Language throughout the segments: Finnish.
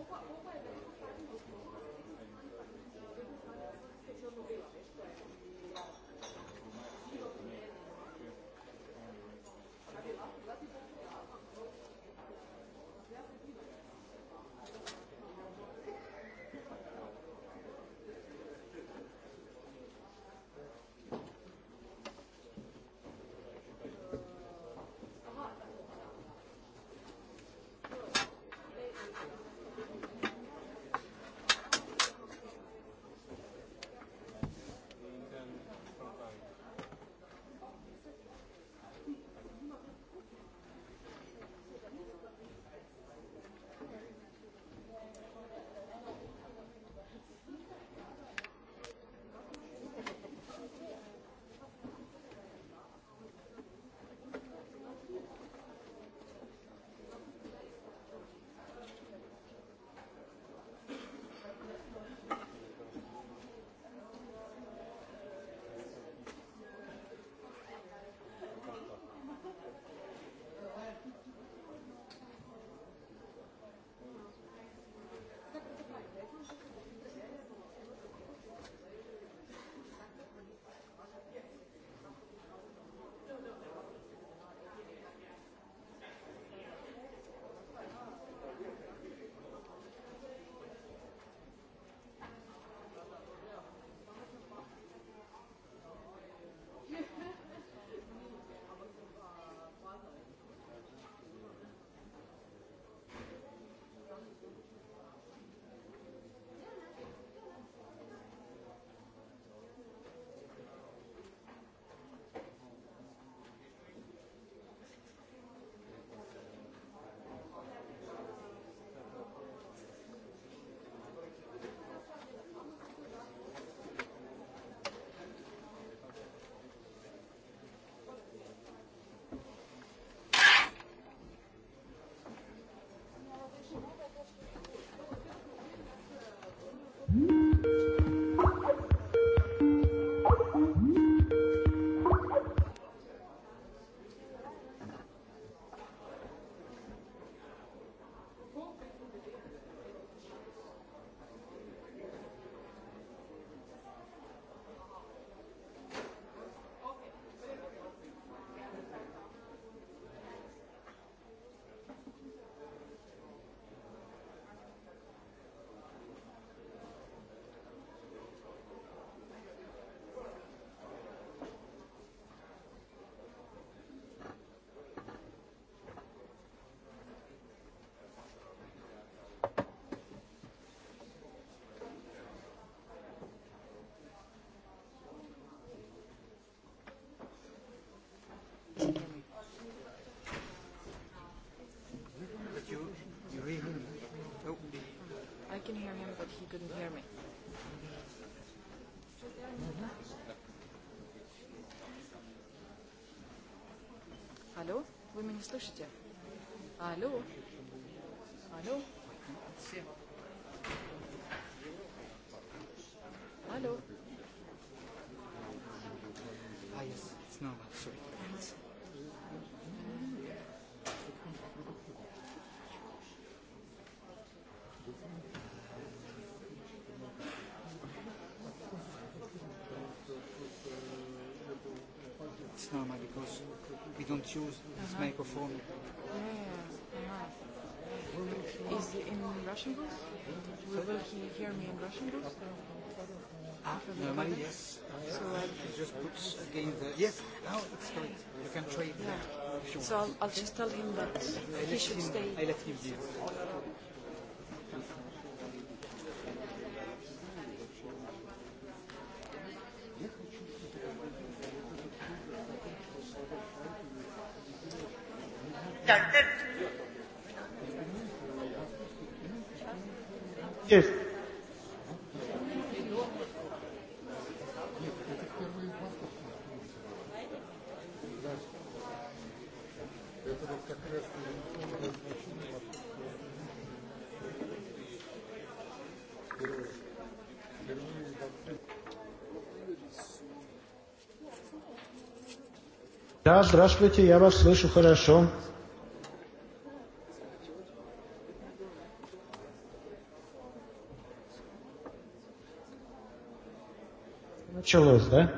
Pourquoi, pourquoi elle m'a dit couldn't hear me. Алло, вы меня слышите? Алло, алло. it's normal because we don't use this uh-huh. microphone. Yeah, yeah. Is in Russian booth? Will, will he hear me in Russian booth? Ah, normally, yes. So I uh, just puts again the yes. Now it's great. You can trade yeah. there. Sure. So I'll, I'll just tell him that I he should him, stay. I let him be. здравствуйте, я вас слышу хорошо. Началось, да?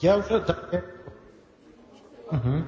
Я уже... Да, я... Угу.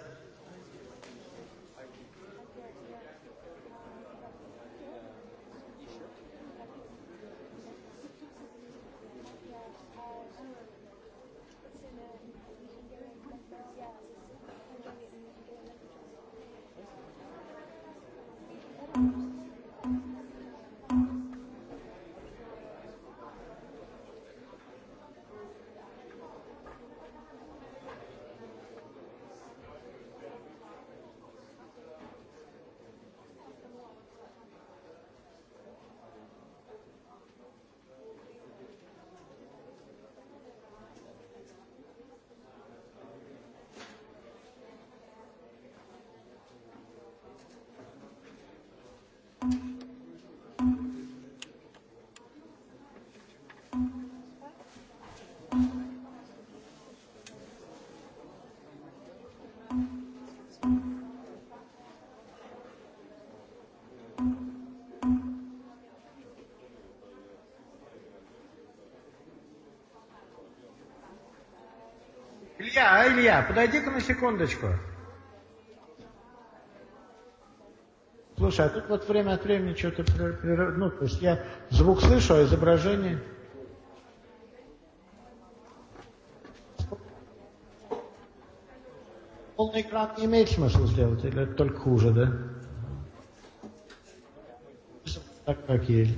Зоя, подойди-ка на секундочку. Слушай, а тут вот время от времени что-то... Ну, то есть я звук слышу, а изображение... Полный экран не имеет смысла сделать, или это только хуже, да? Так, как есть.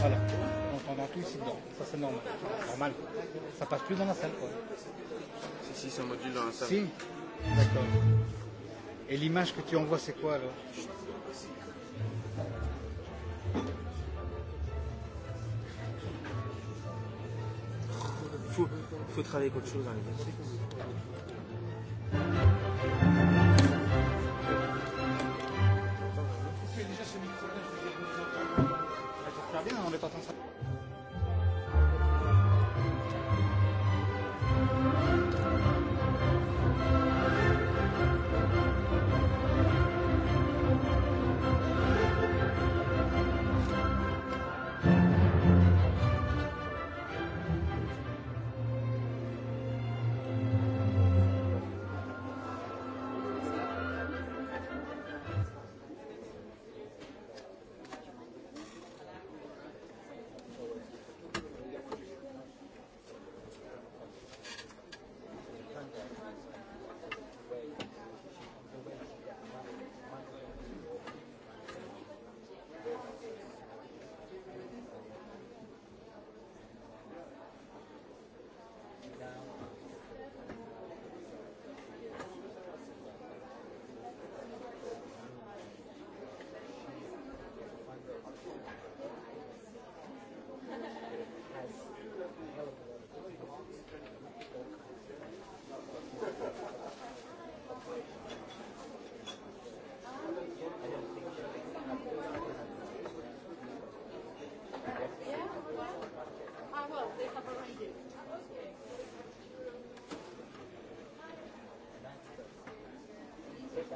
Voilà. On entend tout ici dedans. Ça, c'est normal. normal. Ça passe plus dans la salle, quoi. Si, si, c'est module dans la salle. Si. D'accord. Et l'image que tu envoies, c'est quoi, alors faut, faut travailler quelque chose dans les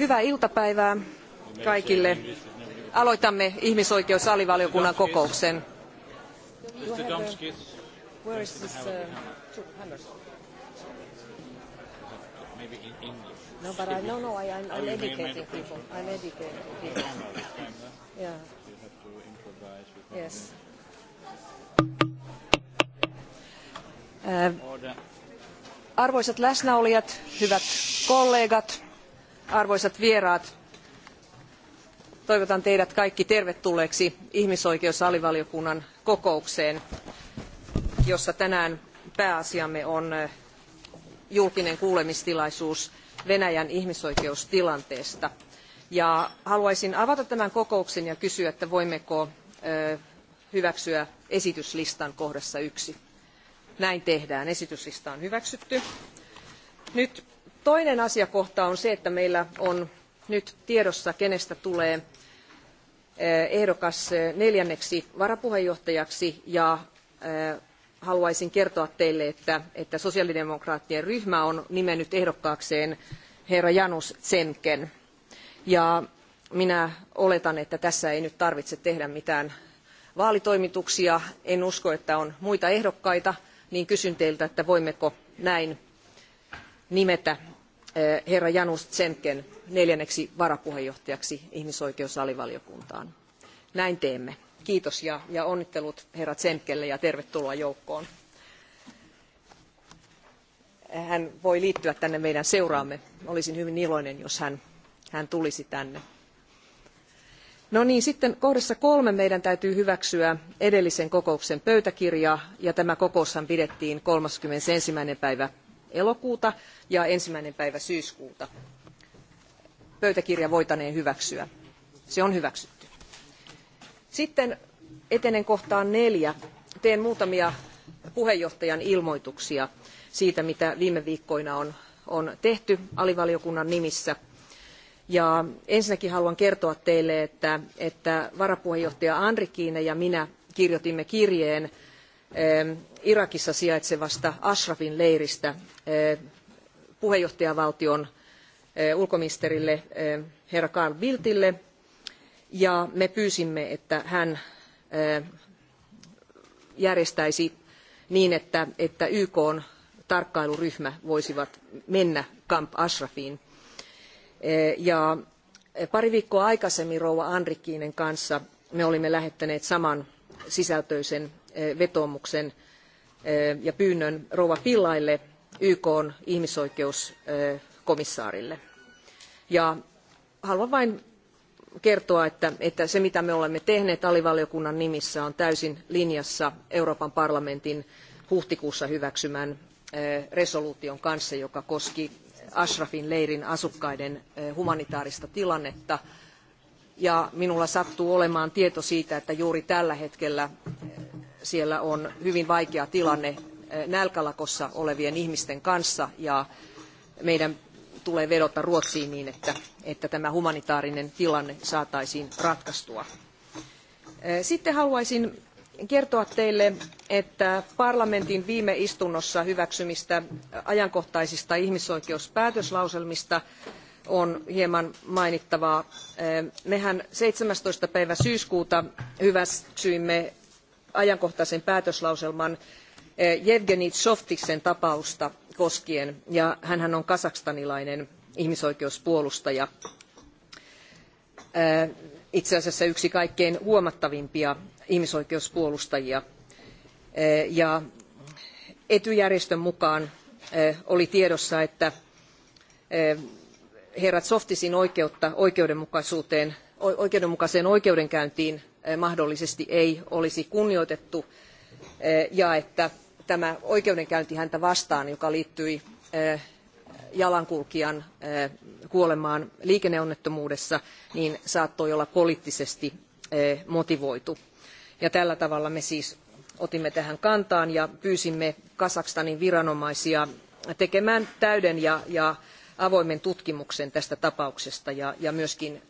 Hyvää iltapäivää kaikille. Aloitamme ihmisoikeusalivaliokunnan kokouksen. Uh, no, but I no, no, I, I'm, I'm oh, educating people. I'm educating people. Yeah. You have to improvise with yes. Uh, arvoisat läsnäolijat, hyvät kollegat, arvoisat vieraat toivotan teidät kaikki tervetulleeksi ihmisoikeusalivaliokunnan kokoukseen jossa tänään pääasiamme on julkinen kuulemistilaisuus venäjän ihmisoikeustilanteesta. Ja haluaisin avata tämän kokouksen ja kysyä että voimmeko hyväksyä esityslistan kohdassa yksi. näin tehdään esityslista on hyväksytty. nyt toinen asiakohta on se että meillä on nyt tiedossa kenestä tulee eh, ehdokas eh, neljänneksi varapuheenjohtajaksi ja eh, haluaisin kertoa teille että, että sosiaalidemokraattien ryhmä on nimennyt ehdokkaakseen herra Janus Zenken. Ja minä oletan, että tässä ei nyt tarvitse tehdä mitään vaalitoimituksia. En usko, että on muita ehdokkaita, niin kysyn teiltä, että voimmeko näin nimetä Eh, herra Janus Tsemken neljänneksi varapuheenjohtajaksi ihmisoikeusalivaliokuntaan. Näin teemme. Kiitos ja, ja onnittelut herra Tsemkelle ja tervetuloa joukkoon. Hän voi liittyä tänne meidän seuraamme. Olisin hyvin iloinen, jos hän, hän tulisi tänne. No niin, sitten kohdassa kolme meidän täytyy hyväksyä edellisen kokouksen pöytäkirja ja tämä kokoushan pidettiin 31. päivä elokuuta ja ensimmäinen päivä syyskuuta. Pöytäkirja voitaneen hyväksyä. Se on hyväksytty. Sitten etenen kohtaan neljä. Teen muutamia puheenjohtajan ilmoituksia siitä, mitä viime viikkoina on, on tehty alivaliokunnan nimissä. Ja ensinnäkin haluan kertoa teille, että, että varapuheenjohtaja Andrikiine ja minä kirjoitimme kirjeen Irakissa sijaitsevasta Ashrafin leiristä puheenjohtajavaltion ulkoministerille herra Carl Bildtille ja me pyysimme, että hän järjestäisi niin, että, että YK n tarkkailuryhmä voisivat mennä Camp Ashrafiin. E, ja pari viikkoa aikaisemmin rouva Andrikkiinen kanssa me olimme lähettäneet saman sisältöisen vetoomuksen ja pyynnön rouva Pillaille YKn ihmisoikeuskomissaarille. Ja haluan vain kertoa, että, että, se mitä me olemme tehneet alivaliokunnan nimissä on täysin linjassa Euroopan parlamentin huhtikuussa hyväksymän resoluution kanssa, joka koski Ashrafin leirin asukkaiden humanitaarista tilannetta. Ja minulla sattuu olemaan tieto siitä, että juuri tällä hetkellä siellä on hyvin vaikea tilanne eh, nälkälakossa olevien ihmisten kanssa ja meidän tulee vedota Ruotsiin niin, että, että tämä humanitaarinen tilanne saataisiin ratkaistua. Eh, sitten haluaisin kertoa teille, että parlamentin viime istunnossa hyväksymistä ajankohtaisista ihmisoikeuspäätöslauselmista on hieman mainittavaa. Eh, mehän 17. päivä syyskuuta hyväksyimme ajankohtaisen päätöslauselman Jevgeni eh, Tsoftiksen tapausta koskien, ja hän on kasakstanilainen ihmisoikeuspuolustaja. Eh, itse asiassa yksi kaikkein huomattavimpia ihmisoikeuspuolustajia. Eh, ja etujärjestön mukaan oli tiedossa, että herra Tsoftisin oikeutta oikeudenmukaisuuteen, oikeudenmukaiseen oikeudenkäyntiin Eh, mahdollisesti ei olisi kunnioitettu eh, ja että tämä oikeudenkäynti häntä vastaan, joka liittyi eh, jalankulkijan kuolemaan liikenneonnettomuudessa, niin saattoi olla poliittisesti motivoitu. Ja tällä tavalla me siis otimme tähän kantaan ja pyysimme Kazakstanin viranomaisia tekemään täyden ja, avoimen tutkimuksen tästä tapauksesta ja, ja myöskin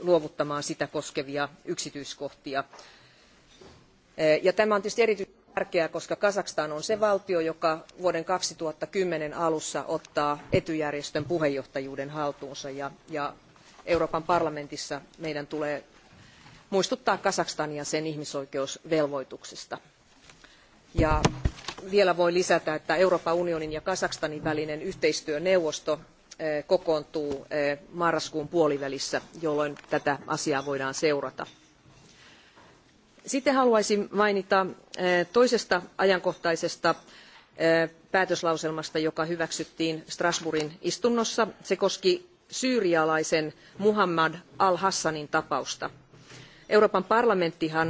luovuttamaan sitä koskevia yksityiskohtia. Eh, ja tämä on tietysti erityisen tärkeää, koska Kazakstan on se valtio, joka vuoden 2010 alussa ottaa etujärjestön puheenjohtajuuden haltuunsa ja, ja Euroopan parlamentissa meidän tulee muistuttaa Kazakstania sen ihmisoikeusvelvoituksista. Ja vielä voi lisätä, että Euroopan unionin ja Kazakstanin välinen yhteistyöneuvosto Eh, kokoontuu eh, marraskuun puolivälissä, jolloin tätä asiaa voidaan seurata. Sitten haluaisin mainita eh, toisesta ajankohtaisesta päätöslauselmasta, joka hyväksyttiin Strasbourgin istunnossa. Se koski syyrialaisen Muhammad al-Hassanin tapausta. Euroopan parlamenttihan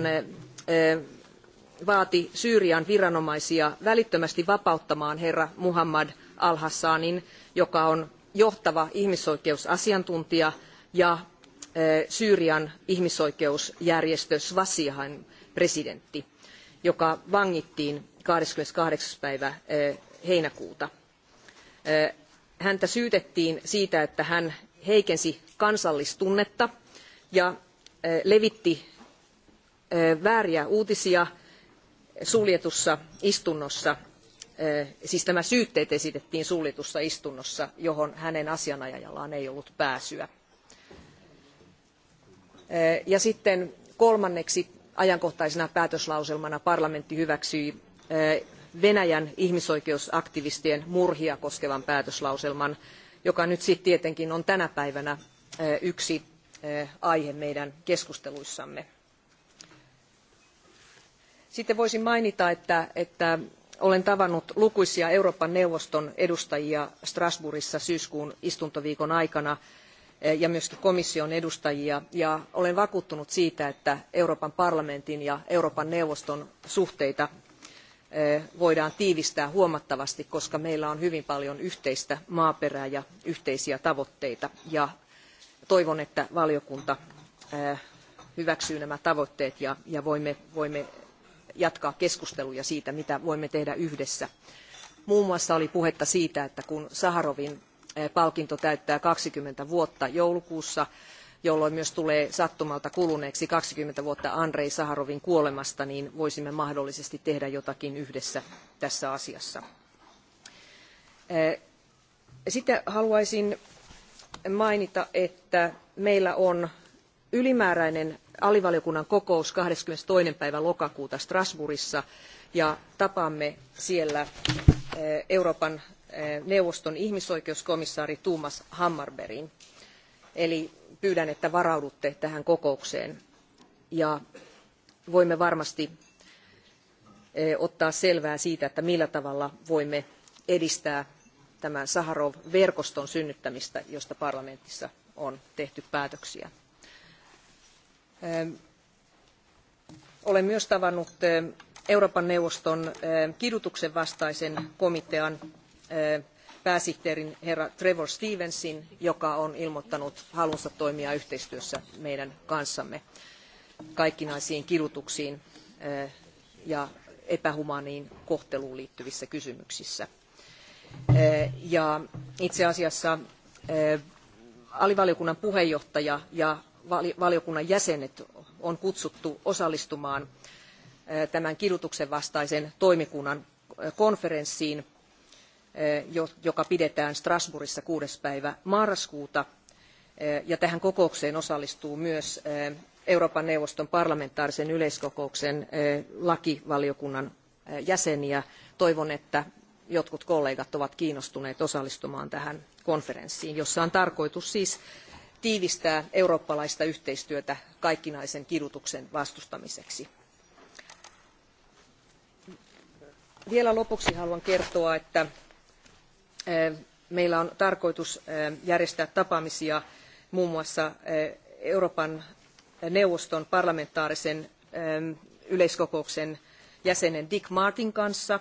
vaati Syyrian viranomaisia välittömästi vapauttamaan herra Muhammad al-Hassanin, joka on johtava ihmisoikeusasiantuntija ja Syyrian ihmisoikeusjärjestö Swasihan presidentti, joka vangittiin 28. päivä heinäkuuta. Häntä syytettiin siitä, että hän heikensi kansallistunnetta ja levitti vääriä uutisia suljetussa istunnossa Eh, siis nämä syytteet esitettiin suljetussa istunnossa, johon hänen asianajajallaan ei ollut pääsyä. Eh, ja sitten kolmanneksi ajankohtaisena päätöslauselmana parlamentti hyväksyi eh, Venäjän ihmisoikeusaktivistien murhia koskevan päätöslauselman, joka nyt sitten tietenkin on tänä päivänä yksi aihe meidän keskusteluissamme. Sitten voisin mainita, että, että olen tavannut lukuisia euroopan neuvoston edustajia strasbourgissa syyskuun istuntoviikon aikana eh, ja myös komission edustajia ja olen vakuuttunut siitä että euroopan parlamentin ja euroopan neuvoston suhteita eh, voidaan tiivistää huomattavasti koska meillä on hyvin paljon yhteistä maaperää ja yhteisiä tavoitteita ja toivon että valiokunta eh, hyväksyy nämä tavoitteet ja voimme jatkaa keskusteluja siitä, mitä voimme tehdä yhdessä. Muun muassa oli puhetta siitä, että kun Saharovin eh, palkinto täyttää 20 vuotta joulukuussa, jolloin myös tulee sattumalta kuluneeksi 20 vuotta Andrei Saharovin kuolemasta, niin voisimme mahdollisesti tehdä jotakin yhdessä tässä asiassa. Eh, sitten haluaisin mainita, että meillä on ylimääräinen alivaliokunnan kokous toinen päivä lokakuuta Strasbourgissa ja tapaamme siellä eh, Euroopan eh, neuvoston ihmisoikeuskomissaari Tuomas Hammarbergin. Eli pyydän, että varaudutte tähän kokoukseen ja voimme varmasti eh, ottaa selvää siitä, että millä tavalla voimme edistää tämän Saharov-verkoston synnyttämistä, josta parlamentissa on tehty päätöksiä. Ehm, olen myös tavannut ehm, euroopan neuvoston ehm, kidutuksen vastaisen komitean pääsihteerin herra trevor stevensin joka on ilmoittanut halunsa toimia yhteistyössä meidän kanssamme kaikkinaisiin kidutuksiin ja epähumaaniin kohteluun liittyvissä kysymyksissä. Ja itse asiassa alivaliokunnan puheenjohtaja ja valiokunnan jäsenet on kutsuttu osallistumaan tämän kidutuksen vastaisen toimikunnan konferenssiin joka pidetään Strasbourgissa 6. päivä marraskuuta. Ja tähän kokoukseen osallistuu myös Euroopan neuvoston parlamentaarisen yleiskokouksen lakivaliokunnan jäseniä. Toivon, että jotkut kollegat ovat kiinnostuneet osallistumaan tähän konferenssiin, jossa on tarkoitus siis tiivistää eurooppalaista yhteistyötä kaikkinaisen kidutuksen vastustamiseksi. Vielä lopuksi haluan kertoa, että e, meillä on tarkoitus e, järjestää tapaamisia muun muassa e, Euroopan neuvoston parlamentaarisen yleiskokouksen jäsenen Dick Martin kanssa.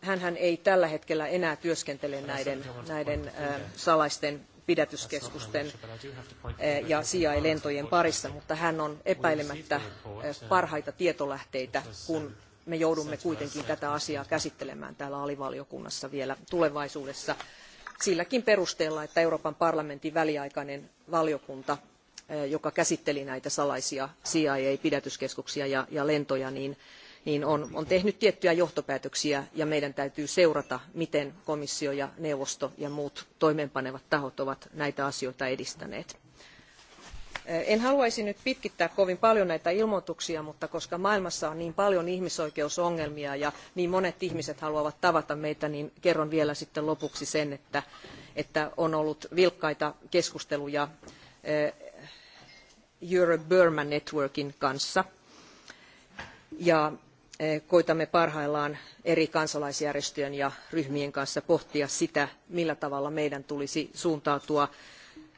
Hänhän ei tällä hetkellä enää työskentele näiden, näiden salaisten pidätyskeskusten eh, ja CIA-lentojen parissa, mutta hän on epäilemättä eh, parhaita tietolähteitä, kun me joudumme kuitenkin tätä asiaa käsittelemään täällä alivaliokunnassa vielä tulevaisuudessa silläkin perusteella, että Euroopan parlamentin väliaikainen valiokunta, eh, joka käsitteli näitä salaisia CIA-pidätyskeskuksia ja, ja lentoja, niin niin on, on tehnyt tiettyjä johtopäätöksiä ja meidän täytyy seurata, miten komissio ja neuvosto ja muut toimeenpanevat tahot ovat näitä asioita edistäneet. En haluaisi nyt pitkittää kovin paljon näitä ilmoituksia, mutta koska maailmassa on niin paljon ihmisoikeusongelmia ja niin monet ihmiset haluavat tavata meitä, niin kerron vielä sitten lopuksi sen, että, että on ollut vilkkaita keskusteluja Europe Burma Networkin kanssa. Ja Eh, koitamme parhaillaan eri kansalaisjärjestöjen ja ryhmien kanssa pohtia sitä millä tavalla meidän tulisi suuntautua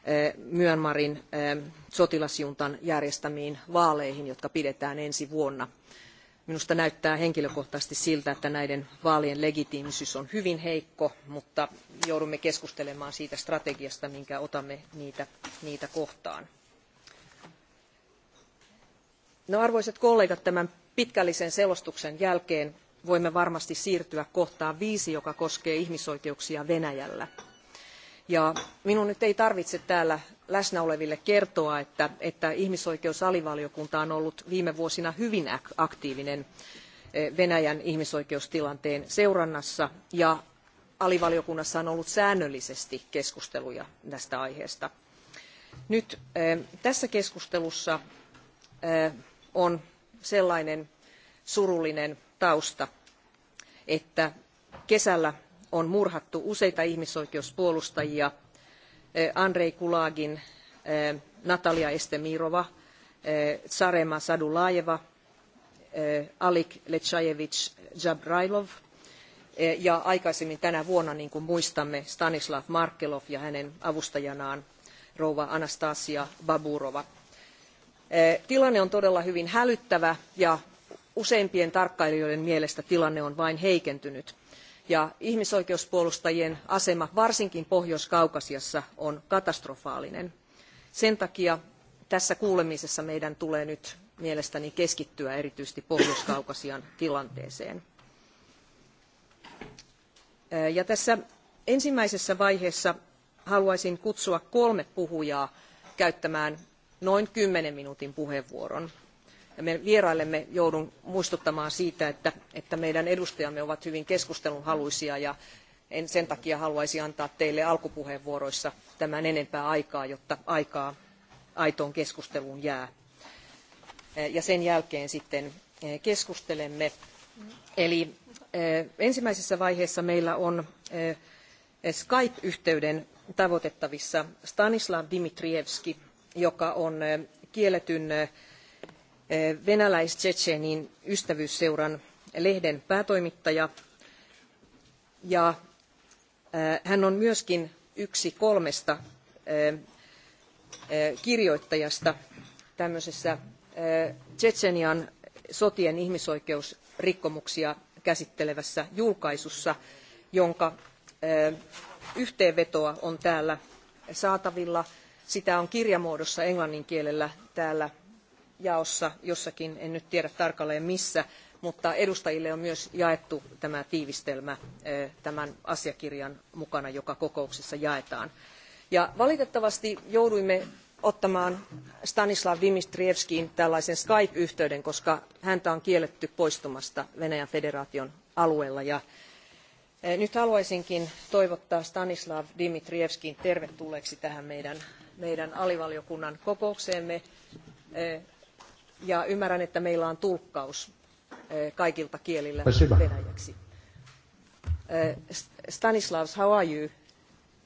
eh, myanmarin eh, sotilasjuntan järjestämiin vaaleihin jotka pidetään ensi vuonna. minusta näyttää henkilökohtaisesti siltä että näiden vaalien legitiimisyys on hyvin heikko mutta joudumme keskustelemaan siitä strategiasta minkä otamme niitä, niitä kohtaan. No, arvoisat kollegat tämän pitkällisen selostuksen jälkeen voimme varmasti siirtyä kohtaan viisi joka koskee ihmisoikeuksia venäjällä. Ja minun nyt ei tarvitse täällä läsnä oleville kertoa että, että ihmisoikeusalivaliokunta on ollut viime vuosina hyvin aktiivinen eh, venäjän ihmisoikeustilanteen seurannassa ja alivaliokunnassa on ollut säännöllisesti keskusteluja tästä aiheesta. nyt eh, tässä keskustelussa eh, on sellainen surullinen tausta että kesällä on murhattu useita ihmisoikeuspuolustajia andrei kulagin natalia estemirova zarema sadulajeva alik lecajevich jabrailov ja aikaisemmin tänä vuonna niin kuin muistamme stanislav markelov ja hänen avustajanaan rouva anastasia baburova tilanne on todella hyvin hälyttävä ja useimpien tarkkailijoiden mielestä tilanne on vain heikentynyt ja ihmisoikeuspuolustajien asema varsinkin pohjois kaukasiassa on katastrofaalinen. sen takia tässä kuulemisessa meidän tulee nyt mielestäni keskittyä erityisesti pohjois kaukasian tilanteeseen. Ja tässä ensimmäisessä vaiheessa haluaisin kutsua kolme puhujaa käyttämään noin kymmenen minuutin puheenvuoron. Ja me vieraillemme joudun muistuttamaan siitä, että, että meidän edustajamme ovat hyvin keskustelunhaluisia ja en sen takia haluaisi antaa teille alkupuheenvuoroissa tämän enempää aikaa, jotta aikaa aitoon keskusteluun jää. Eh, ja sen jälkeen sitten eh, keskustelemme. Eli eh, ensimmäisessä vaiheessa meillä on Skype-yhteyden tavoitettavissa Stanislav Dimitrievski, joka on kielletyn venäläis tetenin ystävyysseuran lehden päätoimittaja ja hän on myös yksi kolmesta kirjoittajasta tämmöisessä tetenian sotien ihmisoikeusrikkomuksia käsittelevässä julkaisussa jonka yhteenvetoa on täällä saatavilla. Sitä on kirjamuodossa englannin kielellä täällä jaossa jossakin, en nyt tiedä tarkalleen missä, mutta edustajille on myös jaettu tämä tiivistelmä tämän asiakirjan mukana, joka kokouksessa jaetaan. Ja valitettavasti jouduimme ottamaan Stanislav Dimitrievskiin tällaisen Skype-yhteyden, koska häntä on kielletty poistumasta Venäjän federaation alueella. Ja nyt haluaisinkin toivottaa Stanislav Dimitrievskiin tervetulleeksi tähän meidän meidän alivaliokunnan kokoukseemme eh, ja ymmärrän, että meillä on tulkkaus eh, kaikilta kielillä venäjäksi. Eh, Stanislav, how are you?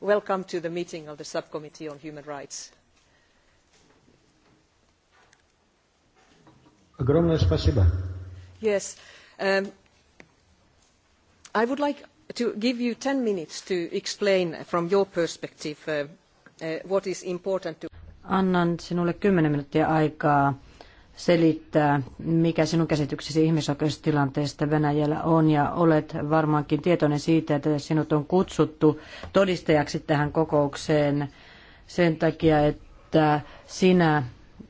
Welcome to the meeting of the Subcommittee on Human Rights. Огромное спасибо. Yes. Um, I would like to give you 10 minutes to explain from your perspective uh, Uh, what is important to... Annan sinulle kymmenen minuuttia aikaa selittää, mikä sinun käsityksesi ihmisoikeustilanteesta Venäjällä on, ja olet varmaankin tietoinen siitä, että sinut on kutsuttu todistajaksi tähän kokoukseen sen takia, että sinä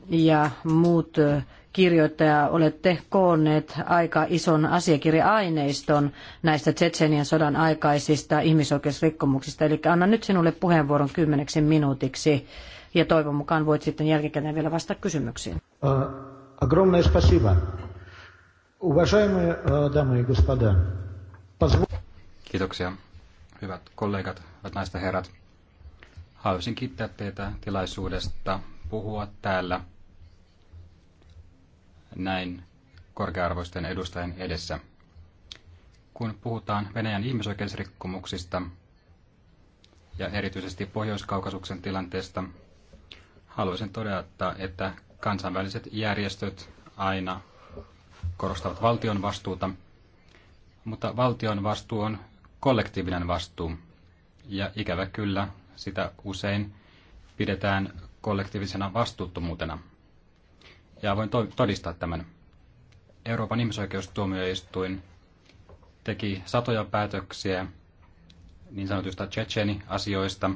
ja muut kirjoittaja olette koonneet aika ison asiakirja-aineiston näistä Tsetsenian sodan aikaisista ihmisoikeusrikkomuksista. Eli annan nyt sinulle puheenvuoron kymmeneksi minuutiksi ja toivon mukaan voit sitten jälkikäteen vielä vastata kysymyksiin. E, Kiitoksia, hyvät kollegat, hyvät naiset herrat. Haluaisin kiittää teitä tilaisuudesta puhua täällä – näin korkearvoisten edustajien edessä. Kun puhutaan Venäjän ihmisoikeusrikkomuksista ja erityisesti Pohjois-Kaukasuksen tilanteesta, haluaisin todeta, että kansainväliset järjestöt aina korostavat valtion vastuuta, mutta valtion vastuu on kollektiivinen vastuu. Ja ikävä kyllä sitä usein pidetään kollektiivisena vastuuttomuutena – ja voin todistaa tämän. Euroopan ihmisoikeustuomioistuin teki satoja päätöksiä niin sanotuista Tsetseni-asioista.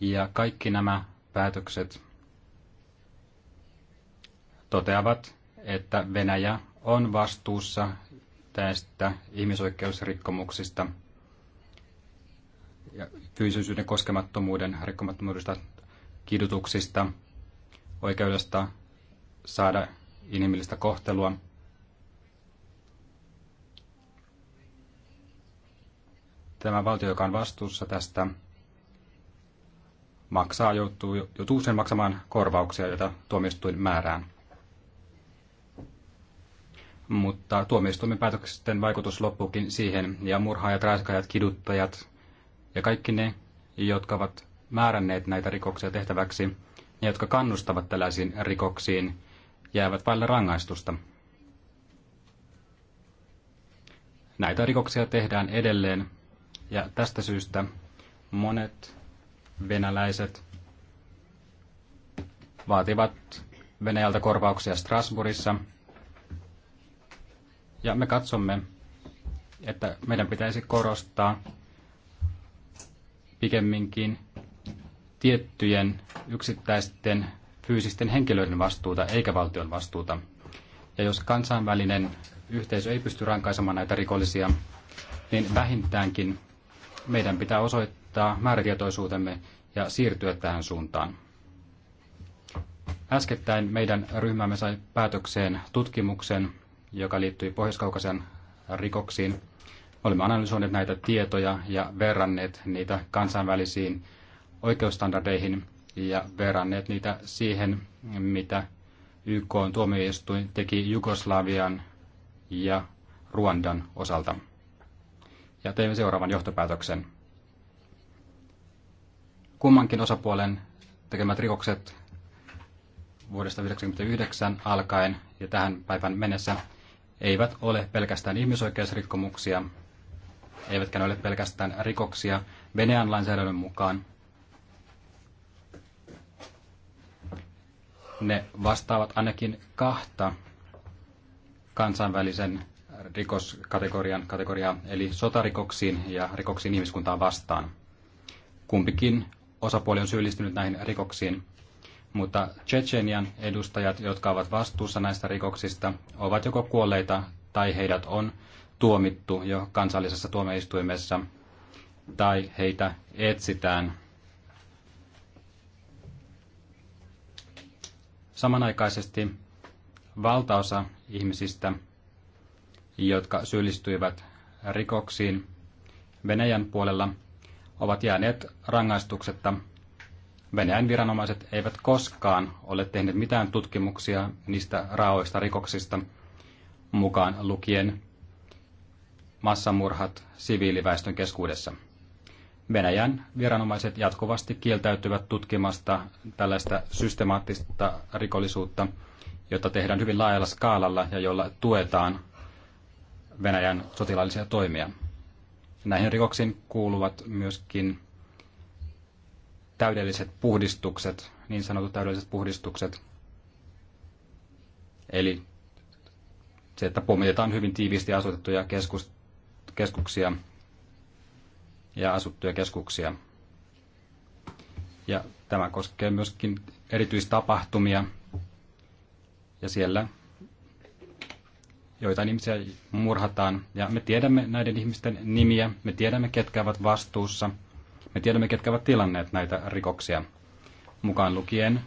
Ja kaikki nämä päätökset toteavat, että Venäjä on vastuussa tästä ihmisoikeusrikkomuksista ja fyysisyyden koskemattomuuden rikkomattomuudesta, kidutuksista oikeudesta saada inhimillistä kohtelua. Tämä valtio, joka on vastuussa tästä, maksaa, joutuu, joutuu sen maksamaan korvauksia, joita tuomioistuin määrään, Mutta tuomioistuimen päätöksen vaikutus loppuukin siihen, ja murhaajat, raiskaajat, kiduttajat ja kaikki ne, jotka ovat määränneet näitä rikoksia tehtäväksi, ja jotka kannustavat tällaisiin rikoksiin, jäävät vaille rangaistusta. Näitä rikoksia tehdään edelleen ja tästä syystä monet venäläiset vaativat Venäjältä korvauksia Strasbourgissa. Ja me katsomme, että meidän pitäisi korostaa pikemminkin tiettyjen yksittäisten fyysisten henkilöiden vastuuta eikä valtion vastuuta. Ja jos kansainvälinen yhteisö ei pysty rankaisemaan näitä rikollisia, niin vähintäänkin meidän pitää osoittaa määrätietoisuutemme ja siirtyä tähän suuntaan. Äskettäin meidän ryhmämme sai päätökseen tutkimuksen, joka liittyi pohjois rikoksiin. Olemme analysoineet näitä tietoja ja verranneet niitä kansainvälisiin oikeusstandardeihin ja verranneet niitä siihen, mitä YK on tuomioistuin teki Jugoslavian ja Ruandan osalta. Ja teimme seuraavan johtopäätöksen. Kummankin osapuolen tekemät rikokset vuodesta 1999 alkaen ja tähän päivän mennessä eivät ole pelkästään ihmisoikeusrikkomuksia, eivätkä ne ole pelkästään rikoksia Venäjän lainsäädännön mukaan, Ne vastaavat ainakin kahta kansainvälisen rikoskategorian kategoriaa, eli sotarikoksiin ja rikoksiin ihmiskuntaa vastaan. Kumpikin osapuoli on syyllistynyt näihin rikoksiin, mutta Tsechenian edustajat, jotka ovat vastuussa näistä rikoksista, ovat joko kuolleita tai heidät on tuomittu jo kansallisessa tuomioistuimessa tai heitä etsitään Samanaikaisesti valtaosa ihmisistä, jotka syyllistyivät rikoksiin Venäjän puolella, ovat jääneet rangaistuksetta. Venäjän viranomaiset eivät koskaan ole tehneet mitään tutkimuksia niistä raoista rikoksista, mukaan lukien massamurhat siviiliväestön keskuudessa. Venäjän viranomaiset jatkuvasti kieltäytyvät tutkimasta tällaista systemaattista rikollisuutta, jota tehdään hyvin laajalla skaalalla ja jolla tuetaan Venäjän sotilaallisia toimia. Näihin rikoksiin kuuluvat myöskin täydelliset puhdistukset, niin sanotut täydelliset puhdistukset. Eli se, että pommitetaan hyvin tiiviisti asutettuja keskus, keskuksia ja asuttuja keskuksia. Ja tämä koskee myöskin erityistapahtumia. Ja siellä joitain ihmisiä murhataan. Ja me tiedämme näiden ihmisten nimiä, me tiedämme ketkä ovat vastuussa, me tiedämme ketkä ovat tilanneet näitä rikoksia. Mukaan lukien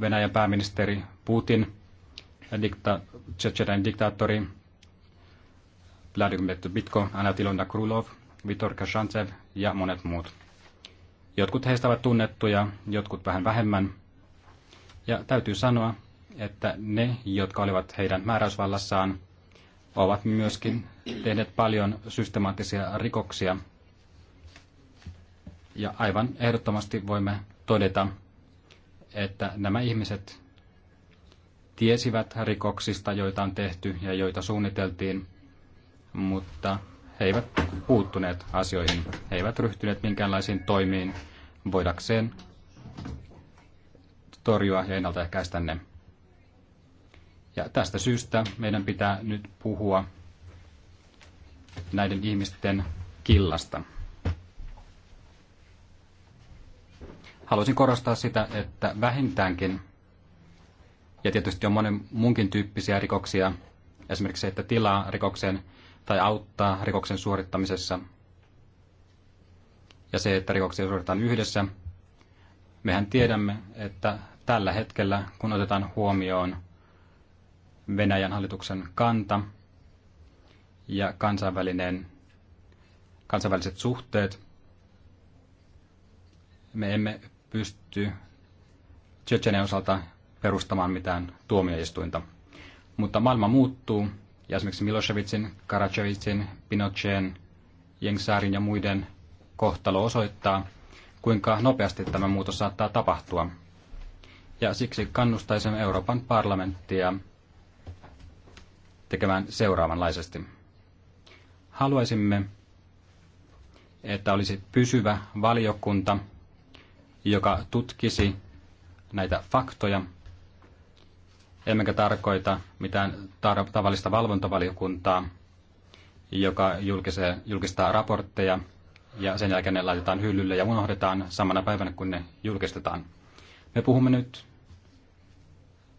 Venäjän pääministeri Putin, Tsetsedän diktaattori Vladimir Bitko, Anatilona Krulov, Vitor Kashantsev ja monet muut. Jotkut heistä ovat tunnettuja, jotkut vähän vähemmän. Ja täytyy sanoa, että ne, jotka olivat heidän määräysvallassaan, ovat myöskin tehneet paljon systemaattisia rikoksia. Ja aivan ehdottomasti voimme todeta, että nämä ihmiset tiesivät rikoksista, joita on tehty ja joita suunniteltiin, mutta he eivät puuttuneet asioihin, he eivät ryhtyneet minkäänlaisiin toimiin voidakseen torjua ja ennaltaehkäistä ne. Ja tästä syystä meidän pitää nyt puhua näiden ihmisten killasta. Haluaisin korostaa sitä, että vähintäänkin, ja tietysti on monen munkin tyyppisiä rikoksia, esimerkiksi se, että tilaa rikoksen tai auttaa rikoksen suorittamisessa. Ja se, että rikoksia suoritetaan yhdessä, mehän tiedämme, että tällä hetkellä, kun otetaan huomioon Venäjän hallituksen kanta ja kansainvälinen, kansainväliset suhteet, me emme pysty Tsetseneen osalta perustamaan mitään tuomioistuinta. Mutta maailma muuttuu ja esimerkiksi Miloševitsin, Karachevitsin, Pinocheen, Jengsaarin ja muiden kohtalo osoittaa, kuinka nopeasti tämä muutos saattaa tapahtua. Ja siksi kannustaisimme Euroopan parlamenttia tekemään seuraavanlaisesti. Haluaisimme, että olisi pysyvä valiokunta, joka tutkisi näitä faktoja Emmekä tarkoita mitään tar- tavallista valvontavaliokuntaa, joka julkise, julkistaa raportteja ja sen jälkeen ne laitetaan hyllylle ja unohdetaan samana päivänä, kun ne julkistetaan. Me puhumme nyt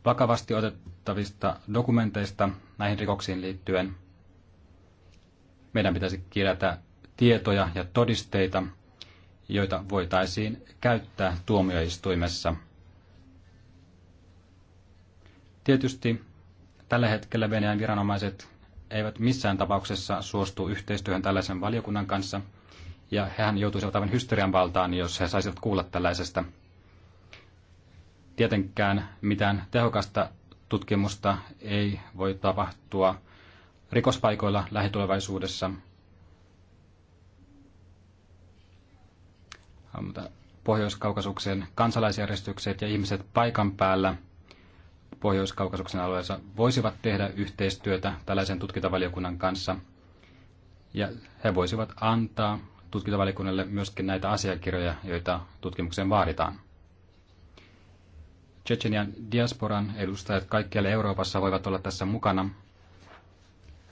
vakavasti otettavista dokumenteista näihin rikoksiin liittyen. Meidän pitäisi kirjata tietoja ja todisteita, joita voitaisiin käyttää tuomioistuimessa – Tietysti tällä hetkellä Venäjän viranomaiset eivät missään tapauksessa suostu yhteistyöhön tällaisen valiokunnan kanssa, ja hehän joutuisivat aivan hysterian valtaan, jos he saisivat kuulla tällaisesta. Tietenkään mitään tehokasta tutkimusta ei voi tapahtua rikospaikoilla lähitulevaisuudessa. Pohjois-Kaukasuksen kansalaisjärjestykset ja ihmiset paikan päällä – Pohjois-Kaukasuksen alueessa voisivat tehdä yhteistyötä tällaisen tutkintavaliokunnan kanssa. Ja he voisivat antaa tutkintavaliokunnalle myöskin näitä asiakirjoja, joita tutkimukseen vaaditaan. Tsechenian diasporan edustajat kaikkialla Euroopassa voivat olla tässä mukana.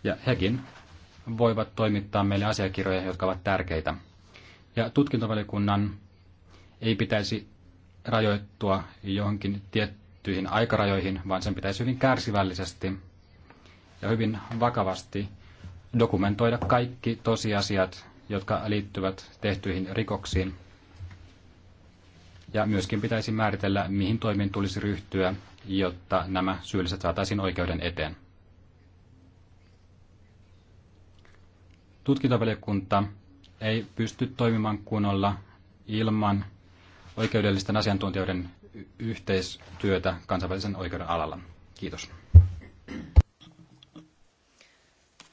Ja hekin voivat toimittaa meille asiakirjoja, jotka ovat tärkeitä. Ja tutkintavaliokunnan ei pitäisi rajoittua johonkin tiettyyn tiettyihin aikarajoihin, vaan sen pitäisi hyvin kärsivällisesti ja hyvin vakavasti dokumentoida kaikki tosiasiat, jotka liittyvät tehtyihin rikoksiin. Ja myöskin pitäisi määritellä, mihin toimiin tulisi ryhtyä, jotta nämä syylliset saataisiin oikeuden eteen. Tutkintavaliokunta ei pysty toimimaan kunnolla ilman oikeudellisten asiantuntijoiden yhteistyötä kansainvälisen oikeuden alalla. Kiitos.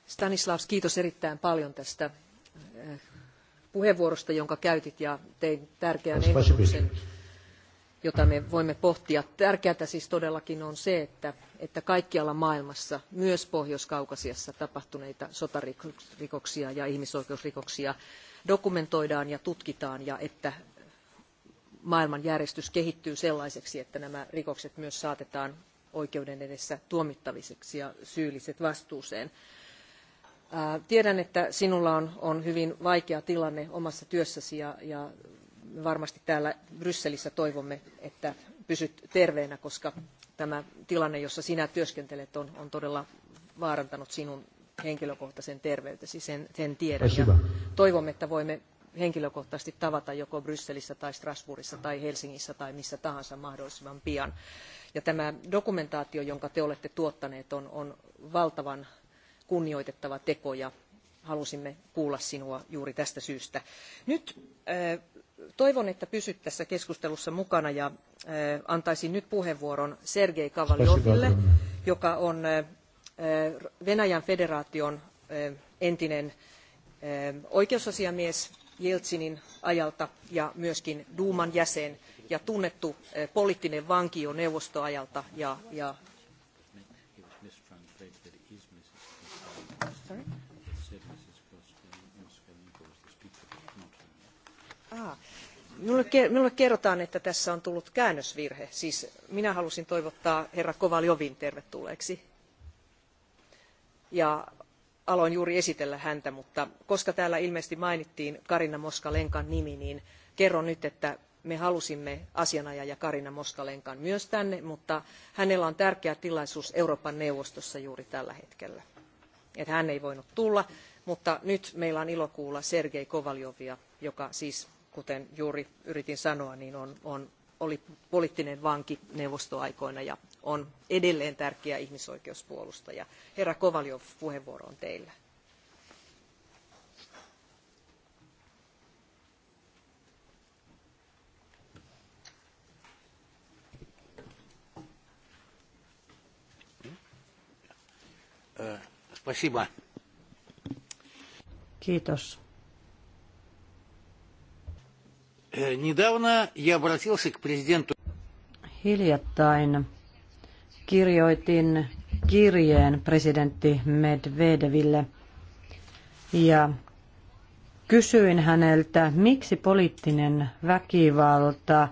Stanislav, kiitos erittäin paljon tästä eh, puheenvuorosta, jonka käytit ja tein tärkeän ehdotuksen, jota me voimme pohtia. Tärkeää siis todellakin on se, että, että kaikkialla maailmassa, myös Pohjois-Kaukasiassa tapahtuneita sotarikoksia ja ihmisoikeusrikoksia dokumentoidaan ja tutkitaan ja että maailmanjärjestys kehittyy sellaiseksi, että nämä rikokset myös saatetaan oikeuden edessä tuomittaviksi ja syylliset vastuuseen. Tiedän, että sinulla on, on hyvin vaikea tilanne omassa työssäsi ja, ja varmasti täällä Brysselissä toivomme, että pysyt terveenä, koska tämä tilanne, jossa sinä työskentelet, on, on todella vaarantanut sinun henkilökohtaisen terveytesi, sen, sen tiedän. Ja toivomme, että voimme henkilökohtaisesti tavata joko Brysselissä tai Strasbourgissa tai Helsingissä tai missä tahansa mahdollisimman pian. Ja tämä dokumentaatio, jonka te olette tuottaneet, on, valtavan kunnioitettava teko ja halusimme kuulla sinua juuri tästä syystä. Nyt toivon, että pysyt tässä keskustelussa mukana ja antaisin nyt puheenvuoron Sergei Kavaljoville, joka on Venäjän federaation entinen oikeusasiamies Jeltsinin ajalta ja myöskin Duuman jäsen ja tunnettu eh, poliittinen vanki jo neuvostoajalta ja, ja Ah, minulle, kerrotaan, että tässä on tullut käännösvirhe. Siis minä halusin toivottaa herra Kovaljovin tervetulleeksi. Ja aloin juuri esitellä häntä, mutta koska täällä ilmeisesti mainittiin Karina Moskalenkan nimi, niin kerron nyt, että me halusimme asianajaja Karina Moskalenkan myös tänne, mutta hänellä on tärkeä tilaisuus Euroopan neuvostossa juuri tällä hetkellä. Että hän ei voinut tulla, mutta nyt meillä on ilo kuulla Sergei Kovaljovia, joka siis, kuten juuri yritin sanoa, niin on, on, oli poliittinen vanki neuvostoaikoina ja on edelleen tärkeä ihmisoikeuspuolustaja. Herra Kovaljov, puheenvuoro on teillä. Eh, Kiitos. Недавно я обратился к президенту. Hiljattain kirjoitin kirjeen presidentti Medvedeville ja kysyin häneltä, miksi poliittinen väkivalta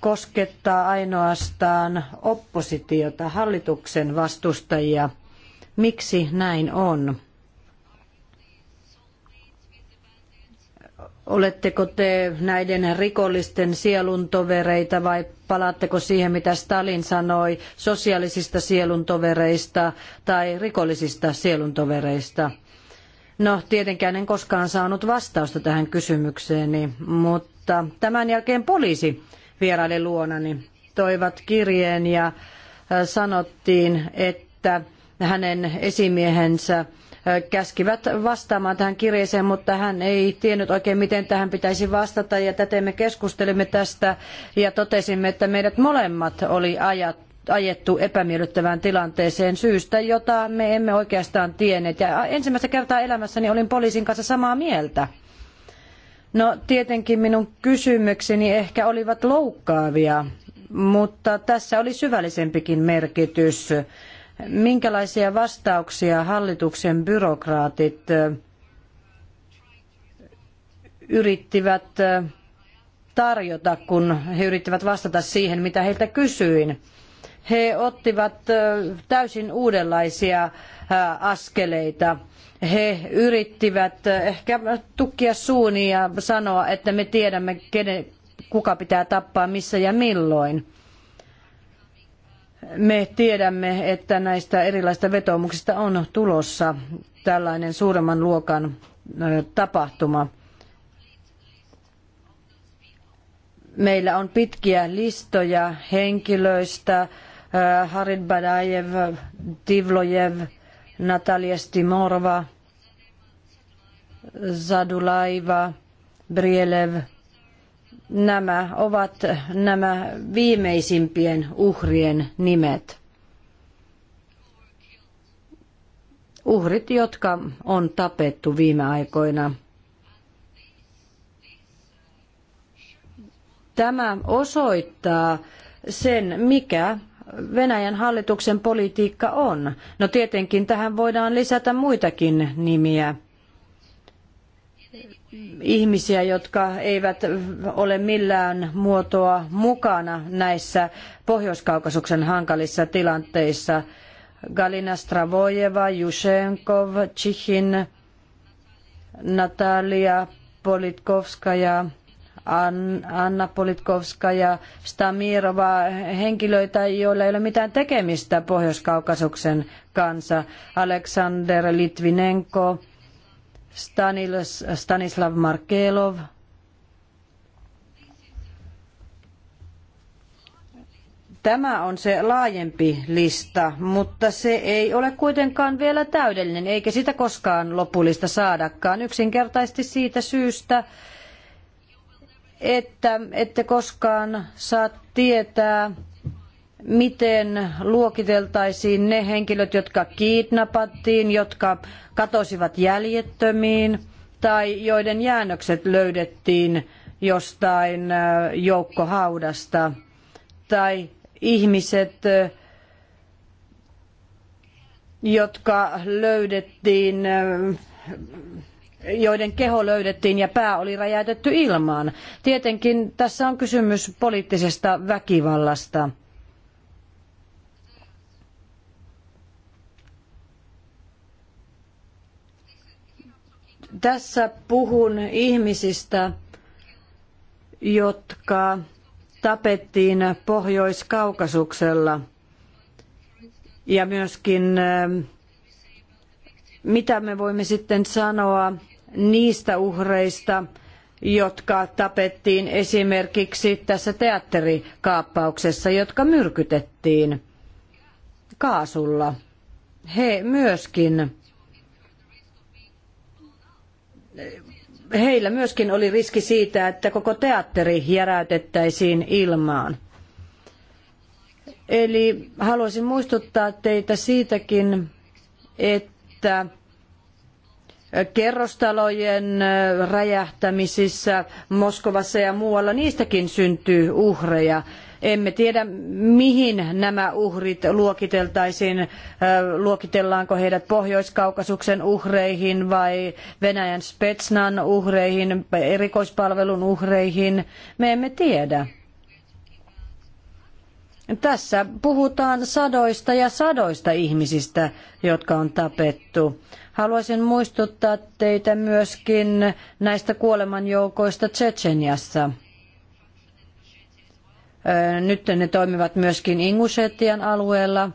koskettaa ainoastaan oppositiota, hallituksen vastustajia. Miksi näin on? Oletteko te näiden rikollisten sieluntovereita vai palaatteko siihen, mitä Stalin sanoi sosiaalisista sieluntovereista tai rikollisista sieluntovereista? No, tietenkään en koskaan saanut vastausta tähän kysymykseeni, mutta tämän jälkeen poliisi vieraili luonani, toivat kirjeen ja sanottiin, että hänen esimiehensä käskivät vastaamaan tähän kirjeeseen, mutta hän ei tiennyt oikein, miten tähän pitäisi vastata. Ja täten me keskustelimme tästä ja totesimme, että meidät molemmat oli ajat ajettu epämiellyttävään tilanteeseen syystä, jota me emme oikeastaan tienneet. Ja ensimmäistä kertaa elämässäni olin poliisin kanssa samaa mieltä. No tietenkin minun kysymykseni ehkä olivat loukkaavia, mutta tässä oli syvällisempikin merkitys. Minkälaisia vastauksia hallituksen byrokraatit yrittivät tarjota, kun he yrittivät vastata siihen, mitä heiltä kysyin? He ottivat täysin uudenlaisia askeleita he yrittivät ehkä tukkia suunia ja sanoa, että me tiedämme, kenen, kuka pitää tappaa missä ja milloin me tiedämme, että näistä erilaisista vetoomuksista on tulossa tällainen suuremman luokan tapahtuma. Meillä on pitkiä listoja henkilöistä, Harid Badajev, Tivlojev, Natalia Stimorova, Zadulaiva, Brielev – nämä ovat nämä viimeisimpien uhrien nimet. Uhrit, jotka on tapettu viime aikoina. Tämä osoittaa sen, mikä Venäjän hallituksen politiikka on. No tietenkin tähän voidaan lisätä muitakin nimiä ihmisiä, jotka eivät ole millään muotoa mukana näissä Pohjois-Kaukasuksen hankalissa tilanteissa. Galina Stravojeva, Jushenkov, Chihin, Natalia Politkovskaja, Anna Politkovskaja, Stamirova, henkilöitä, joilla ei ole mitään tekemistä Pohjois-Kaukasuksen kanssa, Aleksander Litvinenko, Stanis, Stanislav Markelov. Tämä on se laajempi lista, mutta se ei ole kuitenkaan vielä täydellinen, eikä sitä koskaan lopullista saadakaan. Yksinkertaisesti siitä syystä, että ette koskaan saa tietää, miten luokiteltaisiin ne henkilöt, jotka kidnappattiin, jotka katosivat jäljettömiin tai joiden jäännökset löydettiin jostain äh, joukkohaudasta tai ihmiset, äh, jotka löydettiin, äh, joiden keho löydettiin ja pää oli räjäytetty ilmaan. Tietenkin tässä on kysymys poliittisesta väkivallasta – Tässä puhun ihmisistä, jotka tapettiin Pohjois-Kaukasuksella ja myöskin eh, mitä me voimme sitten sanoa niistä uhreista, jotka tapettiin esimerkiksi tässä teatterikaappauksessa, jotka myrkytettiin kaasulla. He myöskin heillä myöskin oli riski siitä, että koko teatteri järäytettäisiin ilmaan. Eli haluaisin muistuttaa teitä siitäkin, että kerrostalojen räjähtämisissä Moskovassa ja muualla niistäkin syntyy uhreja. Emme tiedä, mihin nämä uhrit luokiteltaisiin. Luokitellaanko heidät Pohjois-Kaukasuksen uhreihin vai Venäjän Spetsnan uhreihin, erikoispalvelun uhreihin. Me emme tiedä. Tässä puhutaan sadoista ja sadoista ihmisistä, jotka on tapettu. Haluaisin muistuttaa teitä myöskin näistä kuolemanjoukoista Tsetseniassa. Nyt ne toimivat myöskin Ingusetian alueella.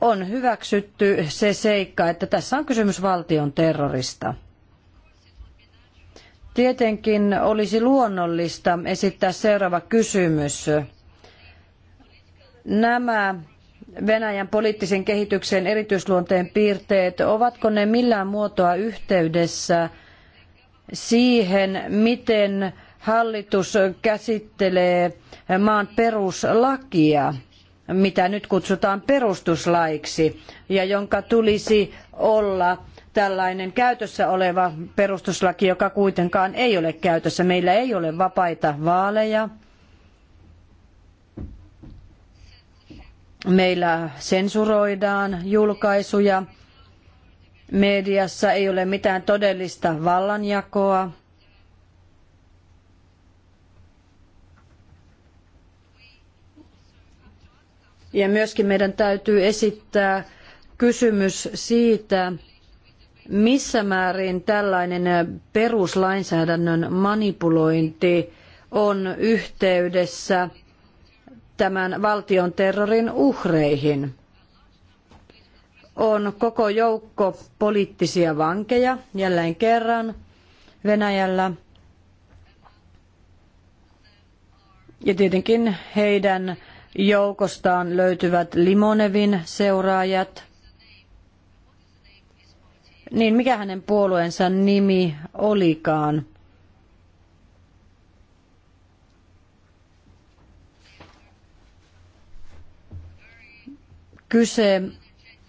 On hyväksytty se seikka, että tässä on kysymys valtion terrorista. Tietenkin olisi luonnollista esittää seuraava kysymys. Nämä Venäjän poliittisen kehityksen erityisluonteen piirteet, ovatko ne millään muotoa yhteydessä siihen, miten hallitus käsittelee maan peruslakia, mitä nyt kutsutaan perustuslaiksi, ja jonka tulisi olla tällainen käytössä oleva perustuslaki, joka kuitenkaan ei ole käytössä. Meillä ei ole vapaita vaaleja. Meillä sensuroidaan julkaisuja. Mediassa ei ole mitään todellista vallanjakoa Ja myöskin meidän täytyy esittää kysymys siitä, missä määrin tällainen peruslainsäädännön manipulointi on yhteydessä tämän valtion terrorin uhreihin. On koko joukko poliittisia vankeja jälleen kerran Venäjällä. Ja tietenkin heidän Joukostaan löytyvät Limonevin seuraajat. Niin mikä hänen puolueensa nimi olikaan? Kyse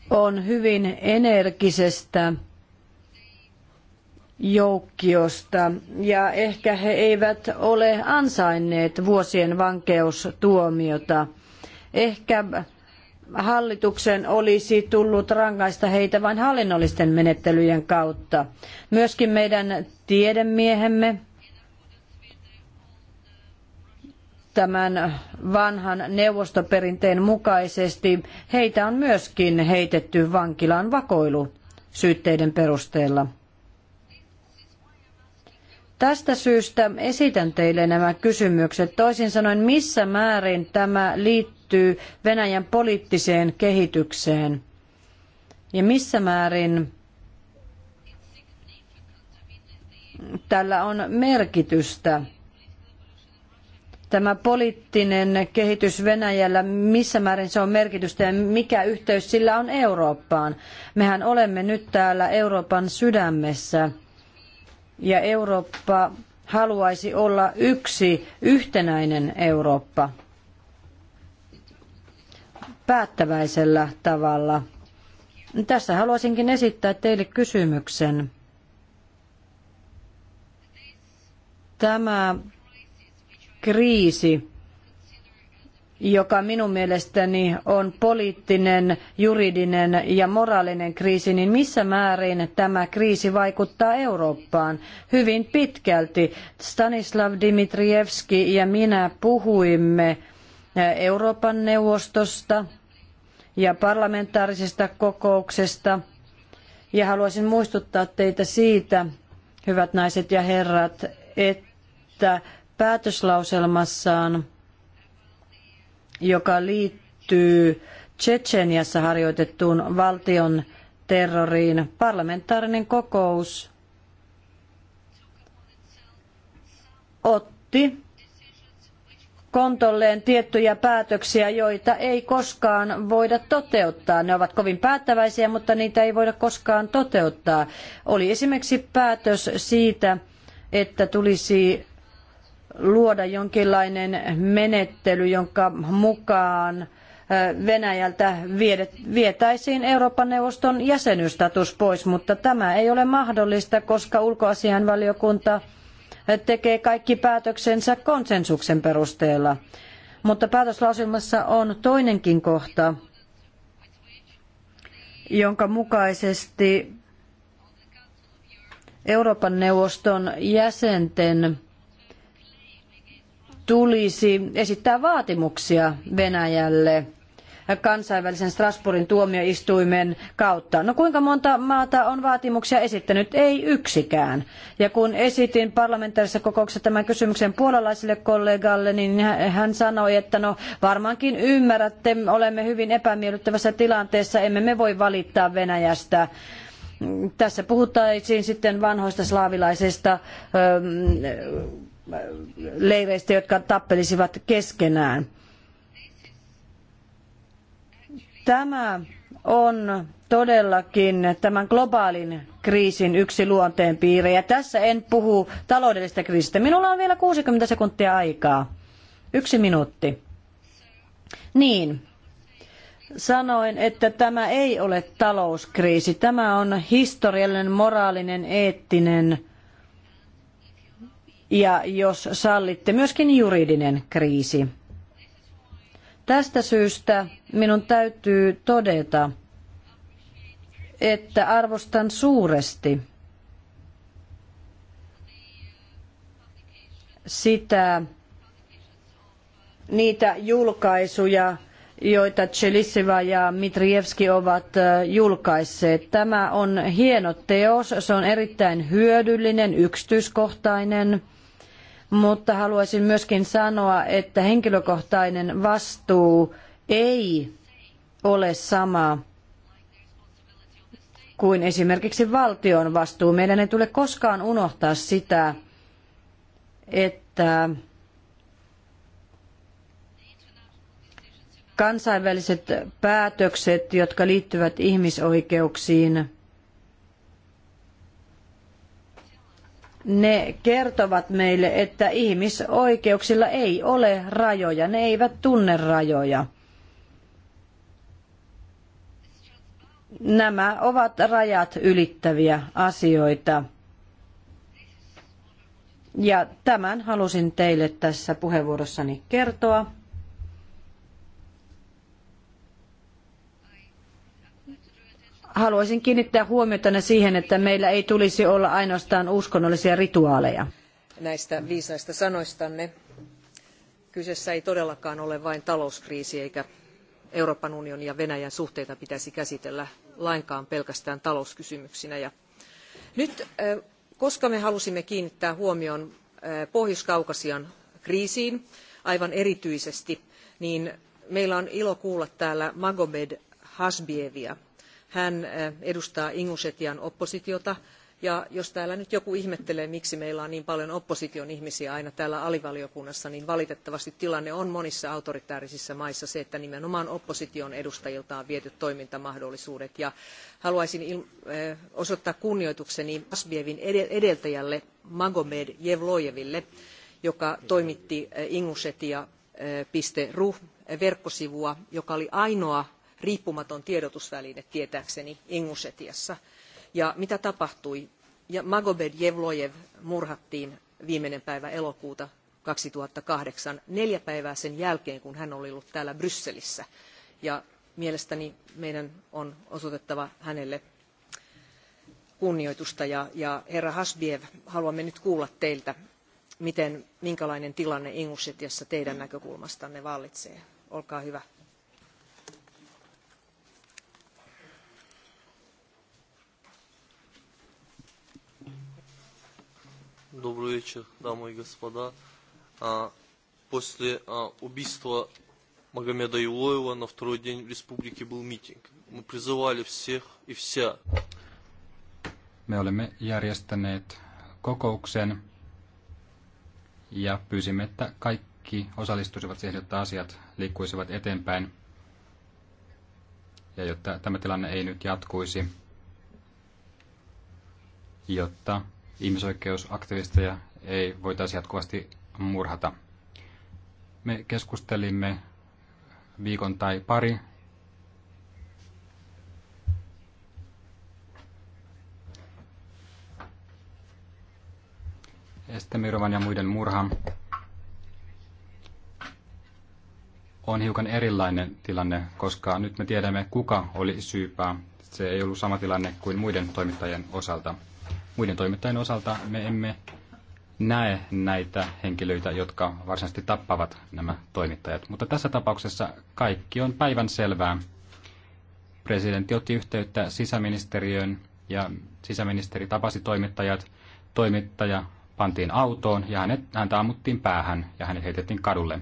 on hyvin energisestä joukkiosta ja ehkä he eivät ole ansainneet vuosien vankeustuomiota. Ehkä hallituksen olisi tullut rangaista heitä vain hallinnollisten menettelyjen kautta. Myöskin meidän tiedemiehemme tämän vanhan neuvostoperinteen mukaisesti heitä on myöskin heitetty vankilaan vakoilu syytteiden perusteella. Tästä syystä esitän teille nämä kysymykset. Toisin sanoen, missä määrin tämä liittyy Venäjän poliittiseen kehitykseen ja missä määrin tällä on merkitystä. Tämä poliittinen kehitys Venäjällä, missä määrin se on merkitystä ja mikä yhteys sillä on Eurooppaan. Mehän olemme nyt täällä Euroopan sydämessä ja Eurooppa haluaisi olla yksi yhtenäinen Eurooppa päättäväisellä tavalla. Tässä haluaisinkin esittää teille kysymyksen. Tämä kriisi, joka minun mielestäni on poliittinen, juridinen ja moraalinen kriisi, niin missä määrin tämä kriisi vaikuttaa Eurooppaan? Hyvin pitkälti. Stanislav Dimitrievski ja minä puhuimme eh, Euroopan neuvostosta ja parlamentaarisesta kokouksesta. Ja haluaisin muistuttaa teitä siitä, hyvät naiset ja herrat, että päätöslauselmassaan joka liittyy Tsetseniassa harjoitettuun valtion terroriin. Parlamentaarinen kokous otti kontolleen tiettyjä päätöksiä, joita ei koskaan voida toteuttaa. Ne ovat kovin päättäväisiä, mutta niitä ei voida koskaan toteuttaa. Oli esimerkiksi päätös siitä, että tulisi luoda jonkinlainen menettely, jonka mukaan Venäjältä vietäisiin Euroopan neuvoston jäsenystatus pois, mutta tämä ei ole mahdollista, koska ulkoasianvaliokunta tekee kaikki päätöksensä konsensuksen perusteella. Mutta päätöslauselmassa on toinenkin kohta, jonka mukaisesti Euroopan neuvoston jäsenten tulisi esittää vaatimuksia Venäjälle kansainvälisen Strasbourgin tuomioistuimen kautta. No kuinka monta maata on vaatimuksia esittänyt? Ei yksikään. Ja kun esitin parlamentaarisessa kokouksessa tämän kysymyksen puolalaiselle kollegalle, niin hän sanoi, että no varmaankin ymmärrätte, olemme hyvin epämiellyttävässä tilanteessa, emme me voi valittaa Venäjästä tässä puhuttaisiin sitten vanhoista slaavilaisista leireistä, jotka tappelisivat keskenään. Tämä on todellakin tämän globaalin kriisin yksi luonteenpiirre. Ja tässä en puhu taloudellisesta kriisistä. Minulla on vielä 60 sekuntia aikaa. Yksi minuutti. Niin. Sanoin, että tämä ei ole talouskriisi. Tämä on historiallinen, moraalinen, eettinen ja jos sallitte myöskin juridinen kriisi. Tästä syystä minun täytyy todeta, että arvostan suuresti sitä niitä julkaisuja, joita Celisiva ja Mitrievski ovat julkaisseet. Tämä on hieno teos, se on erittäin hyödyllinen, yksityiskohtainen mutta haluaisin myöskin sanoa, että henkilökohtainen vastuu ei ole sama kuin esimerkiksi valtion vastuu. Meidän ei tule koskaan unohtaa sitä, että kansainväliset päätökset, jotka liittyvät ihmisoikeuksiin, ne kertovat meille, että ihmisoikeuksilla ei ole rajoja, ne eivät tunne rajoja. Nämä ovat rajat ylittäviä asioita. Ja tämän halusin teille tässä puheenvuorossani kertoa. haluaisin kiinnittää huomiota siihen, että meillä ei tulisi olla ainoastaan uskonnollisia rituaaleja. Näistä viisaista sanoistanne. Kyseessä ei todellakaan ole vain talouskriisi eikä Euroopan unionin ja Venäjän suhteita pitäisi käsitellä lainkaan pelkästään talouskysymyksinä. Ja nyt, koska me halusimme kiinnittää huomion Pohjois-Kaukasian kriisiin aivan erityisesti, niin meillä on ilo kuulla täällä Magomed Hasbievia, hän äh, edustaa Ingusetian oppositiota. Ja jos täällä nyt joku ihmettelee, miksi meillä on niin paljon opposition ihmisiä aina täällä alivaliokunnassa, niin valitettavasti tilanne on monissa autoritaarisissa maissa se, että nimenomaan opposition edustajilta on viety toimintamahdollisuudet. Ja haluaisin äh, osoittaa kunnioitukseni Asbievin edeltäjälle Magomed Jevlojeville, joka toimitti äh, ingushetia ru verkkosivua, joka oli ainoa riippumaton tiedotusväline tietääkseni Ingusetiassa. Ja mitä tapahtui? Ja Magobed Jevlojev murhattiin viimeinen päivä elokuuta 2008, neljä päivää sen jälkeen, kun hän oli ollut täällä Brysselissä. Ja mielestäni meidän on osoitettava hänelle kunnioitusta. Ja, ja herra Hasbiev, haluamme nyt kuulla teiltä, miten, minkälainen tilanne Ingushetiassa teidän näkökulmastanne vallitsee. Olkaa hyvä. Добрый вечер, дамы и господа. После убийства Магомеда Юлоева на второй день в республике был митинг. Мы призывали всех и вся. Me olemme järjestäneet kokouksen ja pyysimme, että kaikki osallistuisivat siihen, jotta asiat liikkuisivat eteenpäin ja jotta tämä tilanne ei nyt jatkuisi, jotta ihmisoikeusaktivisteja ei voitaisi jatkuvasti murhata. Me keskustelimme viikon tai pari Estemirovan ja muiden murha on hiukan erilainen tilanne, koska nyt me tiedämme, kuka oli syypää. Se ei ollut sama tilanne kuin muiden toimittajien osalta muiden toimittajien osalta me emme näe näitä henkilöitä, jotka varsinaisesti tappavat nämä toimittajat. Mutta tässä tapauksessa kaikki on päivän selvää. Presidentti otti yhteyttä sisäministeriöön ja sisäministeri tapasi toimittajat. Toimittaja pantiin autoon ja hänet, häntä ammuttiin päähän ja hänet heitettiin kadulle.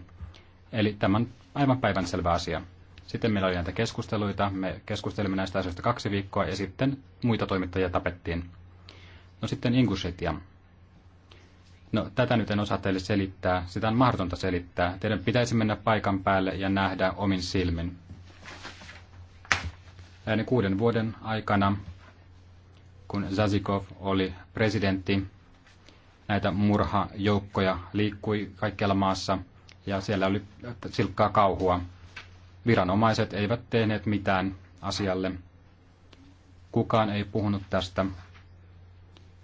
Eli tämän aivan päivän selvä asia. Sitten meillä oli näitä keskusteluita. Me keskustelimme näistä asioista kaksi viikkoa ja sitten muita toimittajia tapettiin. No sitten Ingushetia. No tätä nyt en osaa teille selittää, sitä on mahdotonta selittää. Teidän pitäisi mennä paikan päälle ja nähdä omin silmin. Näiden kuuden vuoden aikana, kun Zazikov oli presidentti, näitä murhajoukkoja liikkui kaikkialla maassa ja siellä oli silkkaa kauhua. Viranomaiset eivät tehneet mitään asialle. Kukaan ei puhunut tästä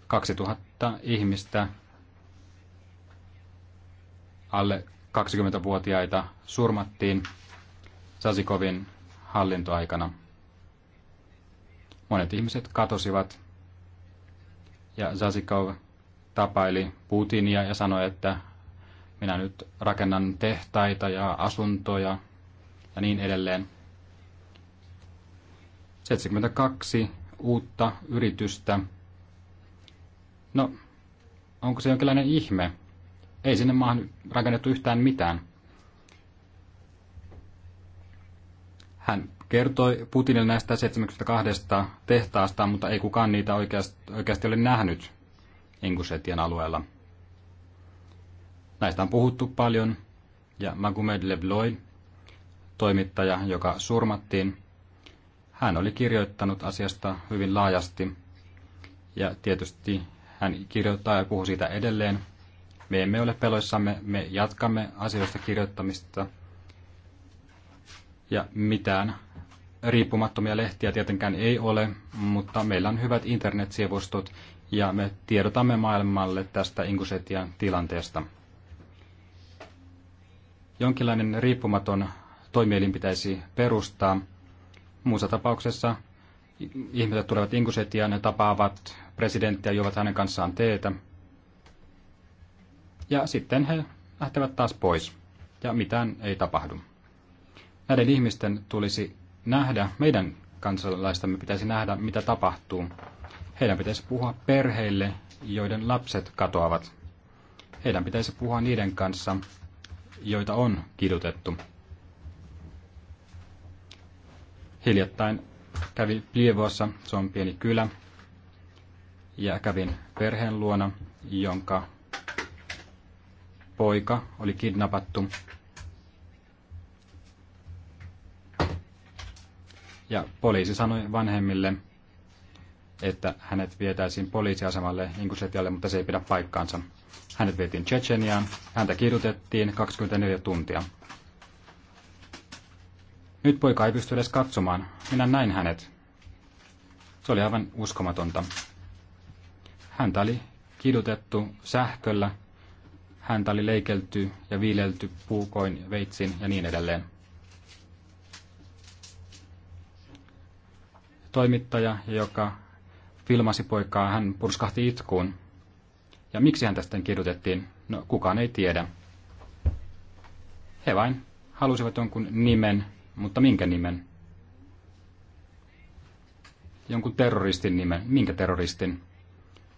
2000 ihmistä alle 20-vuotiaita surmattiin Sasikovin hallintoaikana. Monet ihmiset katosivat ja Zasikov tapaili Putinia ja sanoi, että minä nyt rakennan tehtaita ja asuntoja ja niin edelleen. 72 uutta yritystä No, onko se jonkinlainen ihme? Ei sinne maahan rakennettu yhtään mitään. Hän kertoi Putinille näistä 72 tehtaasta, mutta ei kukaan niitä oikeasti, oikeasti ole nähnyt Ingusetian alueella. Näistä on puhuttu paljon, ja Magomed Levloy, toimittaja, joka surmattiin, hän oli kirjoittanut asiasta hyvin laajasti, ja tietysti hän kirjoittaa ja puhuu siitä edelleen. Me emme ole peloissamme, me jatkamme asioista kirjoittamista. Ja mitään riippumattomia lehtiä tietenkään ei ole, mutta meillä on hyvät internetsivustot ja me tiedotamme maailmalle tästä Ingusetian tilanteesta. Jonkinlainen riippumaton toimielin pitäisi perustaa. Muussa tapauksessa ihmiset tulevat Inkusetiaan ja tapaavat presidenttiä, juovat hänen kanssaan teetä. Ja sitten he lähtevät taas pois ja mitään ei tapahdu. Näiden ihmisten tulisi nähdä, meidän kansalaistamme pitäisi nähdä, mitä tapahtuu. Heidän pitäisi puhua perheille, joiden lapset katoavat. Heidän pitäisi puhua niiden kanssa, joita on kidutettu. Hiljattain Kävin Pievoossa, se on pieni kylä, ja kävin perheen luona, jonka poika oli kidnappattu. Ja poliisi sanoi vanhemmille, että hänet vietäisiin poliisiasemalle Ingusetialle, mutta se ei pidä paikkaansa. Hänet vietiin Tsetseniaan, häntä kidutettiin 24 tuntia. Nyt poika ei pysty edes katsomaan. Minä näin hänet. Se oli aivan uskomatonta. Häntä oli kidutettu sähköllä, häntä oli leikelty ja viilelty puukoin, veitsin ja niin edelleen. Toimittaja, joka filmasi poikaa, hän purskahti itkuun. Ja miksi häntä sitten kidutettiin? No kukaan ei tiedä. He vain halusivat jonkun nimen mutta minkä nimen? Jonkun terroristin nimen. Minkä terroristin?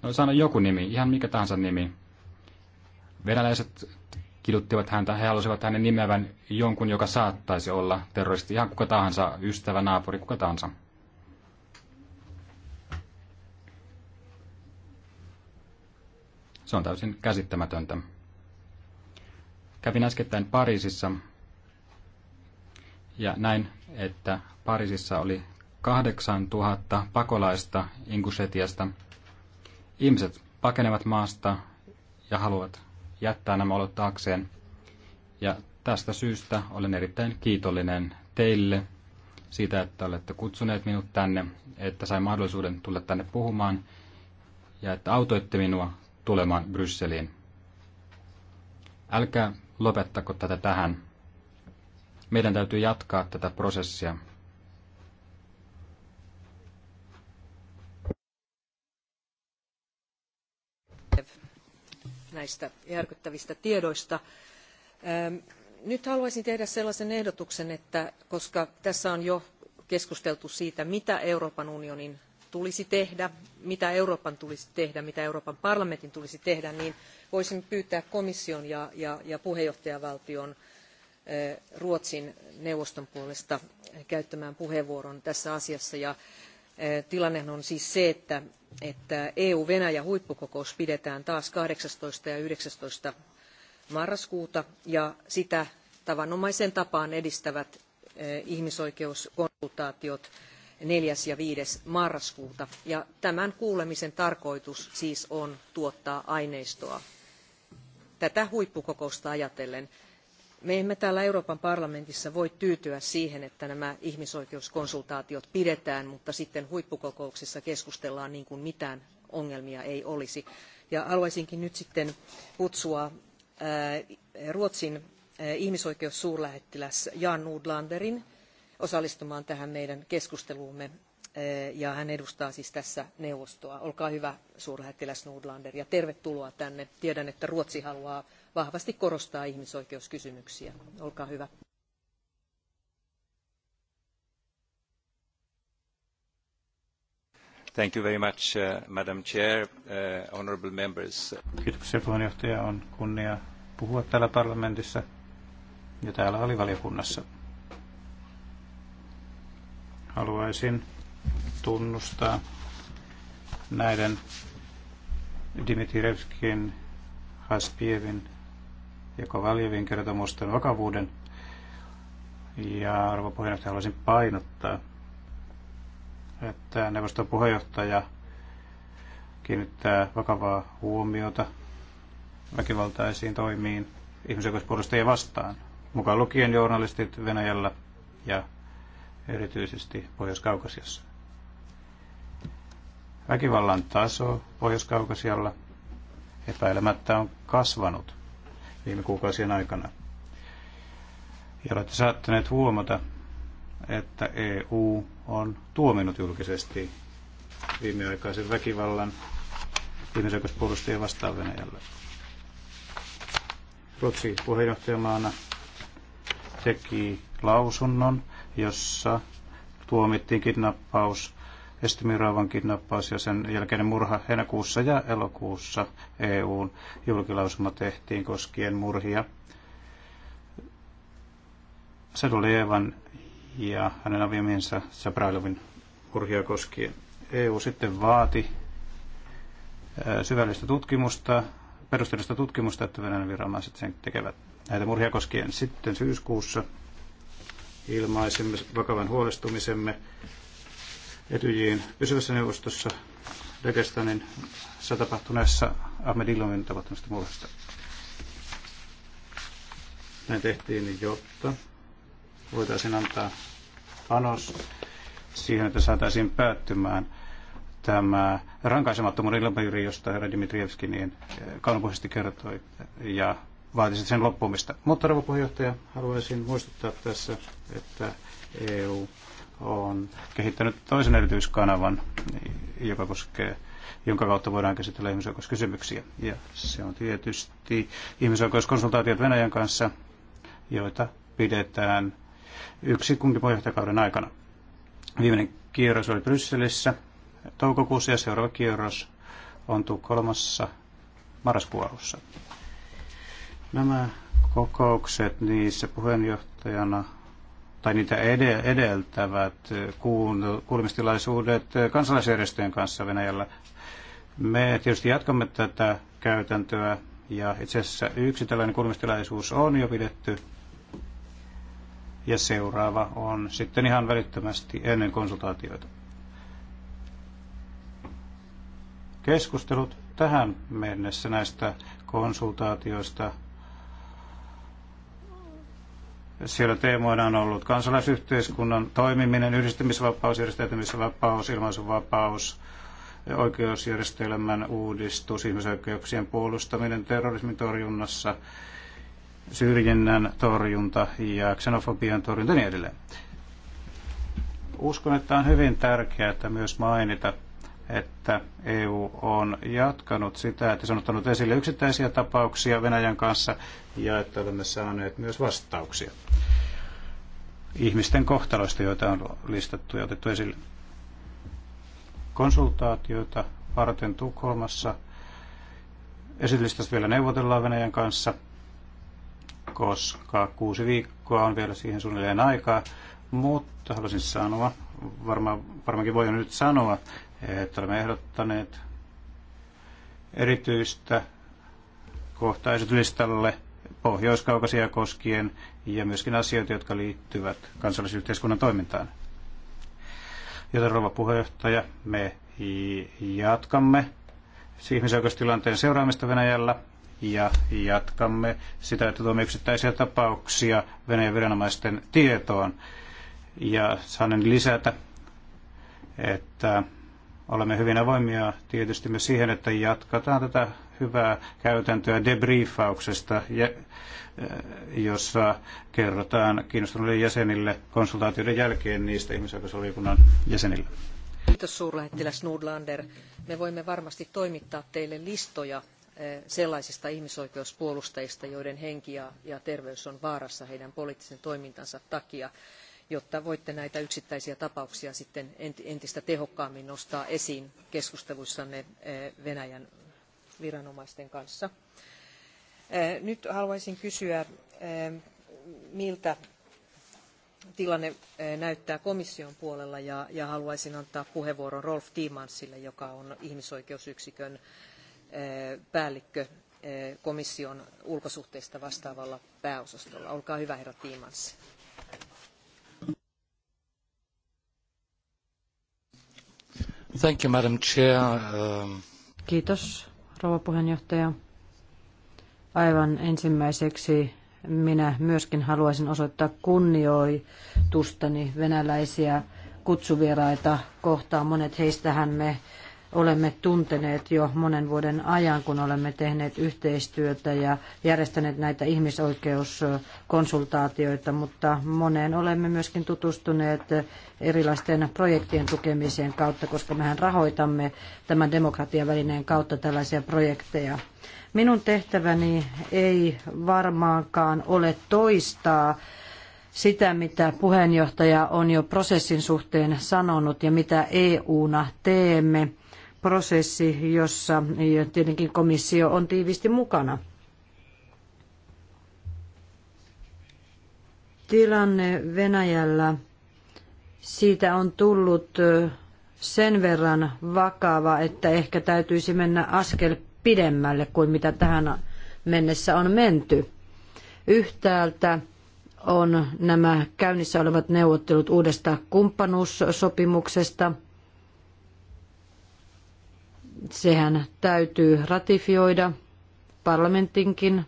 No sano joku nimi, ihan mikä tahansa nimi. Venäläiset kiduttivat häntä, he halusivat hänen nimevän jonkun, joka saattaisi olla terroristi, ihan kuka tahansa, ystävä, naapuri, kuka tahansa. Se on täysin käsittämätöntä. Kävin äskettäin Pariisissa ja näin, että Pariisissa oli 8000 pakolaista Ingushetiasta. Ihmiset pakenevat maasta ja haluavat jättää nämä olot taakseen. Ja tästä syystä olen erittäin kiitollinen teille siitä, että olette kutsuneet minut tänne, että sain mahdollisuuden tulla tänne puhumaan ja että autoitte minua tulemaan Brysseliin. Älkää lopettako tätä tähän. Meidän täytyy jatkaa tätä prosessia. näistä järkyttävistä tiedoista. Ehm, nyt haluaisin tehdä sellaisen ehdotuksen, että koska tässä on jo keskusteltu siitä, mitä Euroopan unionin tulisi tehdä, mitä Euroopan tulisi tehdä, mitä Euroopan parlamentin tulisi tehdä, niin voisin pyytää komission ja, ja, ja puheenjohtajavaltion Ruotsin neuvoston puolesta käyttämään puheenvuoron tässä asiassa. Ja tilanne on siis se, että, että EU-Venäjä huippukokous pidetään taas 18 ja 19 marraskuuta ja sitä tavanomaisen tapaan edistävät ihmisoikeuskonsultaatiot 4. ja 5. marraskuuta. Ja tämän kuulemisen tarkoitus siis on tuottaa aineistoa tätä huippukokousta ajatellen. Me emme täällä Euroopan parlamentissa voi tyytyä siihen, että nämä ihmisoikeuskonsultaatiot pidetään, mutta sitten huippukokouksissa keskustellaan niin kuin mitään ongelmia ei olisi. Ja haluaisinkin nyt sitten kutsua Ruotsin ihmisoikeussuurlähettiläs Jan nordlanderin osallistumaan tähän meidän keskusteluumme ja hän edustaa siis tässä neuvostoa. Olkaa hyvä suurlähettiläs Nordlander ja tervetuloa tänne. Tiedän, että Ruotsi haluaa vahvasti korostaa ihmisoikeuskysymyksiä. Olkaa hyvä. Thank you very much, uh, Madam Chair, uh, honorable members. Kiitoksia puheenjohtaja. On kunnia puhua täällä parlamentissa ja täällä alivaliokunnassa. Haluaisin tunnustaa näiden Dimitrievskin, Haspievin Joko Kovaljevin kertomusten vakavuuden. Ja arvo puheenjohtaja haluaisin painottaa, että neuvoston puheenjohtaja kiinnittää vakavaa huomiota väkivaltaisiin toimiin ihmisoikeuspuolustajia vastaan, mukaan lukien journalistit Venäjällä ja erityisesti Pohjois-Kaukasiassa. Väkivallan taso Pohjois-Kaukasialla epäilemättä on kasvanut viime kuukausien aikana. Ja olette saattaneet huomata, että EU on tuominut julkisesti viimeaikaisen väkivallan ihmisoikeuspuolustajia vastaan Venäjälle. Ruotsi puheenjohtajamaana teki lausunnon, jossa tuomittiin kidnappaus Estimiraavan kidnappaus ja sen jälkeinen murha heinäkuussa ja elokuussa EUn julkilausuma tehtiin koskien murhia. Sadulievan ja hänen aviomiehensä Sabrailovin murhia koskien. EU sitten vaati äh, syvällistä tutkimusta, perusteellista tutkimusta, että Venäjän viranomaiset sen tekevät näitä murhia koskien. Sitten syyskuussa ilmaisimme vakavan huolestumisemme Etyjiin pysyvässä neuvostossa Dagestanin satapahtuneessa Ahmed Ilomin tapahtumista murhasta. Näin tehtiin, niin jotta voitaisiin antaa panos siihen, että saataisiin päättymään tämä rankaisemattomuuden ilmapiiri, josta herra Dimitrievski niin eh, kaunopuheisesti kertoi ja vaatisi sen loppumista. Mutta rouva puheenjohtaja, haluaisin muistuttaa tässä, että EU on kehittänyt toisen erityiskanavan, joka koskee jonka kautta voidaan käsitellä ihmisoikeuskysymyksiä. Ja se on tietysti ihmisoikeuskonsultaatiot Venäjän kanssa, joita pidetään yksi kunkin puheenjohtajakauden aikana. Viimeinen kierros oli Brysselissä toukokuussa ja seuraava kierros on Tukholmassa marraskuun Nämä kokoukset, niissä puheenjohtajana tai niitä edeltävät kuulemistilaisuudet kansalaisjärjestöjen kanssa Venäjällä. Me tietysti jatkamme tätä käytäntöä ja itse asiassa yksi tällainen kuulemistilaisuus on jo pidetty ja seuraava on sitten ihan välittömästi ennen konsultaatioita. Keskustelut tähän mennessä näistä konsultaatioista siellä teemoina on ollut kansalaisyhteiskunnan toimiminen, yhdistymisvapaus, järjestäytymisvapaus, ilmaisunvapaus, oikeusjärjestelmän uudistus, ihmisoikeuksien puolustaminen terrorismin torjunnassa, syrjinnän torjunta ja xenofobian torjunta ja niin edelleen. Uskon, että on hyvin tärkeää että myös mainita että EU on jatkanut sitä, että se on ottanut esille yksittäisiä tapauksia Venäjän kanssa ja että olemme saaneet myös vastauksia ihmisten kohtaloista, joita on listattu ja otettu esille. Konsultaatioita varten Tukholmassa. Esityslistasta vielä neuvotellaan Venäjän kanssa, koska kuusi viikkoa on vielä siihen suunnilleen aikaa. Mutta haluaisin sanoa, varma, varmaankin voin nyt sanoa, että olemme ehdottaneet erityistä kohtaiset pohjoiskaukasia koskien ja myöskin asioita, jotka liittyvät kansallisyhteiskunnan toimintaan. Joten rouva puheenjohtaja, me jatkamme ihmisoikeustilanteen seuraamista Venäjällä ja jatkamme sitä, että tuomme yksittäisiä tapauksia Venäjän viranomaisten tietoon ja saan lisätä, että Olemme hyvin avoimia tietysti myös siihen, että jatketaan tätä hyvää käytäntöä debriefauksesta, eh, jossa kerrotaan kiinnostuneille jäsenille konsultaatioiden jälkeen niistä ihmisoikeusvaliokunnan jäsenille. Kiitos suurlähettiläs Nordlander. Me voimme varmasti toimittaa teille listoja eh, sellaisista ihmisoikeuspuolustajista, joiden henki ja terveys on vaarassa heidän poliittisen toimintansa takia jotta voitte näitä yksittäisiä tapauksia sitten entistä tehokkaammin nostaa esiin keskusteluissanne eh, Venäjän viranomaisten kanssa. Eh, nyt haluaisin kysyä, eh, miltä tilanne näyttää komission puolella ja, ja haluaisin antaa puheenvuoron Rolf Tiemannsille, joka on ihmisoikeusyksikön päällikkö komission ulkosuhteista vastaavalla pääosastolla. Olkaa hyvä, herra Tiimans. Thank you, Madam Chair. Um, Kiitos, rouva puheenjohtaja. Aivan ensimmäiseksi minä myöskin haluaisin osoittaa kunnioitustani venäläisiä kutsuvieraita kohtaan. Monet heistähän me olemme tunteneet jo monen vuoden ajan, kun olemme tehneet yhteistyötä ja järjestäneet näitä ihmisoikeuskonsultaatioita, mutta moneen olemme myöskin tutustuneet erilaisten projektien tukemiseen kautta, koska mehän rahoitamme tämän demokratiavälineen kautta tällaisia projekteja. Minun tehtäväni ei varmaankaan ole toistaa sitä, mitä puheenjohtaja on jo prosessin suhteen sanonut ja mitä EU-na teemme – prosessi, jossa tietenkin komissio on tiivisti mukana. Tilanne Venäjällä, siitä on tullut sen verran vakava, että ehkä täytyisi mennä askel pidemmälle kuin mitä tähän mennessä on menty. Yhtäältä on nämä käynnissä olevat neuvottelut uudesta kumppanuussopimuksesta – Sehän täytyy ratifioida parlamentinkin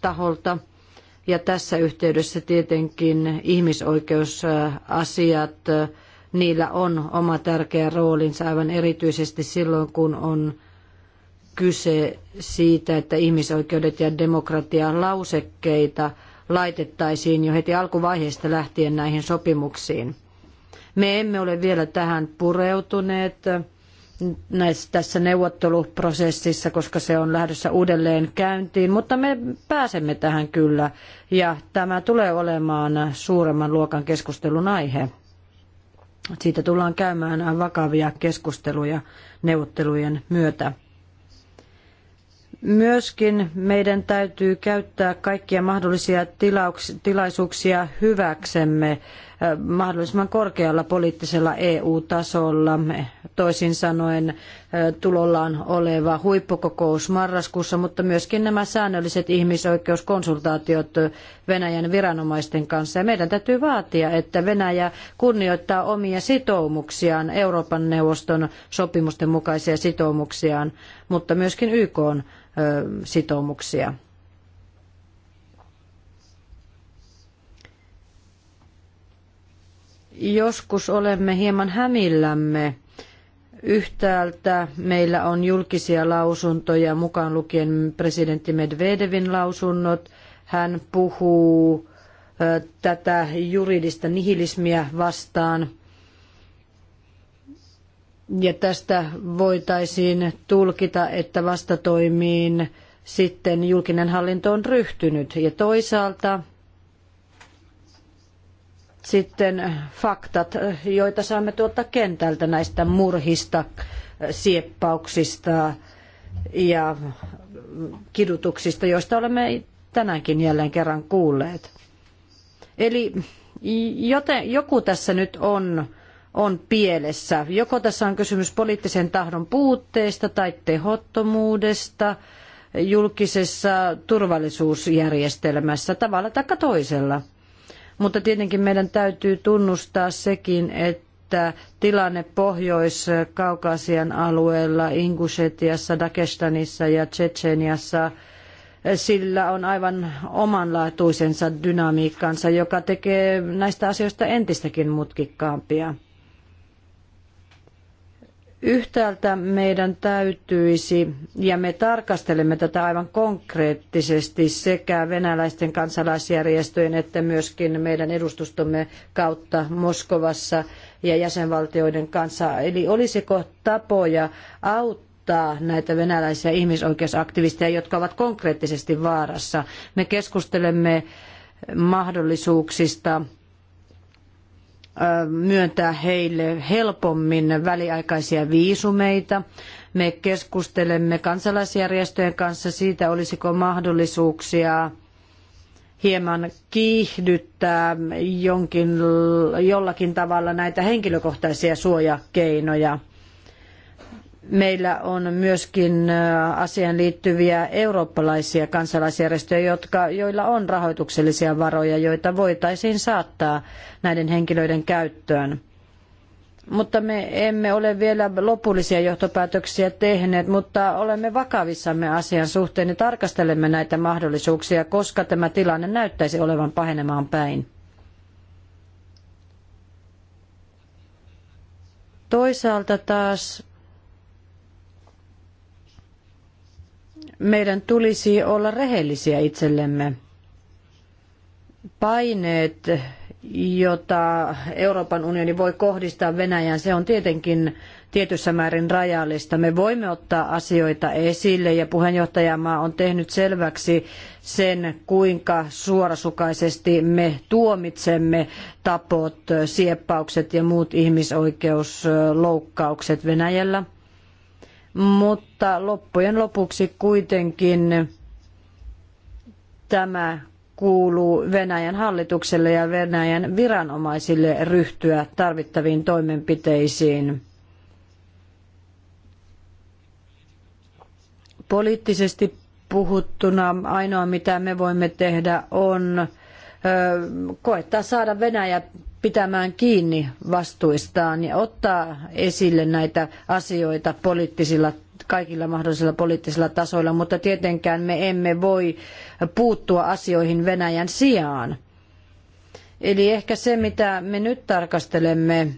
taholta. Ja tässä yhteydessä tietenkin ihmisoikeusasiat, niillä on oma tärkeä roolinsa aivan erityisesti silloin, kun on kyse siitä, että ihmisoikeudet ja demokratia lausekkeita laitettaisiin jo heti alkuvaiheesta lähtien näihin sopimuksiin. Me emme ole vielä tähän pureutuneet näissä, tässä neuvotteluprosessissa, koska se on lähdössä uudelleen käyntiin, mutta me pääsemme tähän kyllä ja tämä tulee olemaan suuremman luokan keskustelun aihe. Siitä tullaan käymään vakavia keskusteluja neuvottelujen myötä. Myöskin meidän täytyy käyttää kaikkia mahdollisia tilaisuuksia hyväksemme mahdollisimman korkealla poliittisella EU-tasolla. Toisin sanoen tulollaan oleva huippukokous marraskuussa, mutta myöskin nämä säännölliset ihmisoikeuskonsultaatiot Venäjän viranomaisten kanssa. Ja meidän täytyy vaatia, että Venäjä kunnioittaa omia sitoumuksiaan, Euroopan neuvoston sopimusten mukaisia sitoumuksiaan, mutta myöskin YK sitoumuksia. joskus olemme hieman hämillämme. Yhtäältä meillä on julkisia lausuntoja, mukaan lukien presidentti Medvedevin lausunnot. Hän puhuu tätä juridista nihilismiä vastaan. Ja tästä voitaisiin tulkita, että vastatoimiin sitten julkinen hallinto on ryhtynyt. Ja toisaalta sitten faktat, joita saamme tuolta kentältä näistä murhista, sieppauksista ja kidutuksista, joista olemme tänäänkin jälleen kerran kuulleet. Eli joten, joku tässä nyt on, on pielessä. Joko tässä on kysymys poliittisen tahdon puutteesta tai tehottomuudesta julkisessa turvallisuusjärjestelmässä tavalla tai toisella. Mutta tietenkin meidän täytyy tunnustaa sekin, että tilanne Pohjois-Kaukasian alueella, Ingushetiassa, Dagestanissa ja Tsetseniassa sillä on aivan omanlaatuisensa dynamiikkansa, joka tekee näistä asioista entistäkin mutkikkaampia. Yhtäältä meidän täytyisi, ja me tarkastelemme tätä aivan konkreettisesti sekä venäläisten kansalaisjärjestöjen että myöskin meidän edustustomme kautta Moskovassa ja jäsenvaltioiden kanssa. Eli olisiko tapoja auttaa näitä venäläisiä ihmisoikeusaktivisteja, jotka ovat konkreettisesti vaarassa. Me keskustelemme mahdollisuuksista myöntää heille helpommin väliaikaisia viisumeita. Me keskustelemme kansalaisjärjestöjen kanssa siitä, olisiko mahdollisuuksia hieman kiihdyttää jonkin, jollakin tavalla näitä henkilökohtaisia suojakeinoja. Meillä on myöskin asiaan liittyviä eurooppalaisia kansalaisjärjestöjä, jotka, joilla on rahoituksellisia varoja, joita voitaisiin saattaa näiden henkilöiden käyttöön mutta me emme ole vielä lopullisia johtopäätöksiä tehneet, mutta olemme vakavissamme asian suhteen ja tarkastelemme näitä mahdollisuuksia, koska tämä tilanne näyttäisi olevan pahenemaan päin. Toisaalta taas Meidän tulisi olla rehellisiä itsellemme. Paineet, jota Euroopan unioni voi kohdistaa Venäjään, se on tietenkin tietyssä määrin rajallista. Me voimme ottaa asioita esille ja puheenjohtajamaa on tehnyt selväksi sen, kuinka suorasukaisesti me tuomitsemme tapot, sieppaukset ja muut ihmisoikeusloukkaukset Venäjällä mutta loppujen lopuksi kuitenkin tämä kuuluu Venäjän hallitukselle ja Venäjän viranomaisille ryhtyä tarvittaviin toimenpiteisiin. Poliittisesti puhuttuna ainoa mitä me voimme tehdä on koettaa saada Venäjä pitämään kiinni vastuistaan ja ottaa esille näitä asioita poliittisilla kaikilla mahdollisilla poliittisilla tasoilla, mutta tietenkään me emme voi puuttua asioihin Venäjän sijaan. Eli ehkä se, mitä me nyt tarkastelemme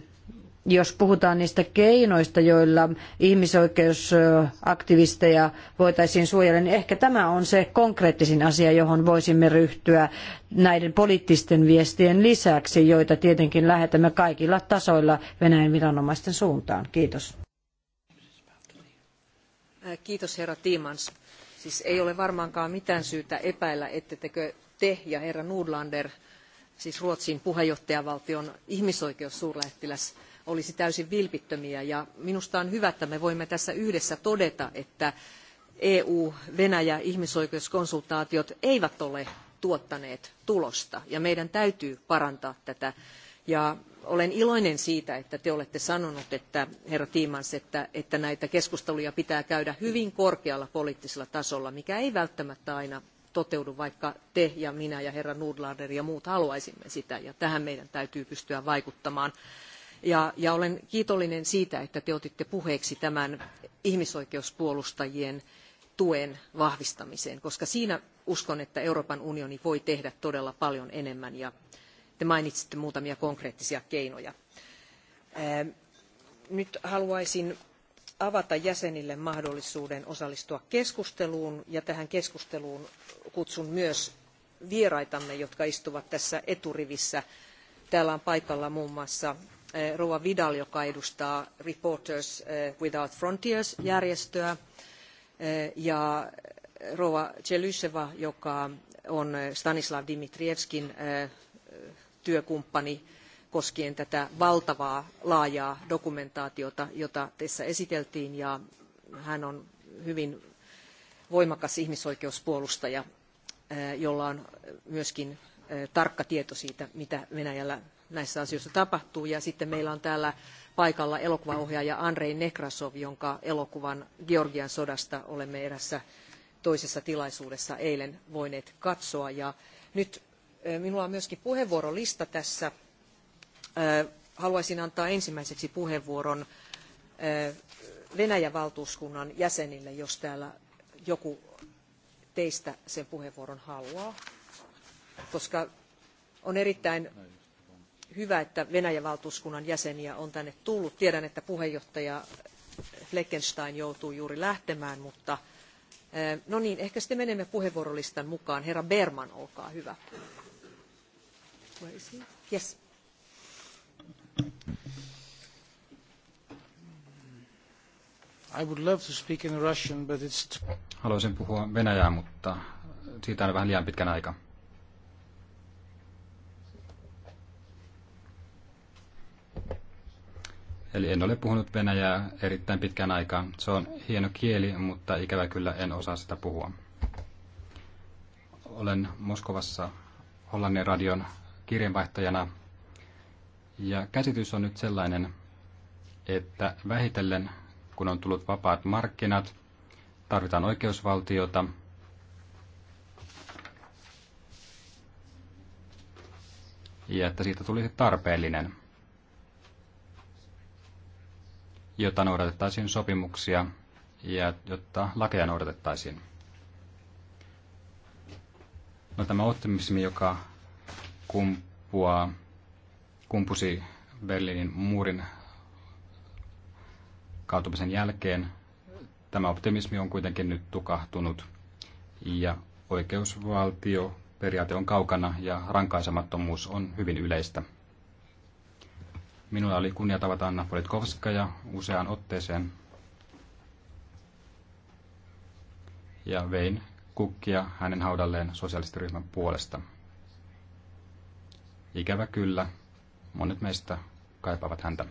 jos puhutaan niistä keinoista, joilla ihmisoikeusaktivisteja voitaisiin suojella, niin ehkä tämä on se konkreettisin asia, johon voisimme ryhtyä näiden poliittisten viestien lisäksi, joita tietenkin lähetämme kaikilla tasoilla Venäjän viranomaisten suuntaan. Kiitos. Kiitos herra Tiimans. Siis ei ole varmaankaan mitään syytä epäillä, ettettekö te ja herra Nordlander, siis Ruotsin puheenjohtajavaltion ihmisoikeussuurlähettiläs, olisi täysin vilpittömiä. Ja minusta on hyvä, että me voimme tässä yhdessä todeta, että EU-Venäjä ihmisoikeuskonsultaatiot eivät ole tuottaneet tulosta ja meidän täytyy parantaa tätä. Ja olen iloinen siitä, että te olette sanonut, että herra Tiimans, että, että näitä keskusteluja pitää käydä hyvin korkealla poliittisella tasolla, mikä ei välttämättä aina toteudu, vaikka te ja minä ja herra Nudlander ja muut haluaisimme sitä, ja tähän meidän täytyy pystyä vaikuttamaan. Ja, olen kiitollinen siitä, että te otitte puheeksi tämän ihmisoikeuspuolustajien tuen vahvistamiseen, koska siinä uskon, että Euroopan unioni voi tehdä todella paljon enemmän ja te mainitsitte muutamia konkreettisia keinoja. Nyt haluaisin avata jäsenille mahdollisuuden osallistua keskusteluun ja tähän keskusteluun kutsun myös vieraitamme, jotka istuvat tässä eturivissä. Täällä on paikalla muun muassa Eh, rouva Vidal, joka edustaa Reporters eh, Without Frontiers-järjestöä, eh, ja rouva Chelyseva, joka on Stanislav Dimitrievskin työkumppani koskien tätä valtavaa laajaa dokumentaatiota, jota tässä esiteltiin, ja hän on hyvin voimakas ihmisoikeuspuolustaja, jolla on myöskin tarkka tieto siitä, mitä Venäjällä näissä asioissa tapahtuu. Ja sitten meillä on täällä paikalla elokuvaohjaaja Andrei Nekrasov, jonka elokuvan Georgian sodasta olemme erässä toisessa tilaisuudessa eilen voineet katsoa. Ja nyt minulla on myöskin puheenvuorolista tässä. Haluaisin antaa ensimmäiseksi puheenvuoron Venäjän valtuuskunnan jäsenille, jos täällä joku teistä sen puheenvuoron haluaa koska on erittäin hyvä, että Venäjän valtuuskunnan jäseniä on tänne tullut. Tiedän, että puheenjohtaja Fleckenstein joutuu juuri lähtemään, mutta eh, no niin, ehkä sitten menemme puheenvuorolistan mukaan. Herra Berman, olkaa hyvä. Yes. I would love to speak in Russian, but it's... Haluaisin puhua venäjää, mutta siitä on vähän liian pitkän aika. Eli en ole puhunut venäjää erittäin pitkän aikaa. Se on hieno kieli, mutta ikävä kyllä en osaa sitä puhua. Olen Moskovassa Hollannin radion kirjeenvaihtajana. Ja käsitys on nyt sellainen, että vähitellen, kun on tullut vapaat markkinat, tarvitaan oikeusvaltiota, ja että siitä tulisi tarpeellinen. jotta noudatettaisiin sopimuksia ja jotta lakeja noudatettaisiin. No, tämä optimismi, joka kumpuaa, kumpusi Berliinin muurin kaatumisen jälkeen, tämä optimismi on kuitenkin nyt tukahtunut ja oikeusvaltio periaate on kaukana ja rankaisemattomuus on hyvin yleistä. Minulla oli kunnia tavata Anna Politkovskaja useaan otteeseen. Ja vein kukkia hänen haudalleen sosialistiryhmän puolesta. Ikävä kyllä, monet meistä kaipaavat häntä.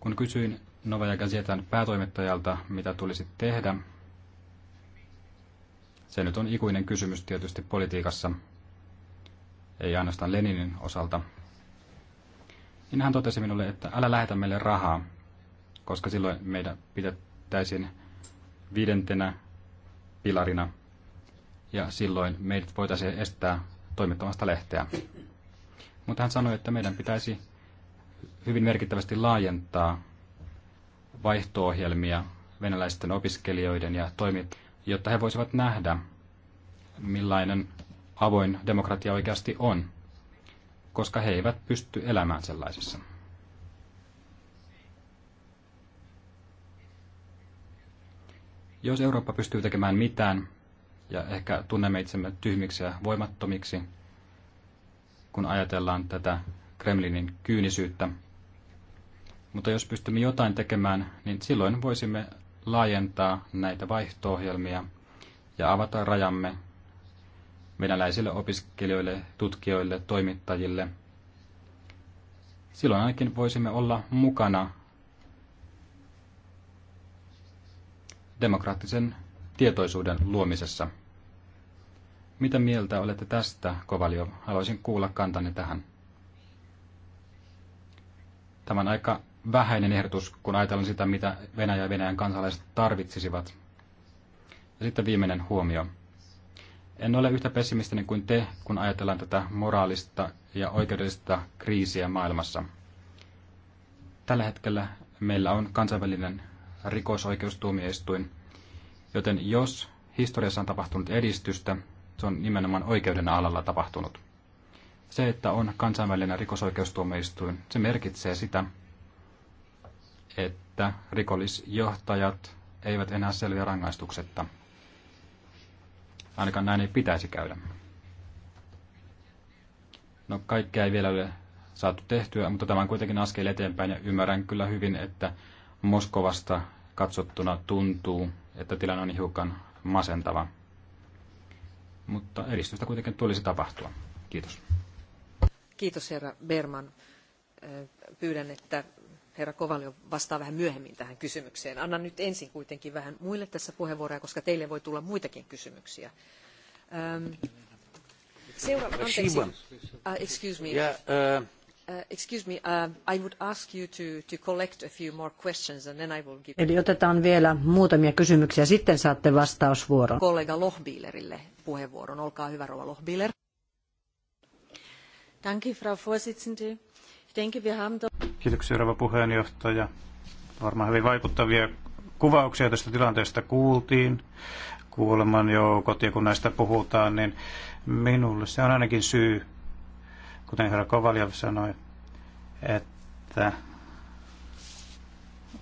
Kun kysyin Novaja Gazetan päätoimittajalta, mitä tulisi tehdä, se nyt on ikuinen kysymys tietysti politiikassa, ei ainoastaan Leninin osalta, niin hän totesi minulle, että älä lähetä meille rahaa, koska silloin meidän pidettäisiin viidentenä pilarina ja silloin meidät voitaisiin estää toimittamasta lehteä. Mutta hän sanoi, että meidän pitäisi hyvin merkittävästi laajentaa vaihto-ohjelmia venäläisten opiskelijoiden ja toimit, jotta he voisivat nähdä, millainen avoin demokratia oikeasti on koska he eivät pysty elämään sellaisessa. Jos Eurooppa pystyy tekemään mitään, ja ehkä tunnemme itsemme tyhmiksi ja voimattomiksi, kun ajatellaan tätä Kremlinin kyynisyyttä, mutta jos pystymme jotain tekemään, niin silloin voisimme laajentaa näitä vaihto-ohjelmia ja avata rajamme venäläisille opiskelijoille, tutkijoille, toimittajille. Silloin ainakin voisimme olla mukana demokraattisen tietoisuuden luomisessa. Mitä mieltä olette tästä, Kovalio? Haluaisin kuulla kantanne tähän. Tämä on aika vähäinen ehdotus, kun ajatellaan sitä, mitä Venäjä ja Venäjän kansalaiset tarvitsisivat. Ja sitten viimeinen huomio – en ole yhtä pessimistinen kuin te, kun ajatellaan tätä moraalista ja oikeudellista kriisiä maailmassa. Tällä hetkellä meillä on kansainvälinen rikosoikeustuomioistuin, joten jos historiassa on tapahtunut edistystä, se on nimenomaan oikeuden alalla tapahtunut. Se, että on kansainvälinen rikosoikeustuomioistuin, se merkitsee sitä, että rikollisjohtajat eivät enää selviä rangaistuksetta – Ainakaan näin ei pitäisi käydä. No kaikkea ei vielä ole saatu tehtyä, mutta tämä on kuitenkin askel eteenpäin ja ymmärrän kyllä hyvin, että Moskovasta katsottuna tuntuu, että tilanne on hiukan masentava. Mutta edistystä kuitenkin tulisi tapahtua. Kiitos. Kiitos herra Berman. Pyydän, että herra Kovalio vastaa vähän myöhemmin tähän kysymykseen. Annan nyt ensin kuitenkin vähän muille tässä puheenvuoroja, koska teille voi tulla muitakin kysymyksiä. Um, seuraava, anteeksi. Uh, excuse me. Yeah, uh... uh excuse me, uh, I would ask you to, to collect a few more questions and then I will give... Eli otetaan vielä muutamia kysymyksiä, sitten saatte vastausvuoron. Kollega Lohbielerille puheenvuoron. Olkaa hyvä, rouva Lohbieler. Danke, Frau Vorsitzende. Ich denke, wir haben... Kiitoksia, rouva puheenjohtaja. Varmaan hyvin vaikuttavia kuvauksia tästä tilanteesta kuultiin. Kuuleman joukot, ja kun näistä puhutaan, niin minulle se on ainakin syy, kuten herra Kovaljev sanoi, että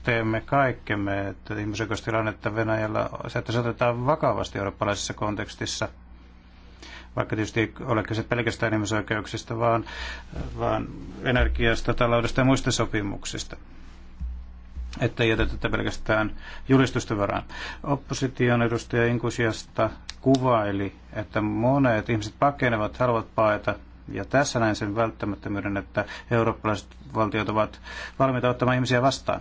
teemme kaikkemme, että ihmisoikeustilannetta Venäjällä, se, että se otetaan vakavasti eurooppalaisessa kontekstissa – vaikka tietysti ole kyse pelkästään ihmisoikeuksista, vaan, vaan energiasta, taloudesta ja muista sopimuksista että ei jätetä pelkästään julistusten varaan. Opposition edustaja Inkusiasta kuvaili, että monet ihmiset pakenevat, haluavat paeta, ja tässä näin sen välttämättömyyden, että eurooppalaiset valtiot ovat valmiita ottamaan ihmisiä vastaan.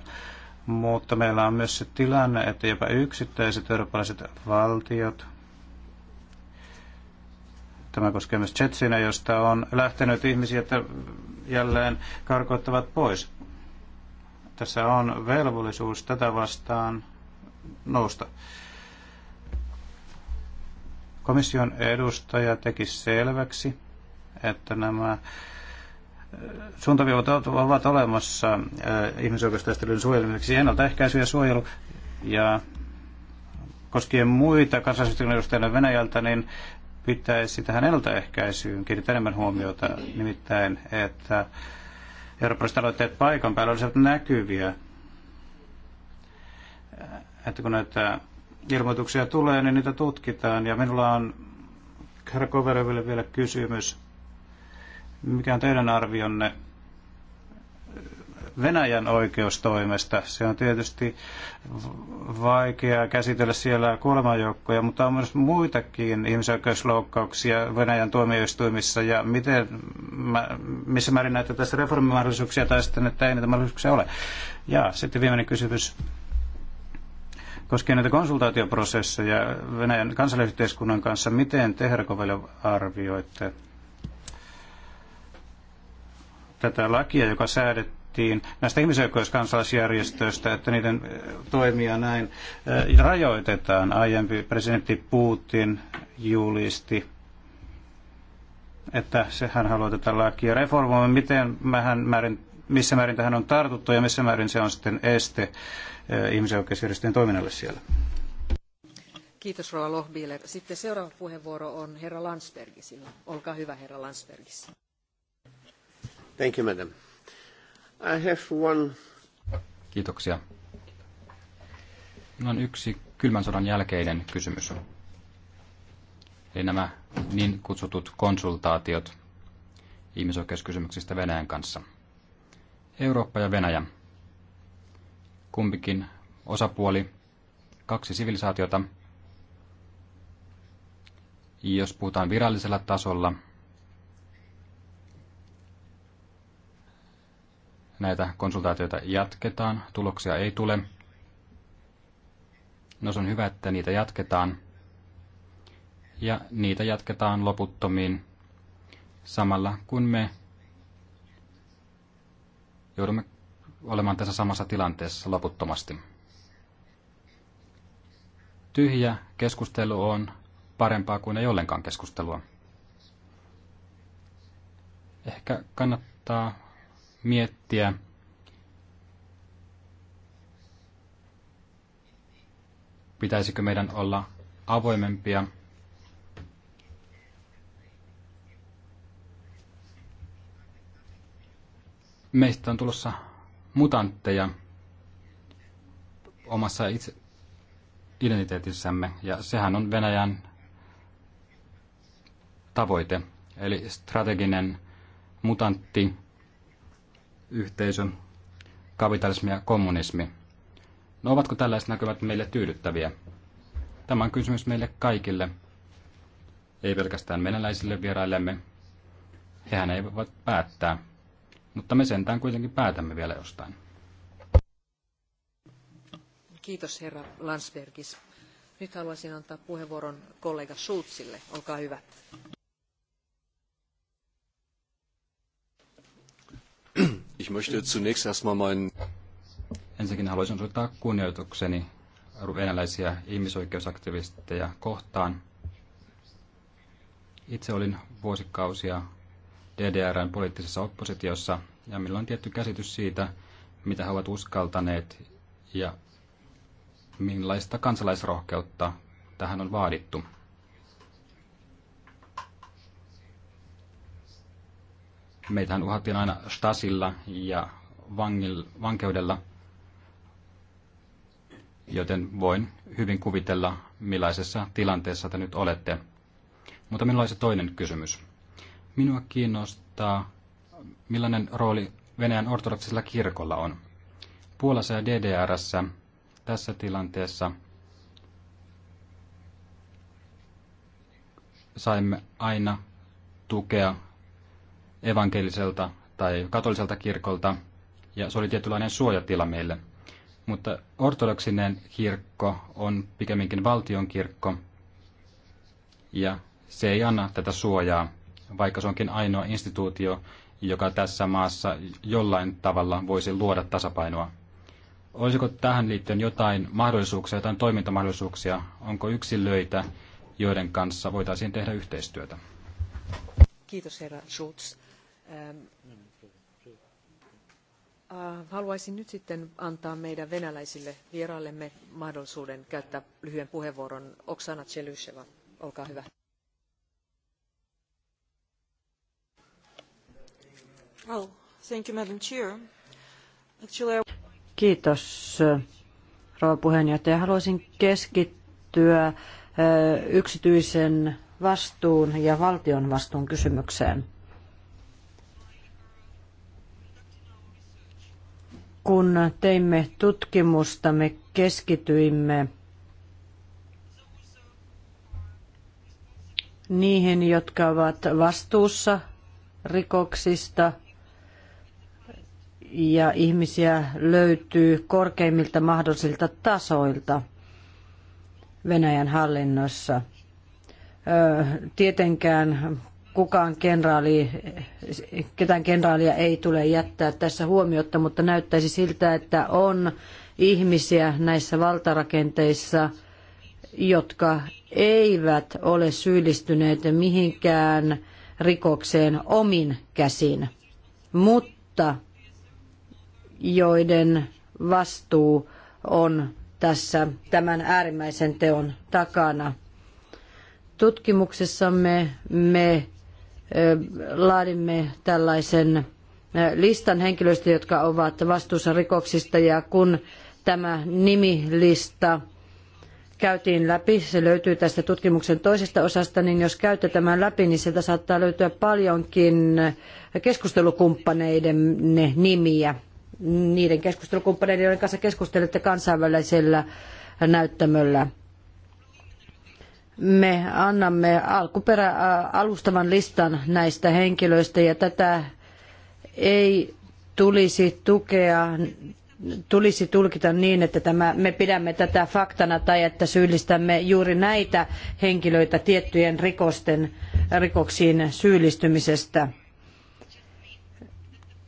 Mutta meillä on myös se tilanne, että jopa yksittäiset eurooppalaiset valtiot, Tämä koskee myös Chetsinä, josta on lähtenyt ihmisiä, että jälleen karkoittavat pois. Tässä on velvollisuus tätä vastaan nousta. Komission edustaja teki selväksi, että nämä äh, suuntaviivat ovat olemassa äh, ihmisoikeustaistelun suojelemiseksi ennaltaehkäisy ja suojelu. Ja koskien muita kansallisuuden edustajana Venäjältä, niin pitäisi tähän ennaltaehkäisyyn kiinnittää enemmän huomiota, nimittäin, että eurooppalaiset aloitteet paikan päällä olisivat näkyviä, että kun näitä ilmoituksia tulee, niin niitä tutkitaan. Ja minulla on herra Kovereville vielä kysymys. Mikä on teidän arvionne Venäjän oikeustoimesta. Se on tietysti vaikeaa käsitellä siellä kuolemanjoukkoja, mutta on myös muitakin ihmisoikeusloukkauksia Venäjän tuomioistuimissa ja miten, missä määrin näitä tässä reformimahdollisuuksia tai sitten, että ei niitä mahdollisuuksia ole. Ja sitten viimeinen kysymys koskee näitä konsultaatioprosesseja Venäjän kansalaisyhteiskunnan kanssa. Miten te, herra arvioitte tätä lakia, joka säädettiin? sanottiin näistä ihmisoikeuskansalaisjärjestöistä, että niiden eh, toimia näin eh, rajoitetaan. Aiempi presidentti Putin julisti että sehän haluaa tätä lakia reformoida. Miten mähän määrin, missä määrin tähän on tartuttu ja missä määrin se on sitten este eh, ihmisoikeusjärjestöjen toiminnalle siellä? Kiitos Rova Lohbiler. Sitten seuraava puheenvuoro on herra Landsbergisillä. Olkaa hyvä herra Landsbergis. Thank you, madam. I have one. Kiitoksia. Minulla on yksi kylmän sodan jälkeinen kysymys. Eli nämä niin kutsutut konsultaatiot ihmisoikeuskysymyksistä Venäjän kanssa. Eurooppa ja Venäjä. Kumpikin osapuoli, kaksi sivilisaatiota. Jos puhutaan virallisella tasolla – Näitä konsultaatioita jatketaan, tuloksia ei tule. No se on hyvä, että niitä jatketaan. Ja niitä jatketaan loputtomiin samalla kun me joudumme olemaan tässä samassa tilanteessa loputtomasti. Tyhjä keskustelu on parempaa kuin ei ollenkaan keskustelua. Ehkä kannattaa miettiä, pitäisikö meidän olla avoimempia meistä on tulossa mutantteja omassa itse identiteetissämme, ja sehän on Venäjän tavoite, eli strateginen mutantti yhteisö, kapitalismi ja kommunismi. No ovatko tällaiset näkyvät meille tyydyttäviä? Tämä on kysymys meille kaikille, ei pelkästään venäläisille vieraillemme. Hehän eivät päättää, mutta me sentään kuitenkin päätämme vielä jostain. Kiitos herra Landsbergis. Nyt haluaisin antaa puheenvuoron kollega Schulzille. Olkaa hyvä. Ich möchte zunächst erstmal meinen... Ensinnäkin haluaisin osoittaa kunnioitukseni venäläisiä ihmisoikeusaktivisteja kohtaan. Itse olin vuosikausia DDRn poliittisessa oppositiossa ja meillä on tietty käsitys siitä, mitä he ovat uskaltaneet ja millaista kansalaisrohkeutta tähän on vaadittu. Meitähän uhattiin aina Stasilla ja vangil, vankeudella, joten voin hyvin kuvitella, millaisessa tilanteessa te nyt olette. Mutta minulla olisi toinen kysymys. Minua kiinnostaa, millainen rooli Venäjän ortodoksisella kirkolla on. Puolassa ja DDRssä tässä tilanteessa saimme aina tukea evankeliselta tai katoliselta kirkolta, ja se oli tietynlainen suojatila meille. Mutta ortodoksinen kirkko on pikemminkin valtion kirkko, ja se ei anna tätä suojaa, vaikka se onkin ainoa instituutio, joka tässä maassa jollain tavalla voisi luoda tasapainoa. Olisiko tähän liittyen jotain mahdollisuuksia, jotain toimintamahdollisuuksia? Onko yksilöitä, joiden kanssa voitaisiin tehdä yhteistyötä? Kiitos herra Schulz. Ähm, äh, haluaisin nyt sitten antaa meidän venäläisille vieraillemme mahdollisuuden käyttää lyhyen puheenvuoron. Oksana Chelusheva, olkaa hyvä. Oh, thank you, Madam Chair. Actually, I... Kiitos, rouva puheenjohtaja. Haluaisin keskittyä äh, yksityisen vastuun ja valtion vastuun kysymykseen. kun teimme tutkimusta, me keskityimme niihin, jotka ovat vastuussa rikoksista ja ihmisiä löytyy korkeimmilta mahdollisilta tasoilta Venäjän hallinnossa. Tietenkään kukaan kenraali, ketään kenraalia ei tule jättää tässä huomiotta, mutta näyttäisi siltä, että on ihmisiä näissä valtarakenteissa, jotka eivät ole syyllistyneet mihinkään rikokseen omin käsin, mutta joiden vastuu on tässä tämän äärimmäisen teon takana. Tutkimuksessamme me laadimme tällaisen listan henkilöistä, jotka ovat vastuussa rikoksista ja kun tämä nimilista käytiin läpi, se löytyy tästä tutkimuksen toisesta osasta, niin jos käytte tämän läpi, niin sieltä saattaa löytyä paljonkin keskustelukumppaneiden nimiä. Niiden keskustelukumppaneiden, joiden kanssa keskustelette kansainvälisellä näyttämöllä me annamme alkuperä alustavan listan näistä henkilöistä ja tätä ei tulisi tukea tulisi tulkita niin, että tämä, me pidämme tätä faktana tai että syyllistämme juuri näitä henkilöitä tiettyjen rikosten, rikoksiin syyllistymisestä.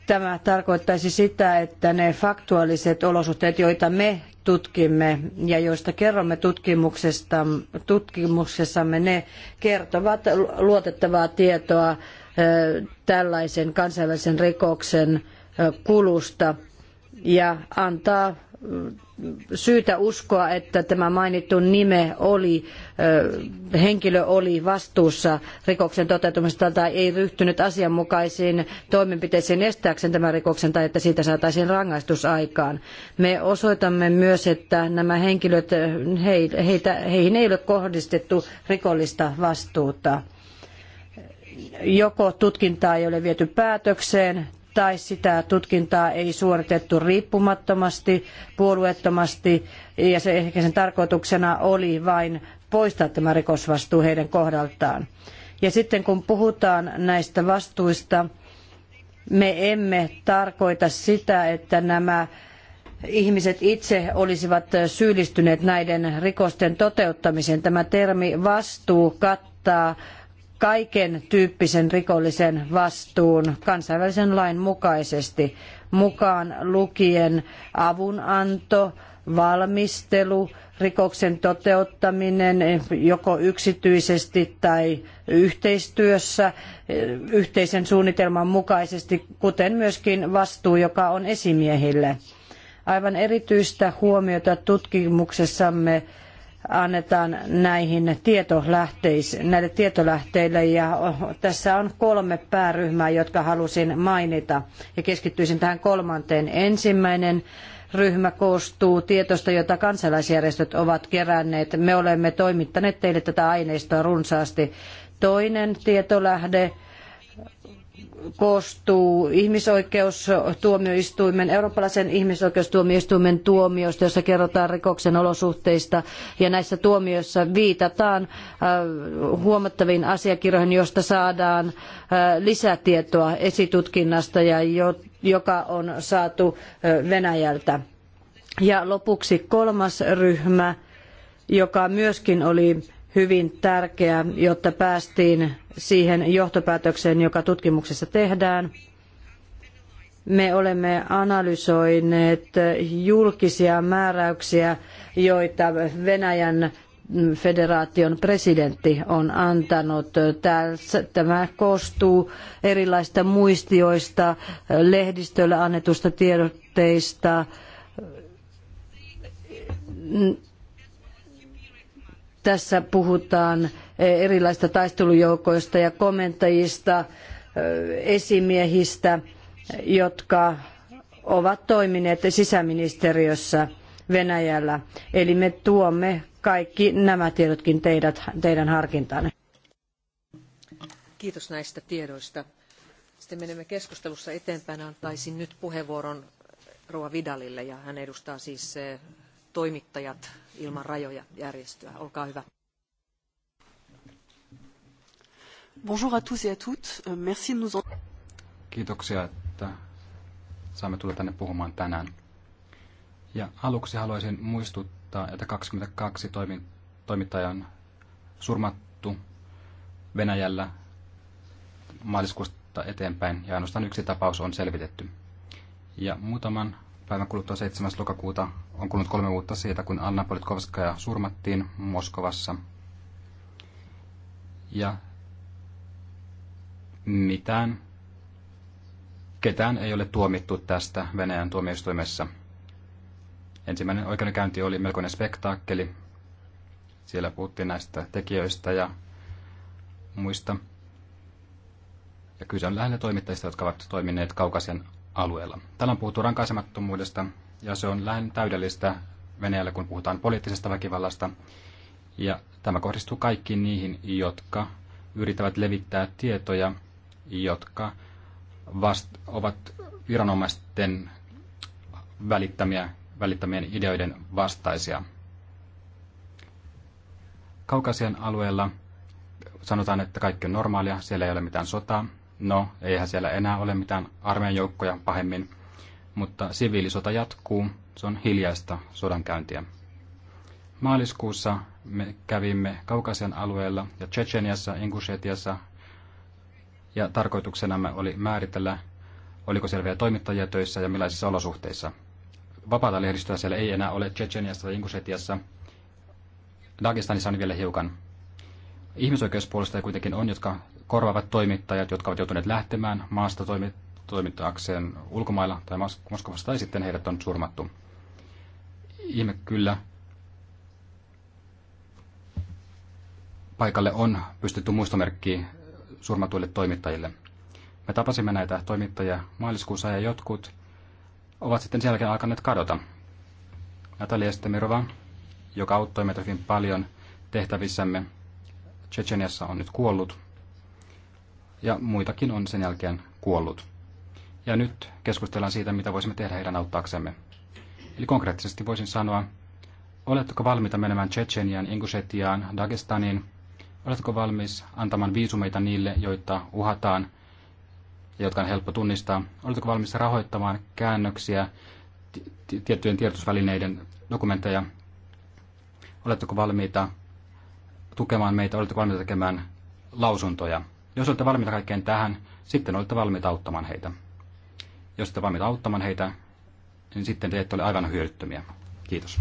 Tämä tarkoittaisi sitä, että ne faktuaaliset olosuhteet, joita me tutkimme ja joista kerromme tutkimuksesta, tutkimuksessamme, ne kertovat luotettavaa tietoa tällaisen kansainvälisen rikoksen kulusta ja antaa syytä uskoa, että tämä mainittu nime oli, henkilö oli vastuussa rikoksen toteutumisesta tai ei ryhtynyt asianmukaisiin toimenpiteisiin estääkseen tämän rikoksen tai että siitä saataisiin rangaistus aikaan. Me osoitamme myös, että nämä henkilöt, heitä, heihin ei ole kohdistettu rikollista vastuuta joko tutkintaa ei ole viety päätökseen tai sitä tutkintaa ei suoritettu riippumattomasti, puolueettomasti ja se ehkä sen tarkoituksena oli vain poistaa tämä rikosvastuu heidän kohdaltaan. Ja sitten kun puhutaan näistä vastuista, me emme tarkoita sitä, että nämä ihmiset itse olisivat syyllistyneet näiden rikosten toteuttamiseen. Tämä termi vastuu kattaa kaiken tyyppisen rikollisen vastuun kansainvälisen lain mukaisesti, mukaan lukien avunanto, valmistelu, rikoksen toteuttaminen joko yksityisesti tai yhteistyössä yhteisen suunnitelman mukaisesti, kuten myöskin vastuu, joka on esimiehille. Aivan erityistä huomiota tutkimuksessamme annetaan näihin näille tietolähteille. Ja tässä on kolme pääryhmää, jotka halusin mainita ja keskittyisin tähän kolmanteen. Ensimmäinen ryhmä koostuu tiedosta, jota kansalaisjärjestöt ovat keränneet. Me olemme toimittaneet teille tätä aineistoa runsaasti. Toinen tietolähde koostuu ihmisoikeustuomioistuimen, eurooppalaisen ihmisoikeustuomioistuimen tuomiosta, jossa kerrotaan rikoksen olosuhteista. Ja näissä tuomioissa viitataan äh, huomattaviin asiakirjoihin, joista saadaan äh, lisätietoa esitutkinnasta, ja joka on saatu äh, Venäjältä. Ja lopuksi kolmas ryhmä, joka myöskin oli hyvin tärkeä, jotta päästiin siihen johtopäätökseen, joka tutkimuksessa tehdään. Me olemme analysoineet julkisia määräyksiä, joita Venäjän federaation presidentti on antanut. Tämä koostuu erilaisista muistioista, lehdistölle annetusta tiedotteista, tässä puhutaan eh, erilaista taistelujoukoista ja komentajista, eh, esimiehistä, jotka ovat toimineet sisäministeriössä Venäjällä. Eli me tuomme kaikki nämä tiedotkin teidät, teidän harkintanne. Kiitos näistä tiedoista. Sitten menemme keskustelussa eteenpäin. Antaisin nyt puheenvuoron Roa Vidalille ja hän edustaa siis eh, toimittajat ilman rajoja järjestöä. Olkaa hyvä. Bonjour à tous et à toutes. Euh, merci nous en... Kiitoksia, että saamme tulla tänne puhumaan tänään. Ja aluksi haluaisin muistuttaa, että 22 toimi, toimittajaa surmattu Venäjällä maaliskuusta eteenpäin ja ainoastaan yksi tapaus on selvitetty. Ja muutaman päivän kuluttua 7. lokakuuta on kulunut kolme vuotta siitä, kun Anna Politkovskaja surmattiin Moskovassa. Ja mitään, ketään ei ole tuomittu tästä Venäjän tuomioistuimessa. Ensimmäinen oikeudenkäynti oli melkoinen spektaakkeli. Siellä puhuttiin näistä tekijöistä ja muista. Ja kyse on lähinnä toimittajista, jotka ovat toimineet Kaukasian alueella. Täällä on puhuttu rankaisemattomuudesta ja se on lähinnä täydellistä Venäjällä, kun puhutaan poliittisesta väkivallasta. Ja tämä kohdistuu kaikkiin niihin, jotka yrittävät levittää tietoja, jotka vast- ovat viranomaisten välittämiä, välittämien ideoiden vastaisia. Kaukasian alueella sanotaan, että kaikki on normaalia, siellä ei ole mitään sotaa, No, eihän siellä enää ole mitään armeijan joukkoja pahemmin, mutta siviilisota jatkuu, se on hiljaista sodankäyntiä. Maaliskuussa me kävimme Kaukasian alueella ja Tsecheniassa, Ingushetiassa, ja tarkoituksenamme oli määritellä, oliko siellä vielä toimittajia töissä ja millaisissa olosuhteissa. Vapaata lehdistöä siellä ei enää ole Tsecheniassa tai Ingushetiassa. Dagestanissa on vielä hiukan. Ihmisoikeuspuolustajia kuitenkin on, jotka korvaavat toimittajat, jotka ovat joutuneet lähtemään maasta toimittaakseen ulkomailla tai Moskovassa, tai sitten heidät on surmattu. Ihme kyllä, paikalle on pystytty muistomerkki surmatuille toimittajille. Me tapasimme näitä toimittajia maaliskuussa ja jotkut ovat sitten sen jälkeen alkaneet kadota. Natalia Stemirova, joka auttoi meitä hyvin paljon tehtävissämme, Tsetseniassa on nyt kuollut ja muitakin on sen jälkeen kuollut. Ja nyt keskustellaan siitä, mitä voisimme tehdä heidän auttaaksemme. Eli konkreettisesti voisin sanoa, oletteko valmiita menemään Tsetseniaan, Ingushetiaan, Dagestaniin? Oletko valmis antamaan viisumeita niille, joita uhataan ja jotka on helppo tunnistaa? Oletko valmis rahoittamaan käännöksiä, tiettyjen tiedotusvälineiden dokumentteja? Oletteko valmiita tukemaan meitä? Oletteko valmiita tekemään lausuntoja? Jos olette valmiita kaikkeen tähän, sitten olette valmiita auttamaan heitä. Jos olette valmiita auttamaan heitä, niin sitten te ette ole aivan hyödyttömiä. Kiitos.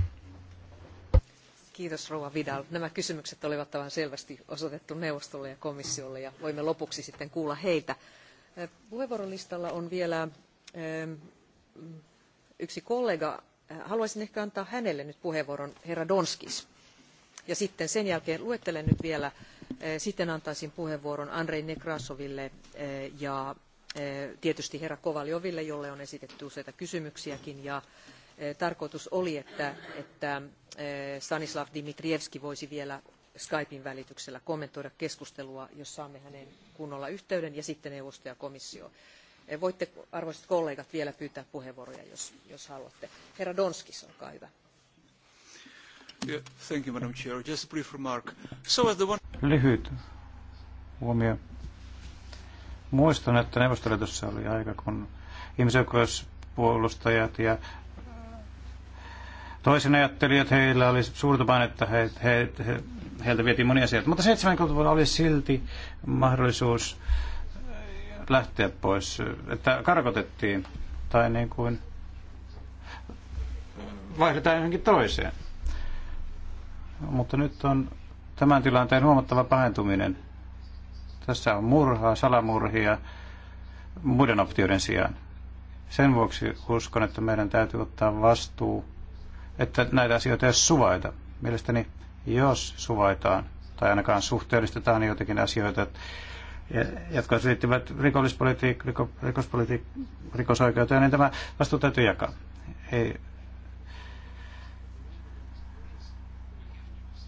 Kiitos Rouva Vidal. Nämä kysymykset olivat aivan selvästi osoitettu neuvostolle ja komissiolle ja voimme lopuksi sitten kuulla heiltä. Puheenvuorolistalla on vielä yksi kollega. Haluaisin ehkä antaa hänelle nyt puheenvuoron, herra Donskis. Ja sitten sen jälkeen luettelen nyt vielä Eh, sitten antaisin puheenvuoron Andrei Nekrasoville eh, ja eh, tietysti herra Kovaljoville, jolle on esitetty useita kysymyksiäkin. Ja tarkoitus oli, että, että Stanislav Dimitrievski voisi vielä Skypein välityksellä kommentoida keskustelua, jos saamme hänen kunnolla yhteyden, ja sitten neuvosto ja komissio. Voitte, arvoisat kollegat, vielä pyytää puheenvuoroja, jos, jos haluatte. Herra Donskis, olkaa hyvä thank you, Madam Chair. Just a brief remark. So as the one... Lyhyt huomio. Muistan, että neuvostoliitossa oli aika, kun ihmisoikeuspuolustajat ja äh, toisen ajattelijat, heillä oli suurta painetta, he, he, he, heiltä vietiin monia asioita. Mutta 70-luvulla oli silti mahdollisuus äh, lähteä pois, äh, että karkotettiin tai niin kuin vaihdetaan johonkin toiseen mutta nyt on tämän tilanteen huomattava pahentuminen. Tässä on murhaa, salamurhia muiden optioiden sijaan. Sen vuoksi uskon, että meidän täytyy ottaa vastuu, että näitä asioita ei suvaita. Mielestäni jos suvaitaan tai ainakaan suhteellistetaan jotakin asioita, jotka liittyvät rikollispolitiik- riko- rikospolitiik- rikosoikeuteen, niin tämä vastuu täytyy jakaa. Ei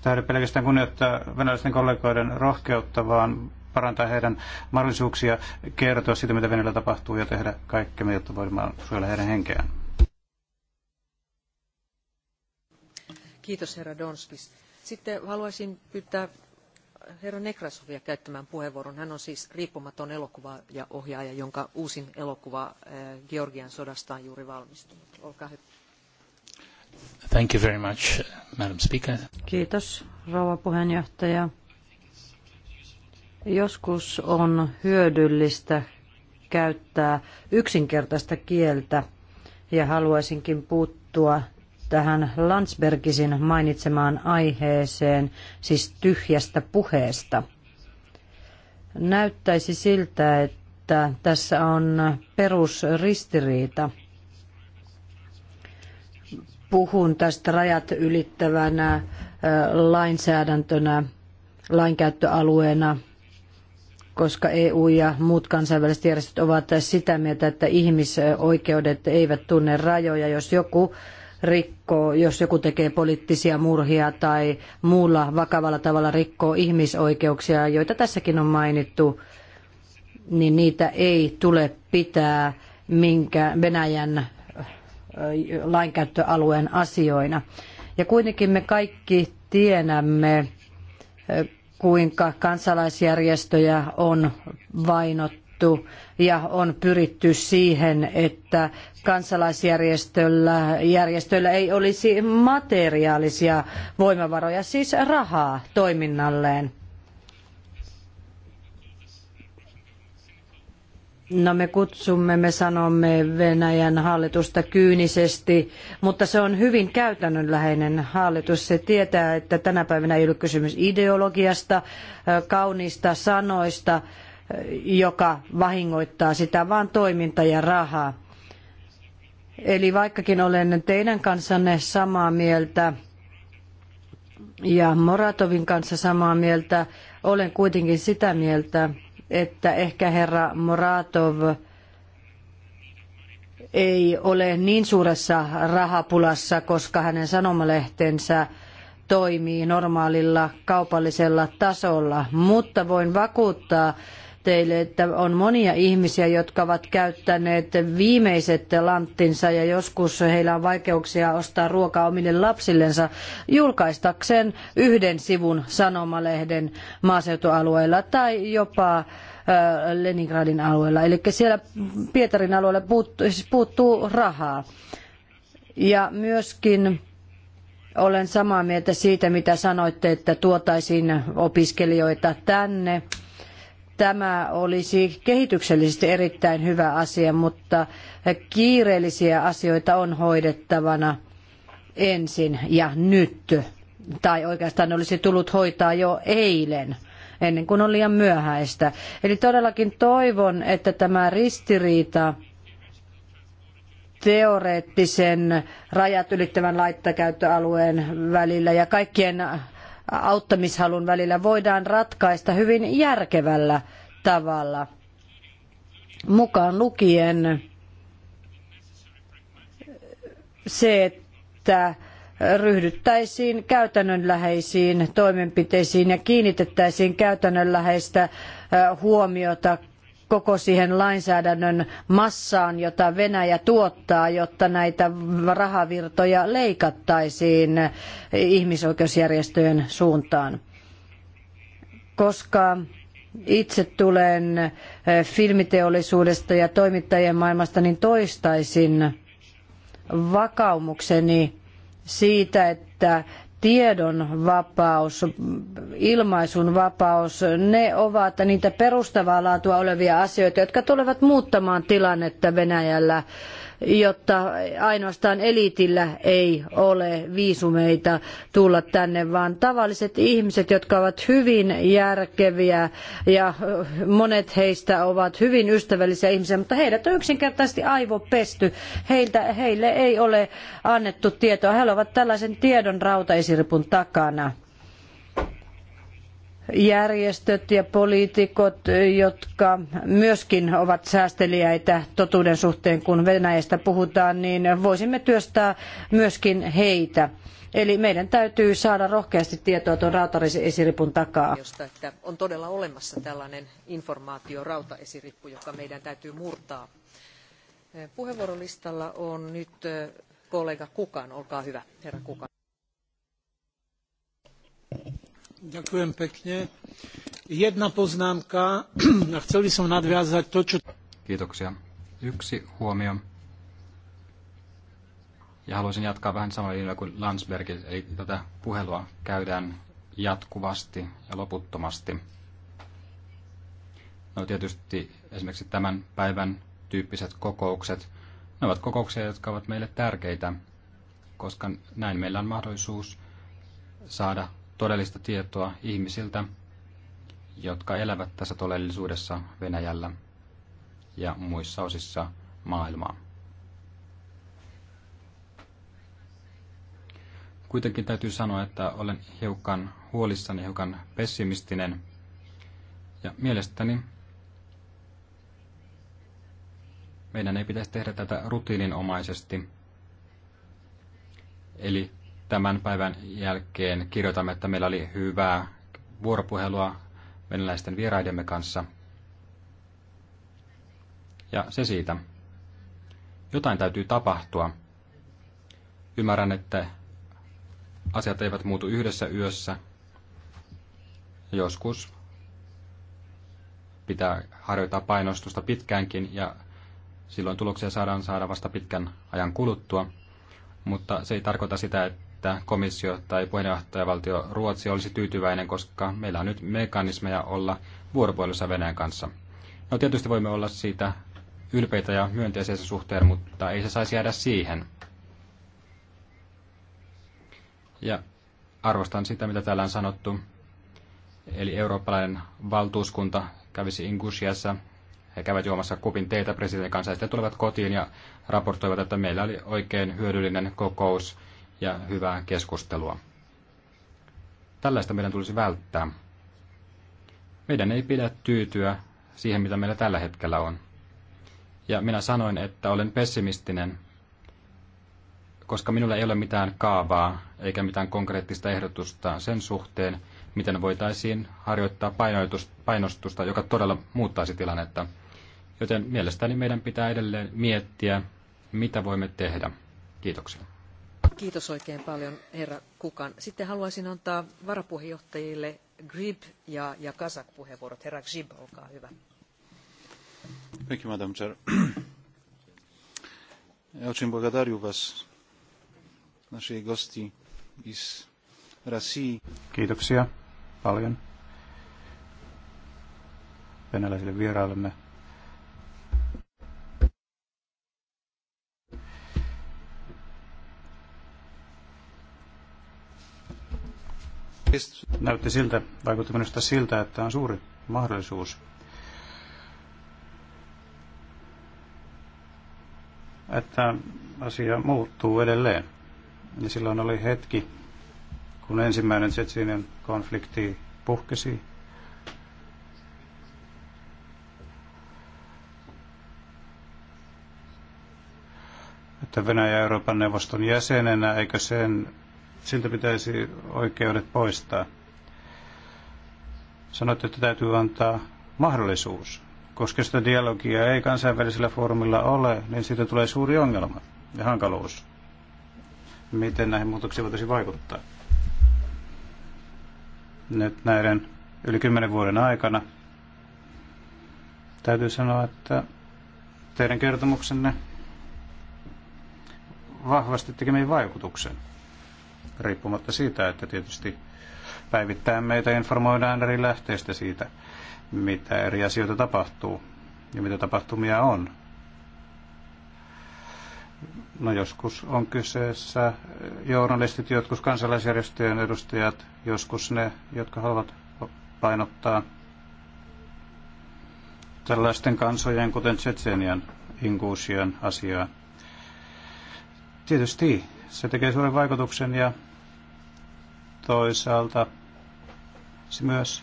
täytyy pelkästään kunnioittaa venäläisten kollegoiden rohkeutta, vaan parantaa heidän mahdollisuuksia kertoa siitä, mitä Venäjällä tapahtuu ja tehdä kaikkemme, jotta voidaan suojella heidän henkeään. Kiitos herra Donskis. Sitten haluaisin pyytää herra Nekrasovia käyttämään puheenvuoron. Hän on siis riippumaton ja ohjaaja, jonka uusin elokuva eh, Georgian sodasta on juuri valmistunut. Olkaa hyvä. Thank you very much, Madam Speaker. Kiitos, rouva puheenjohtaja. Joskus on hyödyllistä käyttää yksinkertaista kieltä ja haluaisinkin puuttua tähän Landsbergisin mainitsemaan aiheeseen, siis tyhjästä puheesta. Näyttäisi siltä, että tässä on perusristiriita puhun tästä rajat ylittävänä lainsäädäntönä, lainkäyttöalueena, koska EU ja muut kansainväliset järjestöt ovat sitä mieltä, että ihmisoikeudet eivät tunne rajoja. Jos joku rikkoo, jos joku tekee poliittisia murhia tai muulla vakavalla tavalla rikkoo ihmisoikeuksia, joita tässäkin on mainittu, niin niitä ei tule pitää minkä Venäjän lainkäyttöalueen asioina. Ja kuitenkin me kaikki tiedämme, kuinka kansalaisjärjestöjä on vainottu ja on pyritty siihen, että kansalaisjärjestöllä järjestöllä ei olisi materiaalisia voimavaroja, siis rahaa toiminnalleen. No me kutsumme, me sanomme Venäjän hallitusta kyynisesti, mutta se on hyvin käytännönläheinen hallitus. Se tietää, että tänä päivänä ei ole kysymys ideologiasta, kauniista sanoista, joka vahingoittaa sitä, vaan toiminta ja raha. Eli vaikkakin olen teidän kanssanne samaa mieltä ja Moratovin kanssa samaa mieltä, olen kuitenkin sitä mieltä, että ehkä herra Moratov ei ole niin suuressa rahapulassa, koska hänen sanomalehtensä toimii normaalilla kaupallisella tasolla, mutta voin vakuuttaa teille, että on monia ihmisiä, jotka ovat käyttäneet viimeiset lanttinsa ja joskus heillä on vaikeuksia ostaa ruokaa omille lapsillensa julkaistakseen yhden sivun sanomalehden maaseutualueella tai jopa Leningradin alueella. Eli siellä Pietarin alueella puuttuu, siis puuttuu rahaa. Ja myöskin olen samaa mieltä siitä, mitä sanoitte, että tuotaisiin opiskelijoita tänne Tämä olisi kehityksellisesti erittäin hyvä asia, mutta kiireellisiä asioita on hoidettavana ensin ja nyt. Tai oikeastaan olisi tullut hoitaa jo eilen ennen kuin on liian myöhäistä. Eli todellakin toivon, että tämä ristiriita teoreettisen rajat ylittävän laittakäyttöalueen välillä ja kaikkien auttamishalun välillä voidaan ratkaista hyvin järkevällä tavalla, mukaan lukien se, että ryhdyttäisiin käytännönläheisiin toimenpiteisiin ja kiinnitettäisiin käytännönläheistä huomiota koko siihen lainsäädännön massaan, jota Venäjä tuottaa, jotta näitä rahavirtoja leikattaisiin ihmisoikeusjärjestöjen suuntaan. Koska itse tulen eh, filmiteollisuudesta ja toimittajien maailmasta, niin toistaisin vakaumukseni siitä, että tiedon vapaus, ilmaisun vapaus, ne ovat niitä perustavaa laatua olevia asioita, jotka tulevat muuttamaan tilannetta Venäjällä jotta ainoastaan eliitillä ei ole viisumeita tulla tänne, vaan tavalliset ihmiset, jotka ovat hyvin järkeviä ja monet heistä ovat hyvin ystävällisiä ihmisiä, mutta heidät on yksinkertaisesti aivopesty. Heiltä, heille ei ole annettu tietoa. He ovat tällaisen tiedon rautaisirpun takana järjestöt ja poliitikot, jotka myöskin ovat säästeliäitä totuuden suhteen, kun Venäjästä puhutaan, niin voisimme työstää myöskin heitä. Eli meidän täytyy saada rohkeasti tietoa tuon rautaesiripun takaa. Että on todella olemassa tällainen informaatio rautaesirippu, joka meidän täytyy murtaa. Puheenvuorolistalla on nyt kollega Kukan. Olkaa hyvä, herra Kukan Jedna poznámka. Chcel by som nadviazať to, čo... Kiitoksia. Yksi huomio. Ja haluaisin jatkaa vähän samalla linjalla kuin Landsberg, eli tätä puhelua käydään jatkuvasti ja loputtomasti. No tietysti esimerkiksi tämän päivän tyyppiset kokoukset, ne ovat kokouksia, jotka ovat meille tärkeitä, koska näin meillä on mahdollisuus saada todellista tietoa ihmisiltä, jotka elävät tässä todellisuudessa Venäjällä ja muissa osissa maailmaa. Kuitenkin täytyy sanoa, että olen hiukan huolissani, hiukan pessimistinen. Ja mielestäni meidän ei pitäisi tehdä tätä rutiininomaisesti. Eli tämän päivän jälkeen kirjoitamme, että meillä oli hyvää vuoropuhelua venäläisten vieraidemme kanssa. Ja se siitä. Jotain täytyy tapahtua. Ymmärrän, että asiat eivät muutu yhdessä yössä. Joskus pitää harjoittaa painostusta pitkäänkin ja silloin tuloksia saadaan saada vasta pitkän ajan kuluttua. Mutta se ei tarkoita sitä, että että komissio tai puheenjohtajavaltio Ruotsi olisi tyytyväinen, koska meillä on nyt mekanismeja olla vuoropuolussa Venäjän kanssa. No tietysti voimme olla siitä ylpeitä ja myönteisiä suhteen, mutta ei se saisi jäädä siihen. Ja arvostan sitä, mitä täällä on sanottu. Eli eurooppalainen valtuuskunta kävisi Ingushiassa. He kävät juomassa kupin teitä presidentin kanssa ja sitten tulevat kotiin ja raportoivat, että meillä oli oikein hyödyllinen kokous – ja hyvää keskustelua. Tällaista meidän tulisi välttää. Meidän ei pidä tyytyä siihen, mitä meillä tällä hetkellä on. Ja minä sanoin, että olen pessimistinen, koska minulla ei ole mitään kaavaa eikä mitään konkreettista ehdotusta sen suhteen, miten voitaisiin harjoittaa painostusta, joka todella muuttaisi tilannetta. Joten mielestäni meidän pitää edelleen miettiä, mitä voimme tehdä. Kiitoksia. Kiitos oikein paljon, herra Kukan. Sitten haluaisin antaa varapuheenjohtajille Grib ja, ja Kazak puheenvuorot. Herra Grib, olkaa hyvä. Thank you, Madam Chair. Ja očin благодарю вас, наши гости из России. Kiitoksia paljon venäläisille vieraillemme Näytti siltä, vaikutti minusta siltä, että on suuri mahdollisuus että asia muuttuu edelleen. Ja silloin oli hetki, kun ensimmäinen Tsetsinen konflikti puhkesi. Että Venäjä Euroopan neuvoston jäsenenä, eikö sen siltä pitäisi oikeudet poistaa. Sanoitte, että täytyy antaa mahdollisuus. Koska sitä dialogia ei kansainvälisellä foorumilla ole, niin siitä tulee suuri ongelma ja hankaluus. Miten näihin muutoksiin voitaisiin vaikuttaa? Nyt näiden yli kymmenen vuoden aikana täytyy sanoa, että teidän kertomuksenne vahvasti tekemiin vaikutuksen riippumatta siitä, että tietysti päivittäin meitä informoidaan eri lähteistä siitä, mitä eri asioita tapahtuu ja mitä tapahtumia on. No joskus on kyseessä journalistit, joskus kansalaisjärjestöjen edustajat, joskus ne, jotka haluavat painottaa tällaisten kansojen, kuten Tsetsenian, Inguusian asiaa. Tietysti se tekee suuren vaikutuksen ja toisaalta se myös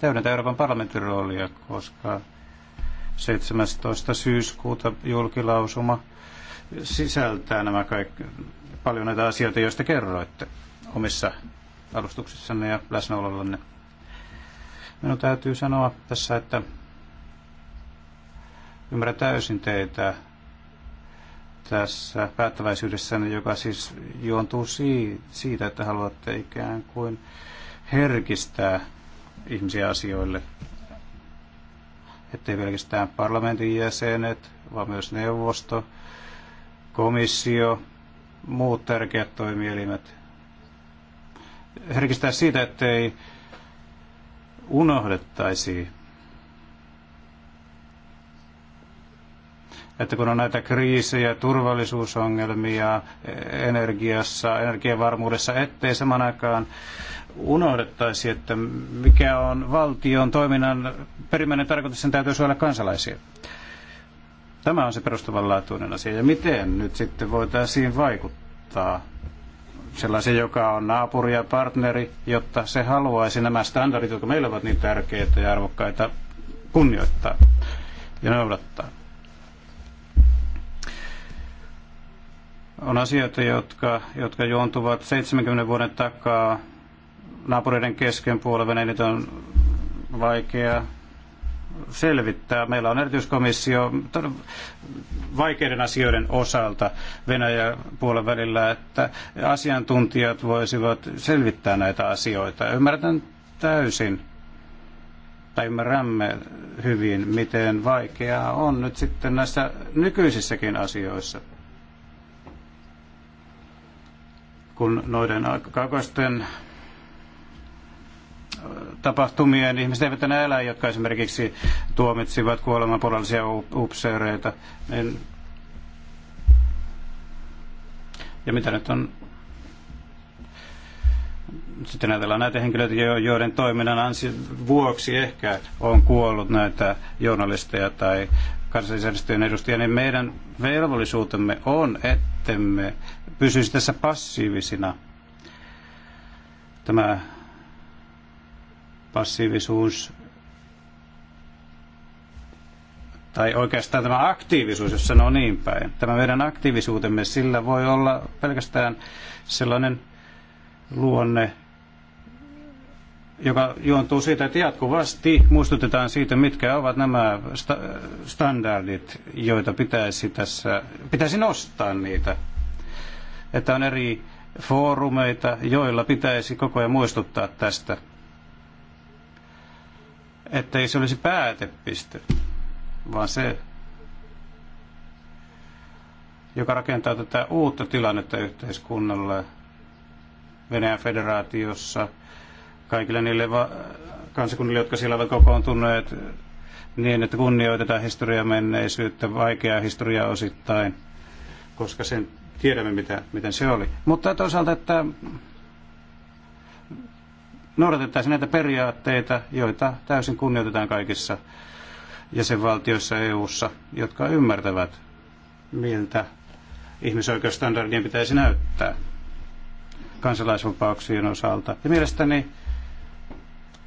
täydentää Euroopan parlamentin roolia, koska 17. syyskuuta julkilausuma sisältää nämä kaikki, paljon näitä asioita, joista kerroitte omissa alustuksissanne ja läsnäolollanne. Minun täytyy sanoa tässä, että ymmärrän täysin teitä tässä päättäväisyydessänne, joka siis juontuu siitä, että haluatte ikään kuin herkistää ihmisiä asioille, ettei pelkästään parlamentin jäsenet, vaan myös neuvosto, komissio, muut tärkeät toimielimet. Herkistää siitä, ettei unohdettaisi että kun on näitä kriisejä, turvallisuusongelmia energiassa, energiavarmuudessa, ettei saman aikaan unohdettaisi, että mikä on valtion toiminnan perimmäinen tarkoitus, sen täytyy suojella kansalaisia. Tämä on se perustavanlaatuinen asia. Ja miten nyt sitten voitaisiin vaikuttaa sellaisen, joka on naapuri ja partneri, jotta se haluaisi nämä standardit, jotka meillä ovat niin tärkeitä ja arvokkaita, kunnioittaa ja noudattaa. on asioita, jotka, jotka juontuvat 70 vuoden takaa naapureiden kesken puolelle, niitä on vaikea selvittää. Meillä on erityiskomissio vaikeiden asioiden osalta Venäjän puolen välillä, että asiantuntijat voisivat selvittää näitä asioita. Ymmärrän täysin, tai ymmärrämme hyvin, miten vaikeaa on nyt sitten näissä nykyisissäkin asioissa. kun noiden kaukaisten tapahtumien ihmiset eivät enää elä, jotka esimerkiksi tuomitsivat kuolemanpuolellisia upseereita. Niin ja mitä nyt on sitten ajatellaan näitä henkilöitä, joiden toiminnan ansi vuoksi ehkä on kuollut näitä journalisteja tai kansallisjärjestöjen edustajia, niin meidän velvollisuutemme on, ettemme pysyisi tässä passiivisina. Tämä passiivisuus tai oikeastaan tämä aktiivisuus, jos sanoo niin päin. Tämä meidän aktiivisuutemme, sillä voi olla pelkästään sellainen luonne, joka juontuu siitä, että jatkuvasti muistutetaan siitä, mitkä ovat nämä sta- standardit, joita pitäisi tässä, pitäisi nostaa niitä. Että on eri foorumeita, joilla pitäisi koko ajan muistuttaa tästä. Että ei se olisi päätepiste, vaan se, joka rakentaa tätä uutta tilannetta yhteiskunnalle Venäjän federaatiossa – kaikille niille va- kansakunnille, jotka siellä ovat kokoontuneet niin, että kunnioitetaan historian menneisyyttä, vaikeaa historiaa osittain, koska sen tiedämme, mitä, miten se oli. Mutta toisaalta, että noudatettaisiin näitä periaatteita, joita täysin kunnioitetaan kaikissa jäsenvaltioissa EU-ssa, jotka ymmärtävät, miltä ihmisoikeusstandardien pitäisi näyttää kansalaisvapauksien osalta. Ja mielestäni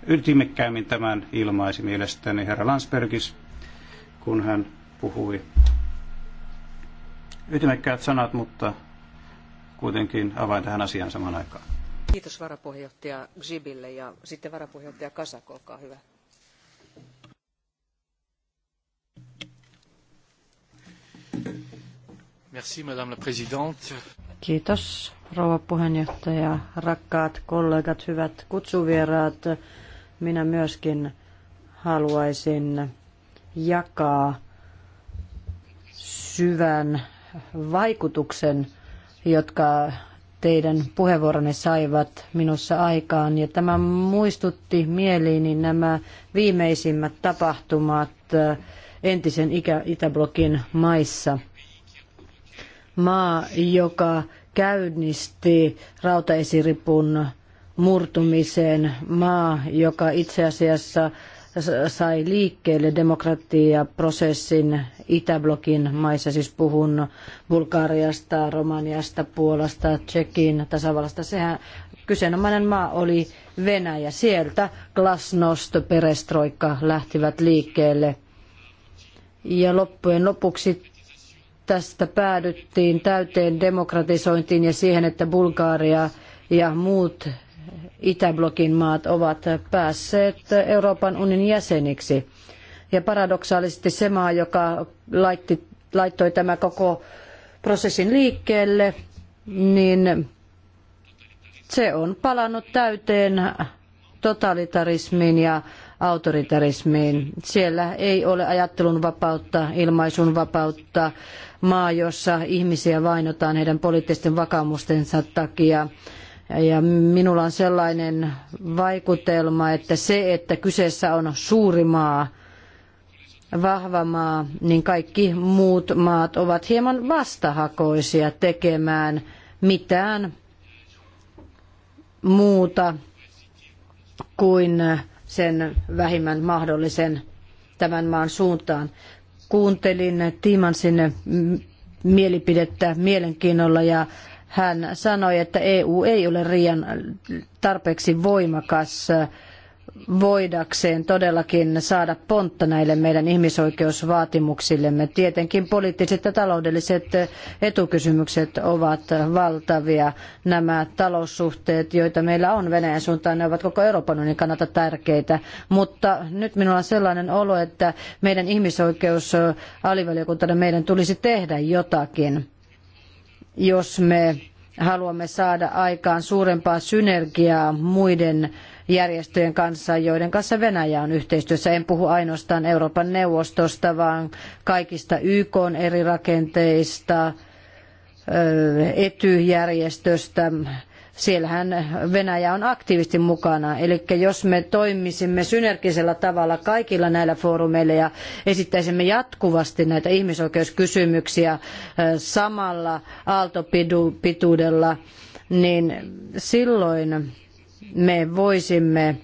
ytimekkäimmin tämän ilmaisi mielestäni herra Landsbergis, kun hän puhui. Ytimekkäät sanat, mutta kuitenkin avain tähän asiaan samaan aikaan. Kiitos varapuheenjohtaja Gzibille ja sitten varapuheenjohtaja Kasak, olkaa hyvä. Merci, madame la présidente. Kiitos rouva puheenjohtaja, rakkaat kollegat, hyvät kutsuvieraat. Minä myöskin haluaisin jakaa syvän vaikutuksen, jotka teidän puheenvuoronne saivat minussa aikaan. Ja tämä muistutti mieliini nämä viimeisimmät tapahtumat entisen Itä- Itäblokin maissa. Maa, joka käynnisti rautaesiripun murtumiseen. Maa, joka itse asiassa sai liikkeelle demokratiaprosessin Itäblokin maissa, siis puhun Bulgariasta, Romaniasta, Puolasta, Tsekin tasavallasta. Sehän kyseenomainen maa oli Venäjä. Sieltä glasnost, perestroikka lähtivät liikkeelle. Ja loppujen lopuksi tästä päädyttiin täyteen demokratisointiin ja siihen, että Bulgaria ja muut Itäblokin maat ovat päässeet Euroopan unionin jäseniksi. Ja paradoksaalisesti se maa, joka laitti, laittoi tämä koko prosessin liikkeelle, niin se on palannut täyteen totalitarismiin ja autoritarismiin. Siellä ei ole ajattelun vapautta, ilmaisun vapautta, maa, jossa ihmisiä vainotaan heidän poliittisten vakaumustensa takia ja minulla on sellainen vaikutelma, että se, että kyseessä on suuri maa, vahva maa, niin kaikki muut maat ovat hieman vastahakoisia tekemään mitään muuta kuin sen vähimmän mahdollisen tämän maan suuntaan. Kuuntelin Tiimansin mielipidettä mielenkiinnolla ja hän sanoi, että EU ei ole riian tarpeeksi voimakas voidakseen todellakin saada pontta näille meidän ihmisoikeusvaatimuksillemme. Tietenkin poliittiset ja taloudelliset etukysymykset ovat valtavia. Nämä taloussuhteet, joita meillä on Venäjän suuntaan, ne ovat koko Euroopan unionin kannalta tärkeitä. Mutta nyt minulla on sellainen olo, että meidän ihmisoikeusalivaliokuntana meidän tulisi tehdä jotakin jos me haluamme saada aikaan suurempaa synergiaa muiden järjestöjen kanssa, joiden kanssa Venäjä on yhteistyössä. En puhu ainoastaan Euroopan neuvostosta, vaan kaikista YK eri rakenteista, etyjärjestöstä, siellähän Venäjä on aktiivisesti mukana. Eli jos me toimisimme synergisellä tavalla kaikilla näillä foorumeilla ja esittäisimme jatkuvasti näitä ihmisoikeuskysymyksiä samalla aaltopituudella, niin silloin me voisimme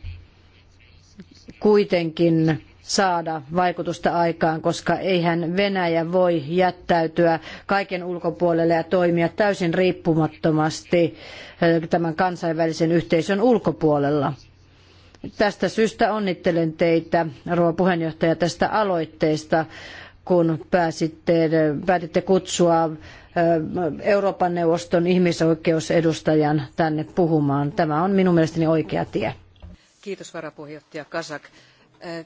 kuitenkin saada vaikutusta aikaan, koska eihän Venäjä voi jättäytyä kaiken ulkopuolelle ja toimia täysin riippumattomasti eh, tämän kansainvälisen yhteisön ulkopuolella. Tästä syystä onnittelen teitä, rouva puheenjohtaja, tästä aloitteesta, kun pääsitte, päätitte kutsua eh, Euroopan neuvoston ihmisoikeusedustajan tänne puhumaan. Tämä on minun mielestäni oikea tie. Kiitos varapuheenjohtaja Kasak eh,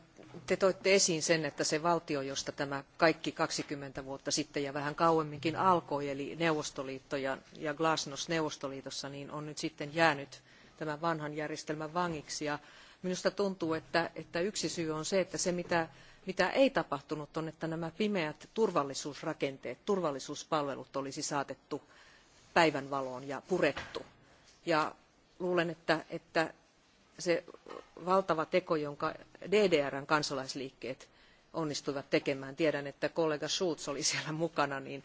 te toitte esiin sen, että se valtio, josta tämä kaikki 20 vuotta sitten ja vähän kauemminkin alkoi, eli Neuvostoliitto ja, ja Glasnost Neuvostoliitossa, niin on nyt sitten jäänyt tämän vanhan järjestelmän vangiksi. Ja minusta tuntuu, että, että yksi syy on se, että se mitä mitä ei tapahtunut on että nämä pimeät turvallisuusrakenteet turvallisuuspalvelut olisi saatettu päivänvaloon ja purettu. Ja luulen että, että se valtava teko, jonka DDRn kansalaisliikkeet onnistuivat tekemään. Tiedän, että kollega Schulz oli siellä mukana, niin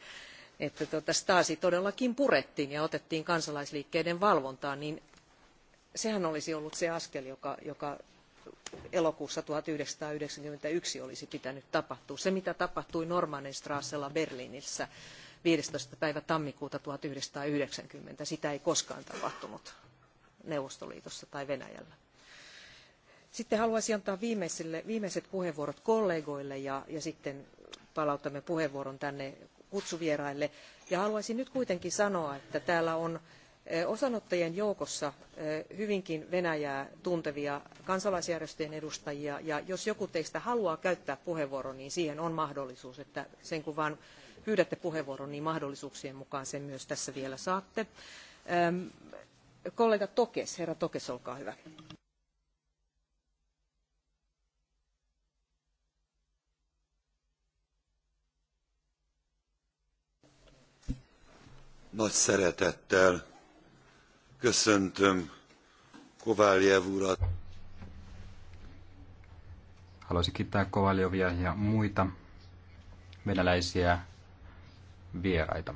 että tuota Stasi todellakin purettiin ja otettiin kansalaisliikkeiden valvontaan, niin sehän olisi ollut se askel, joka, joka elokuussa 1991 olisi pitänyt tapahtua. Se, mitä tapahtui Normannenstrassella Berliinissä 15. päivä tammikuuta 1990, sitä ei koskaan tapahtunut Neuvostoliitossa tai Venäjällä. Sitten haluaisin antaa viimeiset puheenvuorot kollegoille ja, sitten palautamme puheenvuoron tänne kutsuvieraille. Ja haluaisin nyt kuitenkin sanoa, että täällä on osanottajien joukossa hyvinkin Venäjää tuntevia kansalaisjärjestöjen edustajia, ja jos joku teistä haluaa käyttää puheenvuoron, niin siihen on mahdollisuus, että sen kun vaan pyydätte puheenvuoron, niin mahdollisuuksien mukaan sen myös tässä vielä saatte. Kollega Tokes, herra Tokes, olkaa hyvä. Nagy szeretettel köszöntöm Kovaljev urat. Haluaisin kiittää Kovaljovia ja muita venäläisiä vieraita.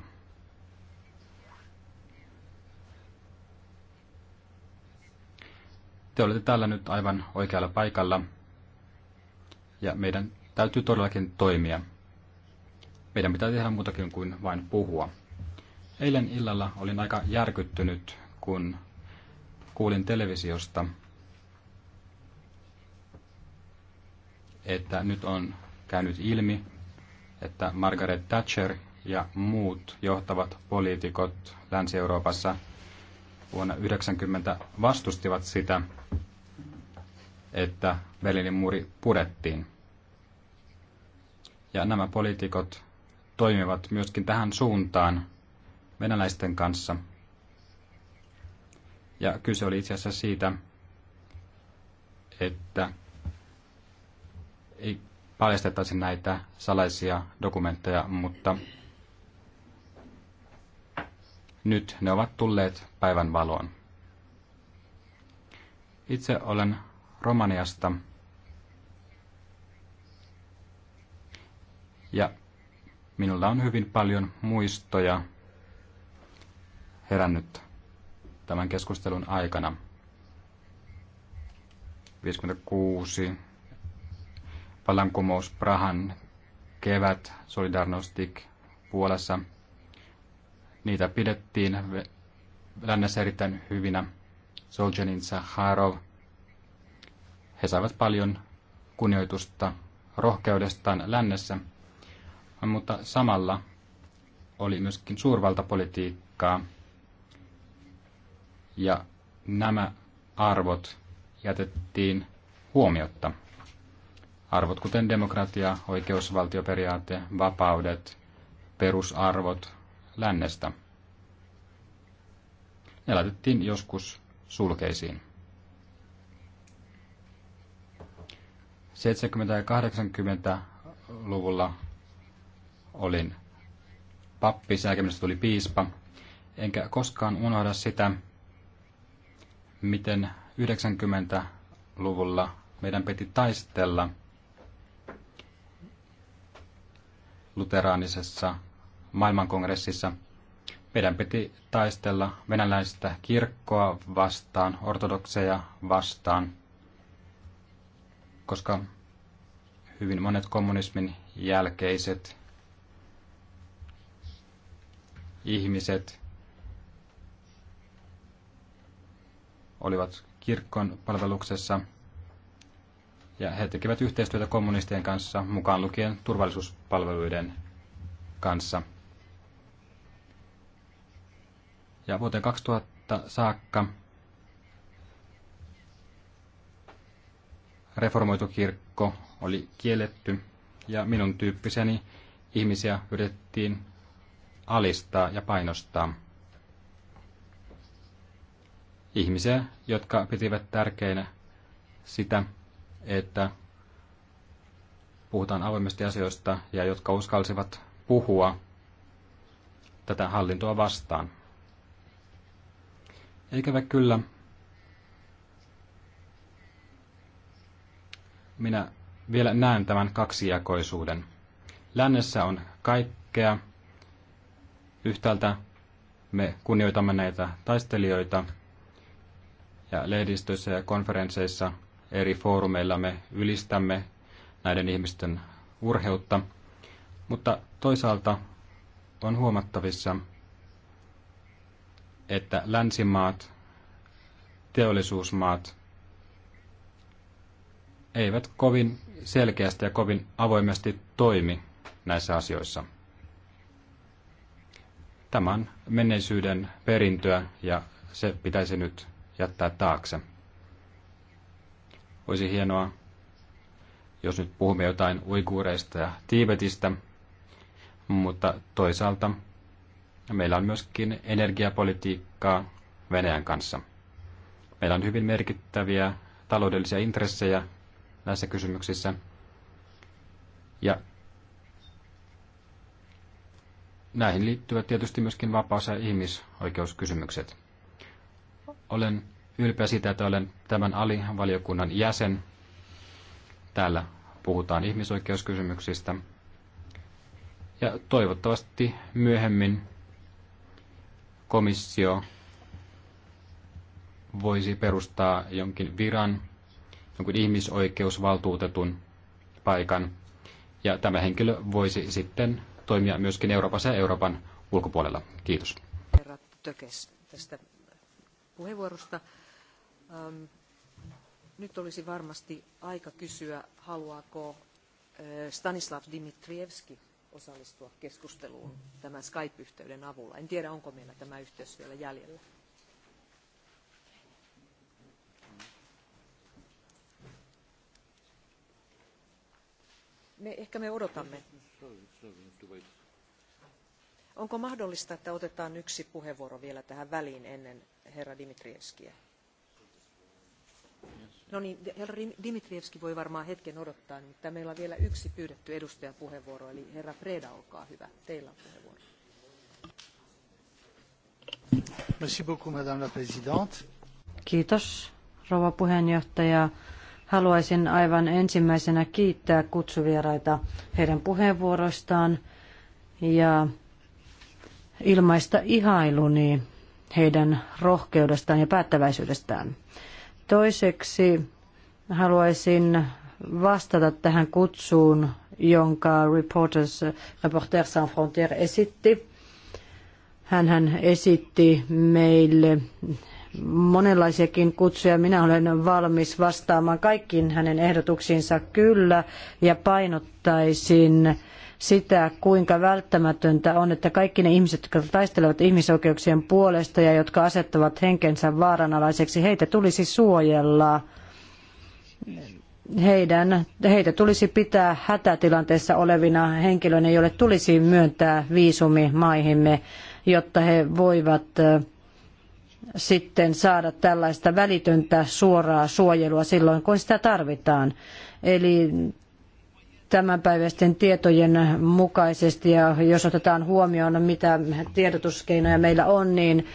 Te olette täällä nyt aivan oikealla paikalla ja meidän täytyy todellakin toimia. Meidän pitää tehdä muutakin kuin vain puhua. Eilen illalla olin aika järkyttynyt, kun kuulin televisiosta, että nyt on käynyt ilmi, että Margaret Thatcher ja muut johtavat poliitikot Länsi-Euroopassa vuonna 1990 vastustivat sitä, että Berliinin muuri purettiin. Ja nämä poliitikot toimivat myöskin tähän suuntaan venäläisten kanssa. Ja kyse oli itse asiassa siitä, että ei paljastettaisi näitä salaisia dokumentteja, mutta nyt ne ovat tulleet päivän valoon. Itse olen Romaniasta ja minulla on hyvin paljon muistoja herännyt tämän keskustelun aikana. 56 vallankumous Prahan kevät Solidarnostik Puolassa. Niitä pidettiin lännessä erittäin hyvinä. Solzhenin Saharov. He saivat paljon kunnioitusta rohkeudestaan lännessä, mutta samalla oli myöskin suurvaltapolitiikkaa ja nämä arvot jätettiin huomiotta. Arvot kuten demokratia, oikeusvaltioperiaate, vapaudet, perusarvot lännestä. Ne laitettiin joskus sulkeisiin. 70- ja 80-luvulla olin pappi, sen tuli piispa, enkä koskaan unohda sitä, miten 90-luvulla meidän piti taistella luteraanisessa maailmankongressissa. Meidän piti taistella venäläistä kirkkoa vastaan, ortodokseja vastaan, koska hyvin monet kommunismin jälkeiset ihmiset olivat kirkon palveluksessa ja he tekivät yhteistyötä kommunistien kanssa, mukaan lukien turvallisuuspalveluiden kanssa. Ja vuoteen 2000 saakka reformoitu kirkko oli kielletty ja minun tyyppiseni ihmisiä yritettiin alistaa ja painostaa ihmisiä, jotka pitivät tärkeinä sitä, että puhutaan avoimesti asioista ja jotka uskalsivat puhua tätä hallintoa vastaan. Eikävä kyllä. Minä vielä näen tämän kaksijakoisuuden. Lännessä on kaikkea. Yhtäältä me kunnioitamme näitä taistelijoita ja lehdistöissä ja konferensseissa eri foorumeilla me ylistämme näiden ihmisten urheutta, mutta toisaalta on huomattavissa, että länsimaat, teollisuusmaat eivät kovin selkeästi ja kovin avoimesti toimi näissä asioissa. Tämän menneisyyden perintöä ja se pitäisi nyt jättää taakse. Olisi hienoa, jos nyt puhumme jotain uiguureista ja tiibetistä, mutta toisaalta meillä on myöskin energiapolitiikkaa Venäjän kanssa. Meillä on hyvin merkittäviä taloudellisia intressejä näissä kysymyksissä. Ja näihin liittyvät tietysti myöskin vapaus- ja ihmisoikeuskysymykset. Olen ylpeä siitä, että olen tämän alivaliokunnan jäsen. Täällä puhutaan ihmisoikeuskysymyksistä. Ja toivottavasti myöhemmin komissio voisi perustaa jonkin viran, jonkun ihmisoikeusvaltuutetun paikan. Ja tämä henkilö voisi sitten toimia myöskin Euroopassa ja Euroopan ulkopuolella. Kiitos. Herra Tökes, tästä puheenvuorosta. Nyt olisi varmasti aika kysyä, haluaako Stanislav Dimitrievski osallistua keskusteluun tämän Skype-yhteyden avulla. En tiedä, onko meillä tämä yhteys vielä jäljellä. Me, ehkä me odotamme. Onko mahdollista, että otetaan yksi puheenvuoro vielä tähän väliin ennen herra Dimitrievskiä? No niin, herra Dimitrievski voi varmaan hetken odottaa, mutta meillä on vielä yksi pyydetty edustajan puheenvuoro, eli herra Preda, olkaa hyvä. Teillä on puheenvuoro. Merci beaucoup, madame la présidente. Kiitos, rouva puheenjohtaja. Haluaisin aivan ensimmäisenä kiittää kutsuvieraita heidän puheenvuoroistaan ja ilmaista ihailuni heidän rohkeudestaan ja päättäväisyydestään. Toiseksi haluaisin vastata tähän kutsuun, jonka Reporters, Reporters Sans Frontières esitti. Hän esitti meille monenlaisiakin kutsuja. Minä olen valmis vastaamaan kaikkiin hänen ehdotuksiinsa kyllä ja painottaisin sitä, kuinka välttämätöntä on, että kaikki ne ihmiset, jotka taistelevat ihmisoikeuksien puolesta ja jotka asettavat henkensä vaaranalaiseksi, heitä tulisi suojella. Heidän, heitä tulisi pitää hätätilanteessa olevina henkilöinä, joille tulisi myöntää viisumi maihimme, jotta he voivat sitten saada tällaista välitöntä suoraa suojelua silloin, kun sitä tarvitaan. Eli tämänpäiväisten tietojen mukaisesti ja jos otetaan huomioon, mitä tiedotuskeinoja meillä on, niin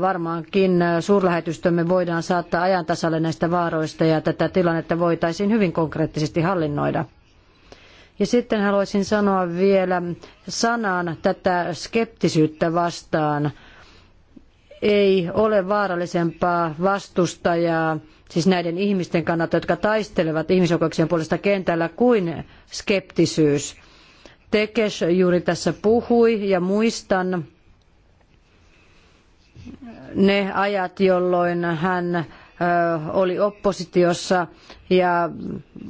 varmaankin suurlähetystömme voidaan saattaa ajan tasalle näistä vaaroista ja tätä tilannetta voitaisiin hyvin konkreettisesti hallinnoida. Ja sitten haluaisin sanoa vielä sanan tätä skeptisyyttä vastaan. Ei ole vaarallisempaa vastustajaa siis näiden ihmisten kannalta, jotka taistelevat ihmisoikeuksien puolesta kentällä, kuin skeptisyys. Tekes juuri tässä puhui ja muistan ne ajat, jolloin hän oli oppositiossa ja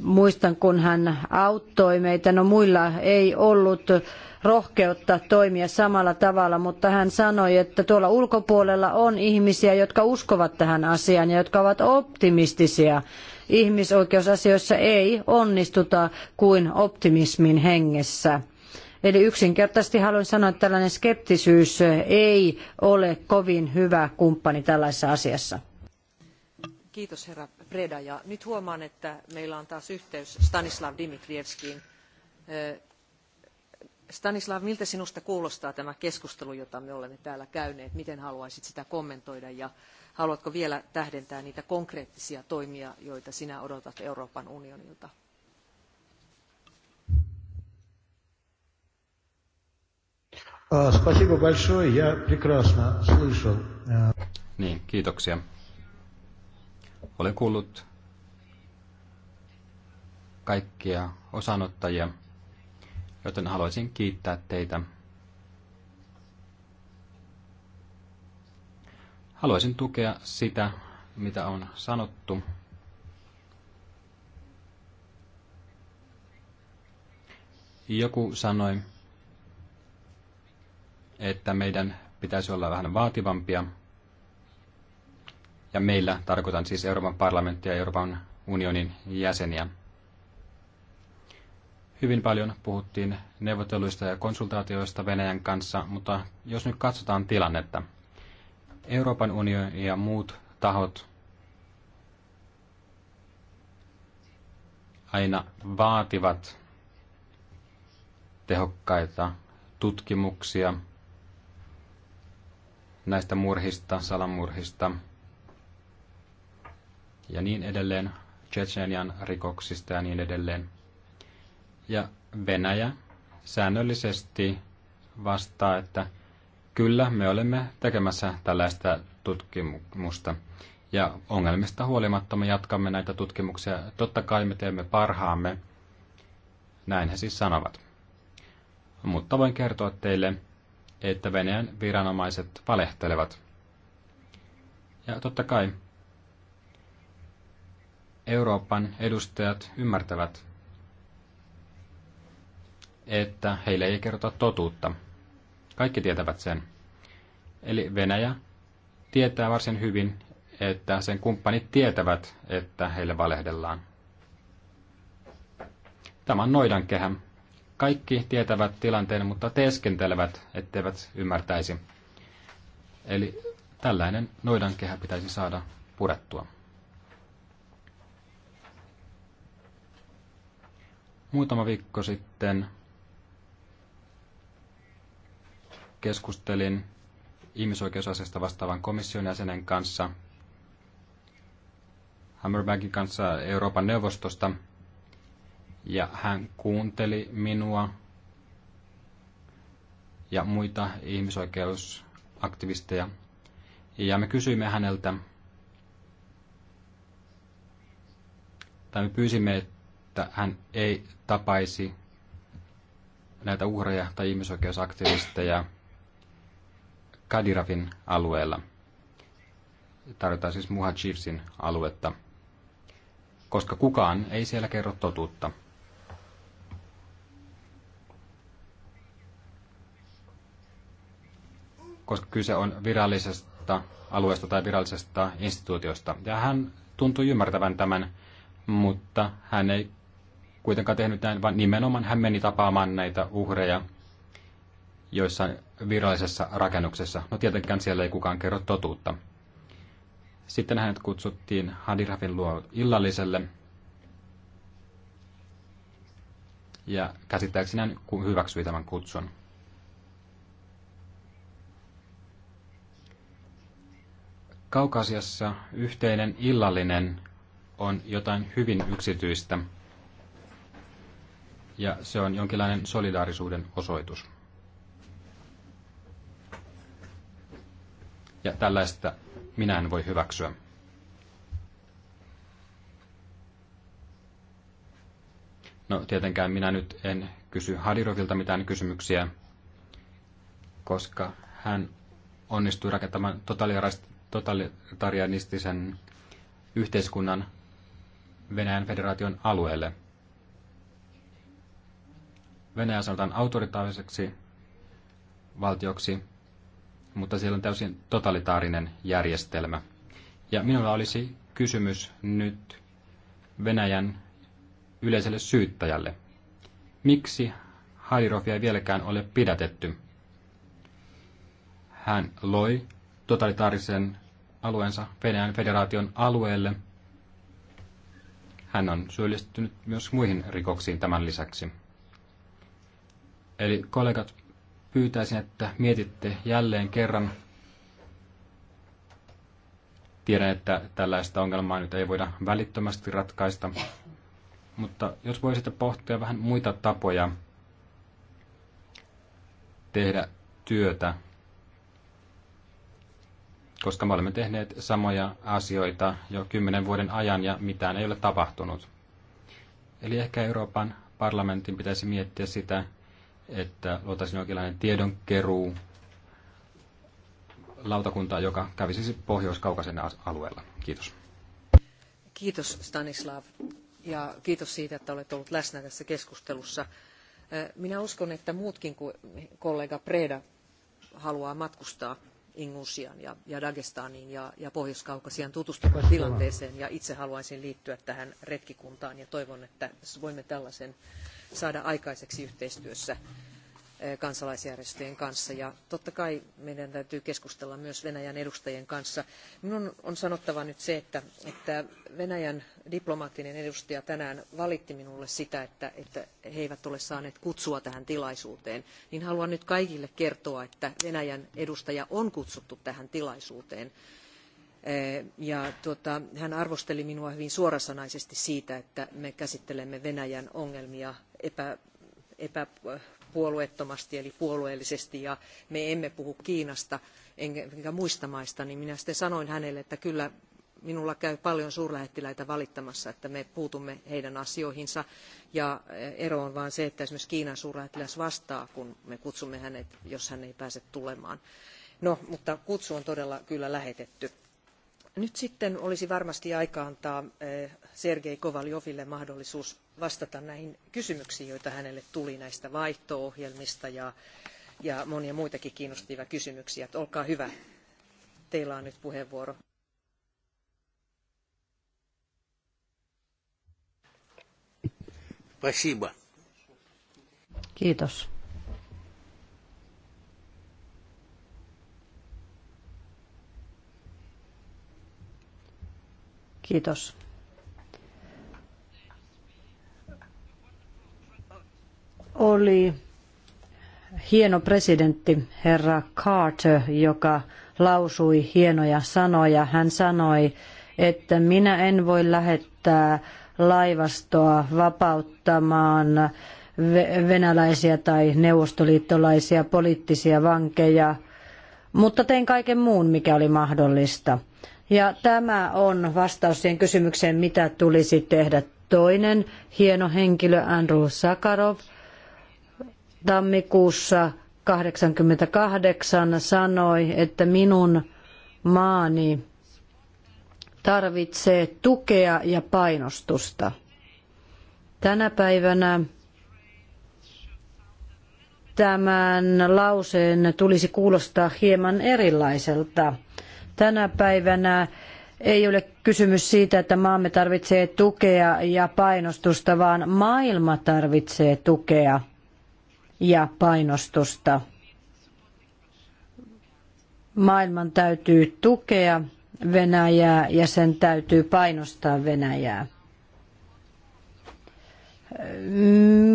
muistan, kun hän auttoi meitä. No muilla ei ollut rohkeutta toimia samalla tavalla, mutta hän sanoi, että tuolla ulkopuolella on ihmisiä, jotka uskovat tähän asiaan ja jotka ovat optimistisia. Ihmisoikeusasioissa ei onnistuta kuin optimismin hengessä. Eli yksinkertaisesti haluan sanoa, että tällainen skeptisyys ei ole kovin hyvä kumppani tällaisessa asiassa. Kiitos herra Preda. Ja nyt huomaan, että meillä on taas yhteys Stanislav Dimitrievskiin Stanislav, miltä sinusta kuulostaa tämä keskustelu, jota me olemme täällä käyneet? Miten haluaisit sitä kommentoida ja haluatko vielä tähdentää niitä konkreettisia toimia, joita sinä odotat Euroopan unionilta? Niin, kiitoksia. Olen kuullut kaikkia osanottajia joten haluaisin kiittää teitä. Haluaisin tukea sitä, mitä on sanottu. Joku sanoi, että meidän pitäisi olla vähän vaativampia. Ja meillä tarkoitan siis Euroopan parlamenttia ja Euroopan unionin jäseniä – Hyvin paljon puhuttiin neuvotteluista ja konsultaatioista Venäjän kanssa, mutta jos nyt katsotaan tilannetta, Euroopan unioni ja muut tahot aina vaativat tehokkaita tutkimuksia näistä murhista, salamurhista ja niin edelleen, Tsetsenian rikoksista ja niin edelleen. Ja Venäjä säännöllisesti vastaa, että kyllä me olemme tekemässä tällaista tutkimusta. Ja ongelmista huolimatta me jatkamme näitä tutkimuksia. Totta kai me teemme parhaamme. Näin he siis sanovat. Mutta voin kertoa teille, että Venäjän viranomaiset valehtelevat. Ja totta kai Euroopan edustajat ymmärtävät että heille ei kerrota totuutta. Kaikki tietävät sen. Eli Venäjä tietää varsin hyvin, että sen kumppanit tietävät, että heille valehdellaan. Tämä on noidankehä. Kaikki tietävät tilanteen, mutta teeskentelevät, etteivät ymmärtäisi. Eli tällainen noidankehä pitäisi saada purettua. Muutama viikko sitten keskustelin ihmisoikeusasiasta vastaavan komission jäsenen kanssa, Hammerbergin kanssa Euroopan neuvostosta, ja hän kuunteli minua ja muita ihmisoikeusaktivisteja. Ja me kysyimme häneltä, tai me pyysimme, että hän ei tapaisi näitä uhreja tai ihmisoikeusaktivisteja – Kadirafin alueella. Tarjotaan siis Muhajivsin aluetta, koska kukaan ei siellä kerro totuutta. Koska kyse on virallisesta alueesta tai virallisesta instituutiosta. Ja hän tuntui ymmärtävän tämän, mutta hän ei kuitenkaan tehnyt näin, vaan nimenomaan hän meni tapaamaan näitä uhreja joissain virallisessa rakennuksessa. No tietenkään siellä ei kukaan kerro totuutta. Sitten hänet kutsuttiin Hadirafin luo illalliselle. Ja käsittääkseni hän hyväksyi tämän kutsun. Kaukasiassa yhteinen illallinen on jotain hyvin yksityistä, ja se on jonkinlainen solidaarisuuden osoitus. ja tällaista minä en voi hyväksyä. No tietenkään minä nyt en kysy Hadirovilta mitään kysymyksiä, koska hän onnistui rakentamaan totalitarianistisen yhteiskunnan Venäjän federaation alueelle. Venäjä sanotaan autoritaariseksi valtioksi, mutta siellä on täysin totalitaarinen järjestelmä. Ja minulla olisi kysymys nyt Venäjän yleiselle syyttäjälle. Miksi Hadirovia ei vieläkään ole pidätetty? Hän loi totalitaarisen alueensa Venäjän federaation alueelle. Hän on syyllistynyt myös muihin rikoksiin tämän lisäksi. Eli kollegat, pyytäisin, että mietitte jälleen kerran. Tiedän, että tällaista ongelmaa nyt ei voida välittömästi ratkaista, mutta jos voisitte pohtia vähän muita tapoja tehdä työtä, koska me olemme tehneet samoja asioita jo kymmenen vuoden ajan ja mitään ei ole tapahtunut. Eli ehkä Euroopan parlamentin pitäisi miettiä sitä, että luotaisiin jonkinlainen tiedonkeruu lautakunta, joka kävisi Pohjois-Kaukasen alueella. Kiitos. Kiitos Stanislav ja kiitos siitä, että olet ollut läsnä tässä keskustelussa. Minä uskon, että muutkin kuin kollega Preda haluaa matkustaa Ingusian ja, ja Dagestaniin ja, ja Pohjois-Kaukasian tutustumaan tilanteeseen ja itse haluaisin liittyä tähän retkikuntaan ja toivon, että voimme tällaisen saada aikaiseksi yhteistyössä kansalaisjärjestöjen kanssa. Ja totta kai meidän täytyy keskustella myös Venäjän edustajien kanssa. Minun on sanottava nyt se, että, että Venäjän diplomaattinen edustaja tänään valitti minulle sitä, että, että he eivät ole saaneet kutsua tähän tilaisuuteen. Niin haluan nyt kaikille kertoa, että Venäjän edustaja on kutsuttu tähän tilaisuuteen Eh, ja tuota, hän arvosteli minua hyvin suorasanaisesti siitä, että me käsittelemme Venäjän ongelmia epä, epäpuolueettomasti eli puolueellisesti ja me emme puhu Kiinasta enkä muista maista, niin minä sitten sanoin hänelle, että kyllä minulla käy paljon suurlähettiläitä valittamassa, että me puutumme heidän asioihinsa. Ja ero on vain se, että esimerkiksi Kiinan suurlähettiläs vastaa, kun me kutsumme hänet, jos hän ei pääse tulemaan. No, mutta kutsu on todella kyllä lähetetty nyt sitten olisi varmasti aika antaa eh, Sergei Kovaljoville mahdollisuus vastata näihin kysymyksiin, joita hänelle tuli näistä vaihto-ohjelmista ja, ja monia muitakin kiinnostavia kysymyksiä. Että olkaa hyvä, teillä on nyt puheenvuoro. Kiitos. Kiitos. Oli hieno presidentti herra Carter, joka lausui hienoja sanoja. Hän sanoi, että minä en voi lähettää laivastoa vapauttamaan venäläisiä tai neuvostoliittolaisia poliittisia vankeja, mutta tein kaiken muun, mikä oli mahdollista – ja tämä on vastaus siihen kysymykseen, mitä tulisi tehdä. Toinen hieno henkilö, Andrew Sakarov, tammikuussa 88 sanoi, että minun maani tarvitsee tukea ja painostusta. Tänä päivänä tämän lauseen tulisi kuulostaa hieman erilaiselta. Tänä päivänä ei ole kysymys siitä, että maamme tarvitsee tukea ja painostusta, vaan maailma tarvitsee tukea ja painostusta. Maailman täytyy tukea Venäjää ja sen täytyy painostaa Venäjää.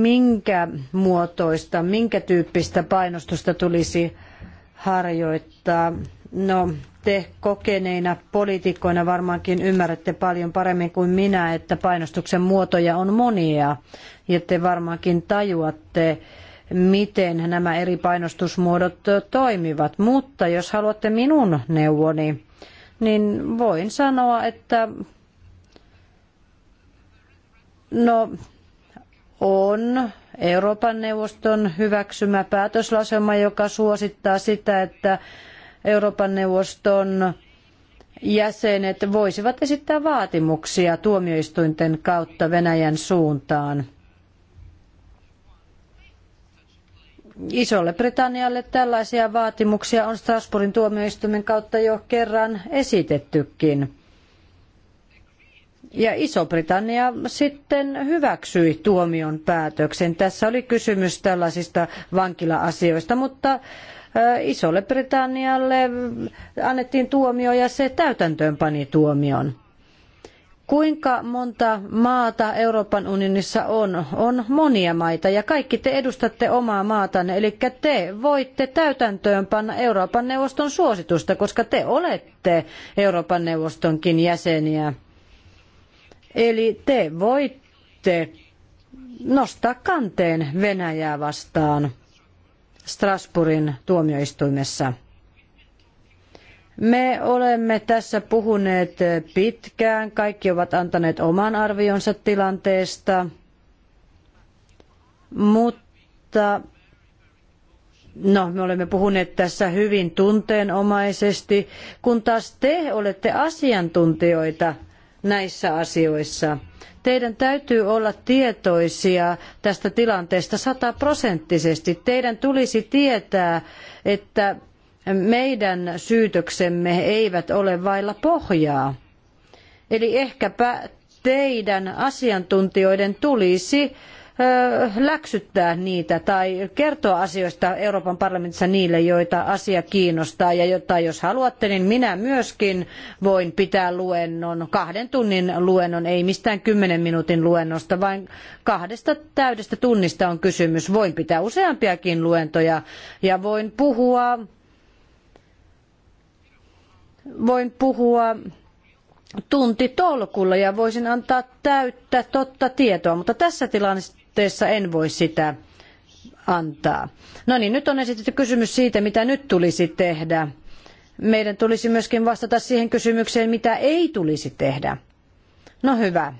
Minkä muotoista, minkä tyyppistä painostusta tulisi harjoittaa? No, te kokeneina poliitikkoina varmaankin ymmärrätte paljon paremmin kuin minä, että painostuksen muotoja on monia. Ja te varmaankin tajuatte, miten nämä eri painostusmuodot toimivat. Mutta jos haluatte minun neuvoni, niin voin sanoa, että no, on Euroopan neuvoston hyväksymä päätöslauselma, joka suosittaa sitä, että Euroopan neuvoston jäsenet voisivat esittää vaatimuksia tuomioistuinten kautta Venäjän suuntaan. Isolle Britannialle tällaisia vaatimuksia on Strasbourgin tuomioistuimen kautta jo kerran esitettykin. Ja Iso-Britannia sitten hyväksyi tuomion päätöksen. Tässä oli kysymys tällaisista vankila-asioista, mutta Isolle Britannialle annettiin tuomio ja se täytäntöön pani tuomion. Kuinka monta maata Euroopan unionissa on? On monia maita ja kaikki te edustatte omaa maatanne, eli te voitte täytäntöönpanna Euroopan neuvoston suositusta, koska te olette Euroopan neuvostonkin jäseniä. Eli te voitte nostaa kanteen Venäjää vastaan. Strasbourgin tuomioistuimessa. Me olemme tässä puhuneet pitkään, kaikki ovat antaneet oman arvionsa tilanteesta, mutta No, me olemme puhuneet tässä hyvin tunteenomaisesti, kun taas te olette asiantuntijoita näissä asioissa. Teidän täytyy olla tietoisia tästä tilanteesta sataprosenttisesti. Teidän tulisi tietää, että meidän syytöksemme eivät ole vailla pohjaa. Eli ehkäpä teidän asiantuntijoiden tulisi läksyttää niitä tai kertoa asioista Euroopan parlamentissa niille, joita asia kiinnostaa. Ja jotta jos haluatte, niin minä myöskin voin pitää luennon, kahden tunnin luennon, ei mistään kymmenen minuutin luennosta, vaan kahdesta täydestä tunnista on kysymys. Voin pitää useampiakin luentoja ja voin puhua voin puhua tuntitolkulla ja voisin antaa täyttä totta tietoa, mutta tässä suhteessa en voi sitä antaa. No niin, nyt on esitetty kysymys siitä, mitä nyt tulisi tehdä. Meidän tulisi myöskin vastata siihen kysymykseen, mitä ei tulisi tehdä. No hyvä.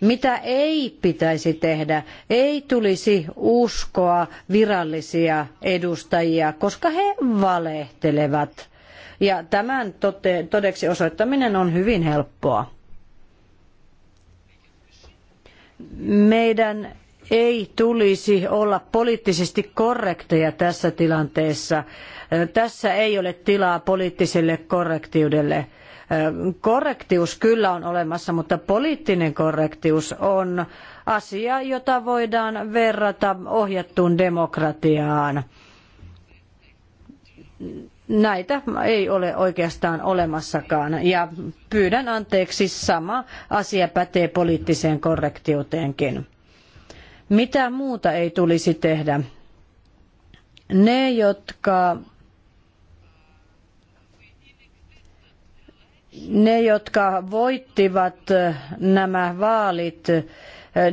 Mitä ei pitäisi tehdä? Ei tulisi uskoa virallisia edustajia, koska he valehtelevat. Ja tämän todeksi osoittaminen on hyvin helppoa. Meidän ei tulisi olla poliittisesti korrekteja tässä tilanteessa. Tässä ei ole tilaa poliittiselle korrektiudelle. Korrektius kyllä on olemassa, mutta poliittinen korrektius on asia, jota voidaan verrata ohjattuun demokratiaan. Näitä ei ole oikeastaan olemassakaan. Ja pyydän anteeksi, sama asia pätee poliittiseen korrektiuteenkin. Mitä muuta ei tulisi tehdä? Ne, jotka ne, jotka voittivat eh, nämä vaalit, eh,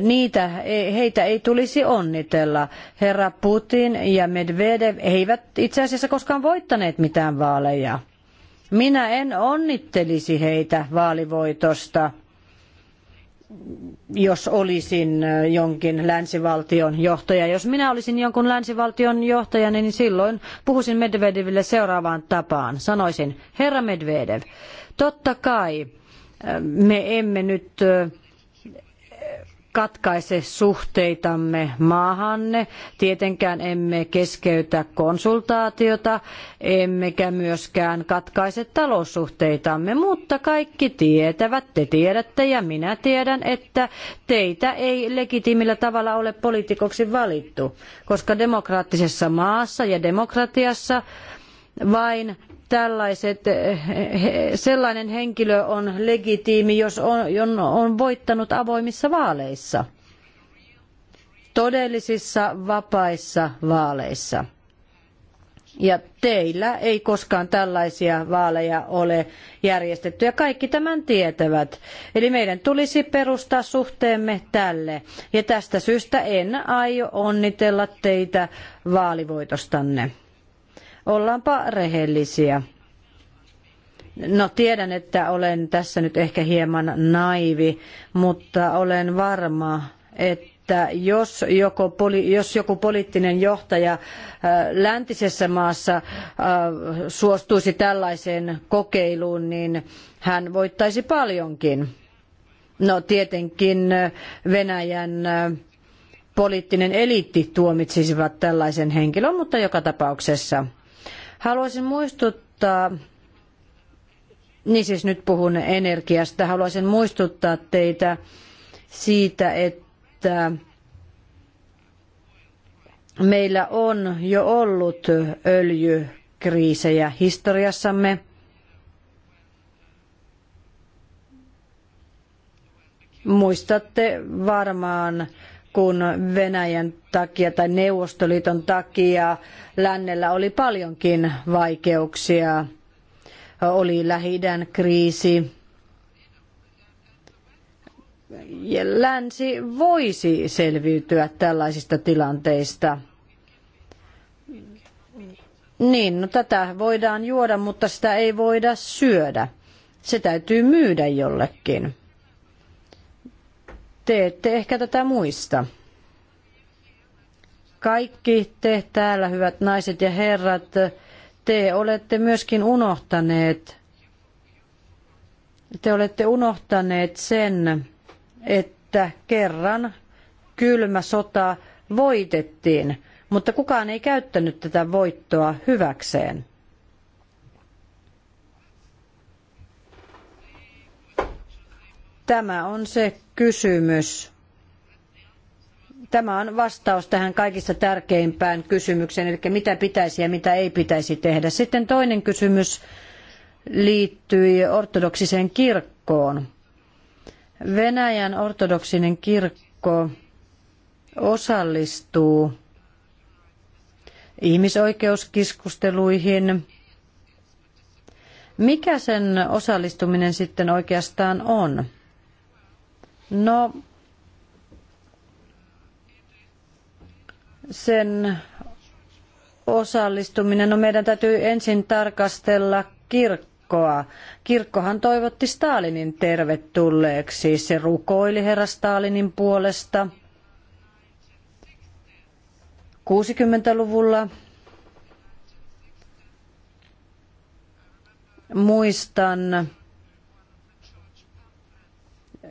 niitä, e-, heitä ei tulisi onnitella. Herra Putin ja Medvedev eivät itse asiassa koskaan voittaneet mitään vaaleja. Minä en onnittelisi heitä vaalivoitosta jos olisin jonkin länsivaltion johtaja. Jos minä olisin jonkun länsivaltion johtaja, niin silloin puhuisin Medvedeville seuraavaan tapaan. Sanoisin, herra Medvedev, totta kai me emme nyt katkaise suhteitamme maahanne. Tietenkään emme keskeytä konsultaatiota, emmekä myöskään katkaise taloussuhteitamme, mutta kaikki tietävät, te tiedätte ja minä tiedän, että teitä ei legitiimillä tavalla ole poliitikoksi valittu, koska demokraattisessa maassa ja demokratiassa vain tällaiset, eh, sellainen henkilö on legitiimi, jos on, on voittanut avoimissa vaaleissa, todellisissa vapaissa vaaleissa. Ja teillä ei koskaan tällaisia vaaleja ole järjestetty ja kaikki tämän tietävät. Eli meidän tulisi perustaa suhteemme tälle. Ja tästä syystä en aio onnitella teitä vaalivoitostanne. Ollaanpa rehellisiä. No tiedän, että olen tässä nyt ehkä hieman naivi, mutta olen varma, että jos, joko, jos joku poliittinen johtaja äh, läntisessä maassa äh, suostuisi tällaiseen kokeiluun, niin hän voittaisi paljonkin. No tietenkin Venäjän äh, poliittinen eliitti tuomitsisivat tällaisen henkilön, mutta joka tapauksessa – Haluaisin muistuttaa, niin siis nyt puhun energiasta, haluaisin muistuttaa teitä siitä, että meillä on jo ollut öljykriisejä historiassamme. Muistatte varmaan kun Venäjän takia tai Neuvostoliiton takia lännellä oli paljonkin vaikeuksia. Oli lähi kriisi. Ja länsi voisi selviytyä tällaisista tilanteista. Niin, no tätä voidaan juoda, mutta sitä ei voida syödä. Se täytyy myydä jollekin. Te ette ehkä tätä muista. Kaikki te täällä, hyvät naiset ja herrat, te olette myöskin unohtaneet, te olette unohtaneet sen, että kerran kylmä sota voitettiin, mutta kukaan ei käyttänyt tätä voittoa hyväkseen. Tämä on se kysymys. Tämä on vastaus tähän kaikista tärkeimpään kysymykseen, eli mitä pitäisi ja mitä ei pitäisi tehdä. Sitten toinen kysymys liittyi ortodoksiseen kirkkoon. Venäjän ortodoksinen kirkko osallistuu ihmisoikeuskeskusteluihin. Mikä sen osallistuminen sitten oikeastaan on? No, sen osallistuminen, no meidän täytyy ensin tarkastella kirkkoa. Kirkkohan toivotti Stalinin tervetulleeksi. Se rukoili herra Stalinin puolesta. 60-luvulla muistan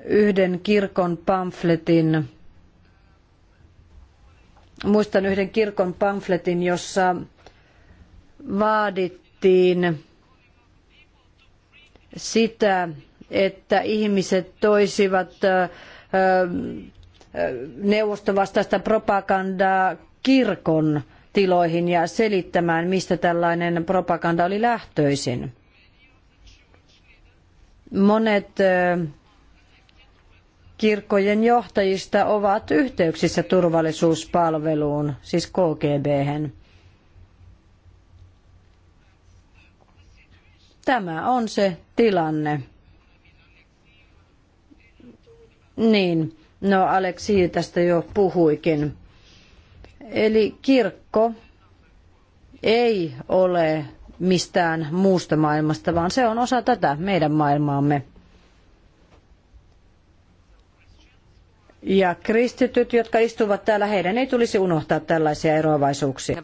yhden kirkon pamfletin. Muistan yhden kirkon pamfletin, jossa vaadittiin sitä, että ihmiset toisivat neuvostovastaista propagandaa kirkon tiloihin ja selittämään, mistä tällainen propaganda oli lähtöisin. Monet kirkkojen johtajista ovat yhteyksissä turvallisuuspalveluun, siis KGB. Tämä on se tilanne. Niin, no Aleksi tästä jo puhuikin. Eli kirkko ei ole mistään muusta maailmasta, vaan se on osa tätä meidän maailmaamme. Ja kristityt, jotka istuvat täällä, heidän ei tulisi unohtaa tällaisia eroavaisuuksia.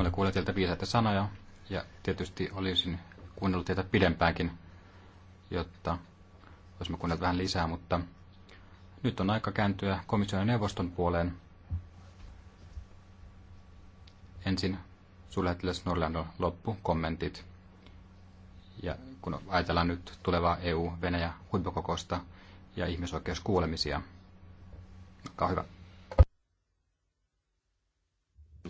olen kuullut teiltä viisaita sanoja ja tietysti olisin kuunnellut teitä pidempäänkin, jotta voisimme kuunnella vähän lisää, mutta nyt on aika kääntyä komission ja neuvoston puoleen. Ensin suurlähettiläs Norlandon kommentit Ja kun ajatellaan nyt tulevaa EU-Venäjä huippukokousta, ja ihmisoikeuskuulemisia. Olkaa hyvä.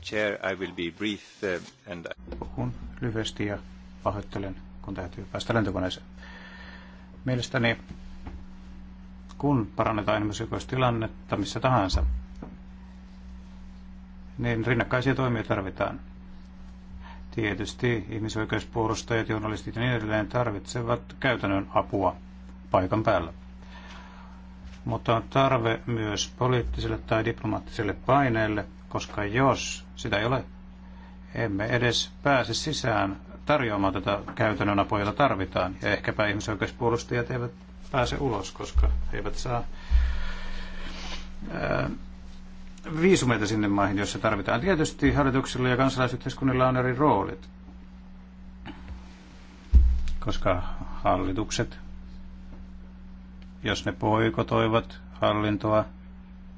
Chair, I will be brief uh, and... Puhun lyhyesti ja pahoittelen, kun täytyy päästä lentokoneeseen. Mielestäni kun parannetaan ihmisoikeustilannetta missä tahansa, niin rinnakkaisia toimia tarvitaan. Tietysti ihmisoikeuspuolustajat, journalistit ja niin edelleen tarvitsevat käytännön apua paikan päällä mutta on tarve myös poliittiselle tai diplomaattiselle paineelle, koska jos sitä ei ole, emme edes pääse sisään tarjoamaan tätä käytännön apua, jota tarvitaan. Ja ehkäpä ihmisoikeuspuolustajat eivät pääse ulos, koska he eivät saa viisumeita sinne maihin, joissa tarvitaan. Tietysti hallituksilla ja kansalaisyhteiskunnilla on eri roolit, koska hallitukset jos ne poikotoivat hallintoa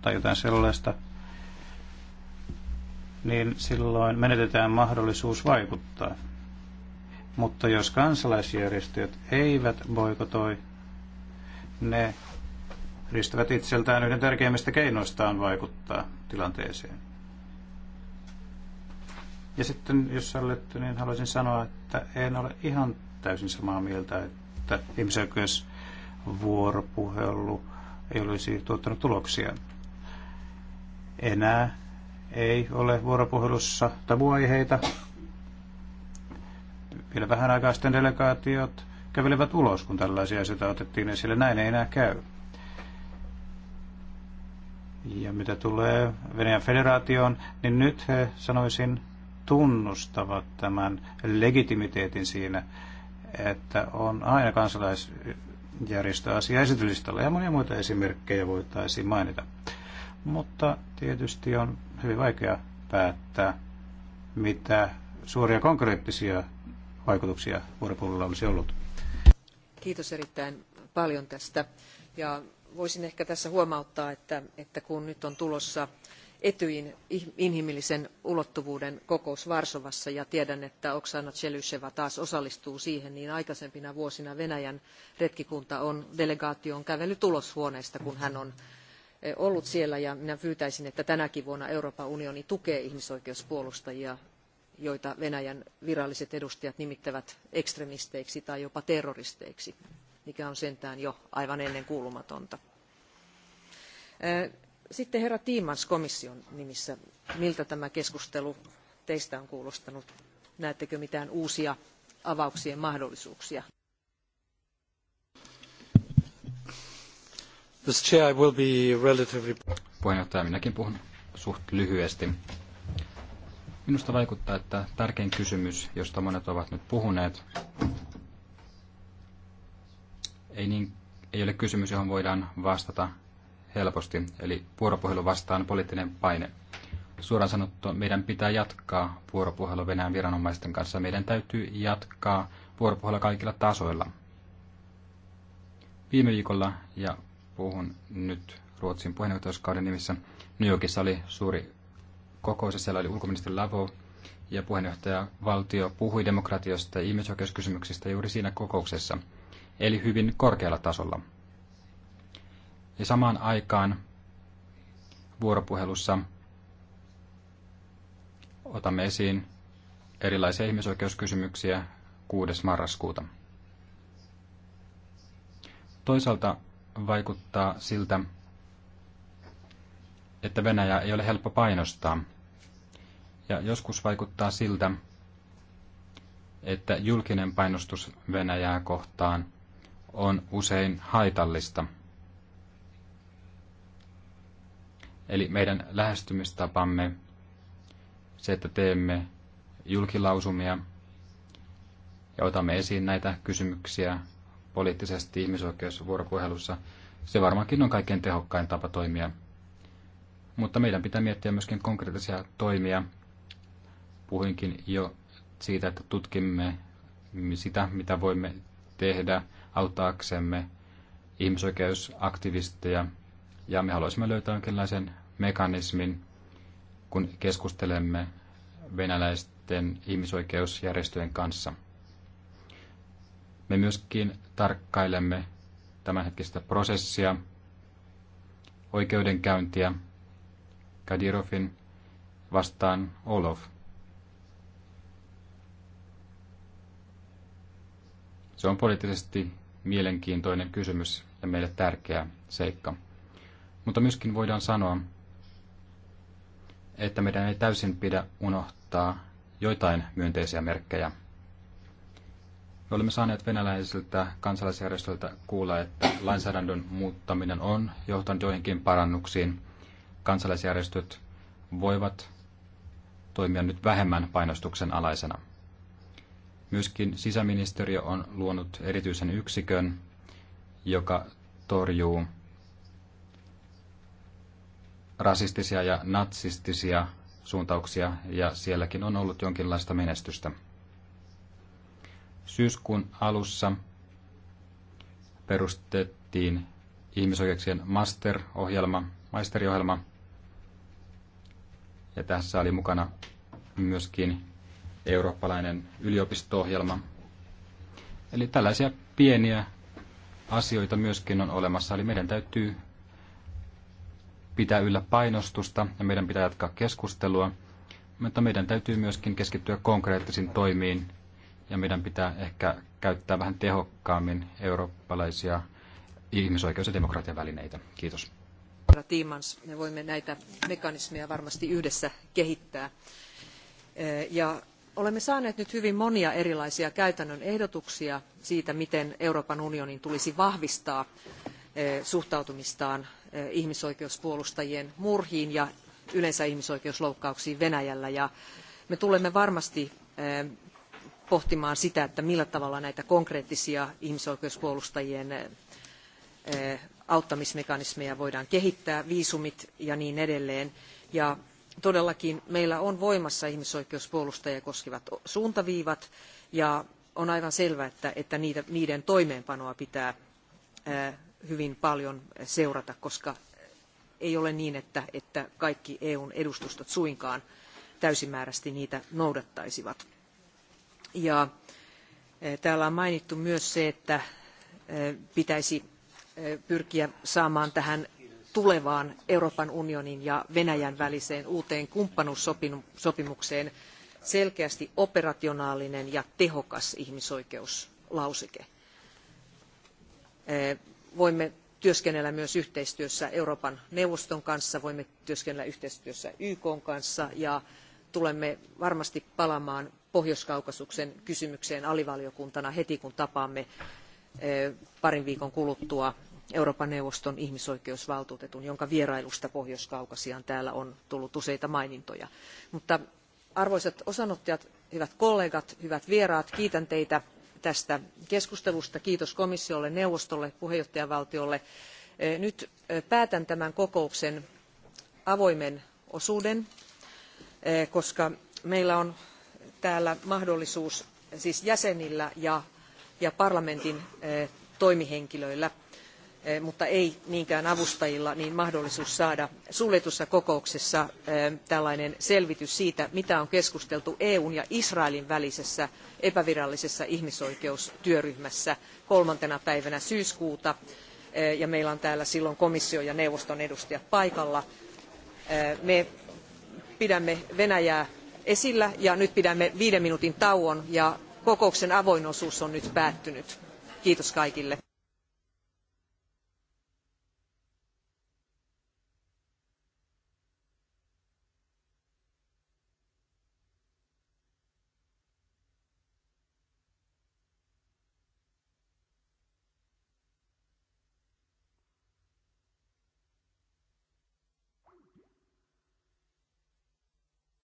tai jotain sellaista, niin silloin menetetään mahdollisuus vaikuttaa. Mutta jos kansalaisjärjestöt eivät boikotoi, ne ristävät itseltään yhden tärkeimmistä keinoistaan vaikuttaa tilanteeseen. Ja sitten, jos sallittu, niin haluaisin sanoa, että en ole ihan täysin samaa mieltä, että ihmisoikeus vuoropuhelu ei olisi tuottanut tuloksia. Enää ei ole vuoropuhelussa tabuaiheita. Vielä vähän aikaa sitten delegaatiot kävelivät ulos, kun tällaisia asioita otettiin esille. Näin ei enää käy. Ja mitä tulee Venäjän federaatioon, niin nyt he, sanoisin, tunnustavat tämän legitimiteetin siinä, että on aina kansalais- järjestöasia esitylistalla ja monia muita esimerkkejä voitaisiin mainita. Mutta tietysti on hyvin vaikea päättää, mitä suoria konkreettisia vaikutuksia vuoropuolella olisi ollut. Kiitos erittäin paljon tästä. Ja voisin ehkä tässä huomauttaa, että, että kun nyt on tulossa etyjin inhimillisen ulottuvuuden kokous Varsovassa ja tiedän, että Oksana Tselysheva taas osallistuu siihen, niin aikaisempina vuosina Venäjän retkikunta on delegaation kävellyt ulos huoneesta, kun hän on e, ollut siellä ja minä pyytäisin, että tänäkin vuonna Euroopan unioni tukee ihmisoikeuspuolustajia, joita Venäjän viralliset edustajat nimittävät ekstremisteiksi tai jopa terroristeiksi, mikä on sentään jo aivan ennen sitten herra Tiimans komission nimissä, miltä tämä keskustelu teistä on kuulostanut? Näettekö mitään uusia avauksien mahdollisuuksia? Puheenjohtaja, minäkin puhun suht lyhyesti. Minusta vaikuttaa, että tärkein kysymys, josta monet ovat nyt puhuneet, ei, niin, ei ole kysymys, johon voidaan vastata helposti, eli vuoropuhelu vastaan poliittinen paine. Suoraan sanottu, meidän pitää jatkaa vuoropuhelua Venäjän viranomaisten kanssa. Meidän täytyy jatkaa vuoropuhelua kaikilla tasoilla. Viime viikolla, ja puhun nyt Ruotsin puheenjohtajuuskauden nimissä, New Yorkissa oli suuri kokous, ja siellä oli ulkoministeri Lavo, ja puheenjohtaja valtio puhui demokratiasta ja ihmisoikeuskysymyksistä juuri siinä kokouksessa, eli hyvin korkealla tasolla. Ja samaan aikaan vuoropuhelussa otamme esiin erilaisia ihmisoikeuskysymyksiä 6. marraskuuta. Toisaalta vaikuttaa siltä, että Venäjä ei ole helppo painostaa. Ja joskus vaikuttaa siltä, että julkinen painostus Venäjää kohtaan on usein haitallista – Eli meidän lähestymistapamme, se, että teemme julkilausumia ja otamme esiin näitä kysymyksiä poliittisesti ihmisoikeusvuoropuhelussa, se varmaankin on kaikkein tehokkain tapa toimia. Mutta meidän pitää miettiä myöskin konkreettisia toimia. Puhuinkin jo siitä, että tutkimme sitä, mitä voimme tehdä auttaaksemme ihmisoikeusaktivisteja – ja me haluaisimme löytää jonkinlaisen mekanismin, kun keskustelemme venäläisten ihmisoikeusjärjestöjen kanssa. Me myöskin tarkkailemme tämänhetkistä prosessia, oikeudenkäyntiä, Kadirovin vastaan Olof. Se on poliittisesti mielenkiintoinen kysymys ja meille tärkeä seikka. Mutta myöskin voidaan sanoa, että meidän ei täysin pidä unohtaa joitain myönteisiä merkkejä. Me olemme saaneet venäläisiltä kansalaisjärjestöiltä kuulla, että lainsäädännön muuttaminen on johtanut joihinkin parannuksiin. Kansalaisjärjestöt voivat toimia nyt vähemmän painostuksen alaisena. Myöskin sisäministeriö on luonut erityisen yksikön, joka torjuu rasistisia ja natsistisia suuntauksia ja sielläkin on ollut jonkinlaista menestystä. Syyskuun alussa perustettiin ihmisoikeuksien master-ohjelma, maisteriohjelma. Ja tässä oli mukana myöskin eurooppalainen yliopistoohjelma. Eli tällaisia pieniä asioita myöskin on olemassa, eli meidän täytyy pitää yllä painostusta ja meidän pitää jatkaa keskustelua, mutta meidän täytyy myöskin keskittyä konkreettisiin toimiin ja meidän pitää ehkä käyttää vähän tehokkaammin eurooppalaisia ihmisoikeus- ja demokratian välineitä. Kiitos. Tiimans, me voimme näitä mekanismeja varmasti yhdessä kehittää. Ja olemme saaneet nyt hyvin monia erilaisia käytännön ehdotuksia siitä, miten Euroopan unionin tulisi vahvistaa suhtautumistaan Eh, ihmisoikeuspuolustajien murhiin ja yleensä ihmisoikeusloukkauksiin Venäjällä. Ja me tulemme varmasti eh, pohtimaan sitä, että millä tavalla näitä konkreettisia ihmisoikeuspuolustajien eh, auttamismekanismeja voidaan kehittää, viisumit ja niin edelleen. Ja todellakin meillä on voimassa ihmisoikeuspuolustajia koskevat suuntaviivat ja on aivan selvää, että, että niiden toimeenpanoa pitää hyvin paljon seurata, koska ei ole niin, että, että kaikki EUn edustustot suinkaan täysimääräisesti niitä noudattaisivat. Ja e, täällä on mainittu myös se, että e, pitäisi e, pyrkiä saamaan tähän tulevaan Euroopan unionin ja Venäjän väliseen uuteen kumppanuussopimukseen selkeästi operationaalinen ja tehokas ihmisoikeuslauseke voimme työskennellä myös yhteistyössä Euroopan neuvoston kanssa, voimme työskennellä yhteistyössä YK kanssa ja tulemme varmasti palaamaan Pohjois-Kaukasuksen kysymykseen alivaliokuntana heti, kun tapaamme parin viikon kuluttua Euroopan neuvoston ihmisoikeusvaltuutetun, jonka vierailusta Pohjois-Kaukasiaan täällä on tullut useita mainintoja. Mutta arvoisat osanottajat, hyvät kollegat, hyvät vieraat, kiitän teitä tästä keskustelusta. Kiitos komissiolle, neuvostolle, puheenjohtajavaltiolle. Eh, nyt eh, päätän tämän kokouksen avoimen osuuden, eh, koska meillä on täällä mahdollisuus siis jäsenillä ja, ja parlamentin toimihenkilöillä Eh, mutta ei niinkään avustajilla, niin mahdollisuus saada suljetussa kokouksessa eh, tällainen selvitys siitä, mitä on keskusteltu EUn ja Israelin välisessä epävirallisessa ihmisoikeustyöryhmässä kolmantena päivänä syyskuuta. Eh, ja meillä on täällä silloin komission ja neuvoston edustajat paikalla. Me pidämme Venäjää esillä ja nyt pidämme viiden minuutin tauon ja kokouksen avoin osuus on nyt päättynyt. Kiitos kaikille.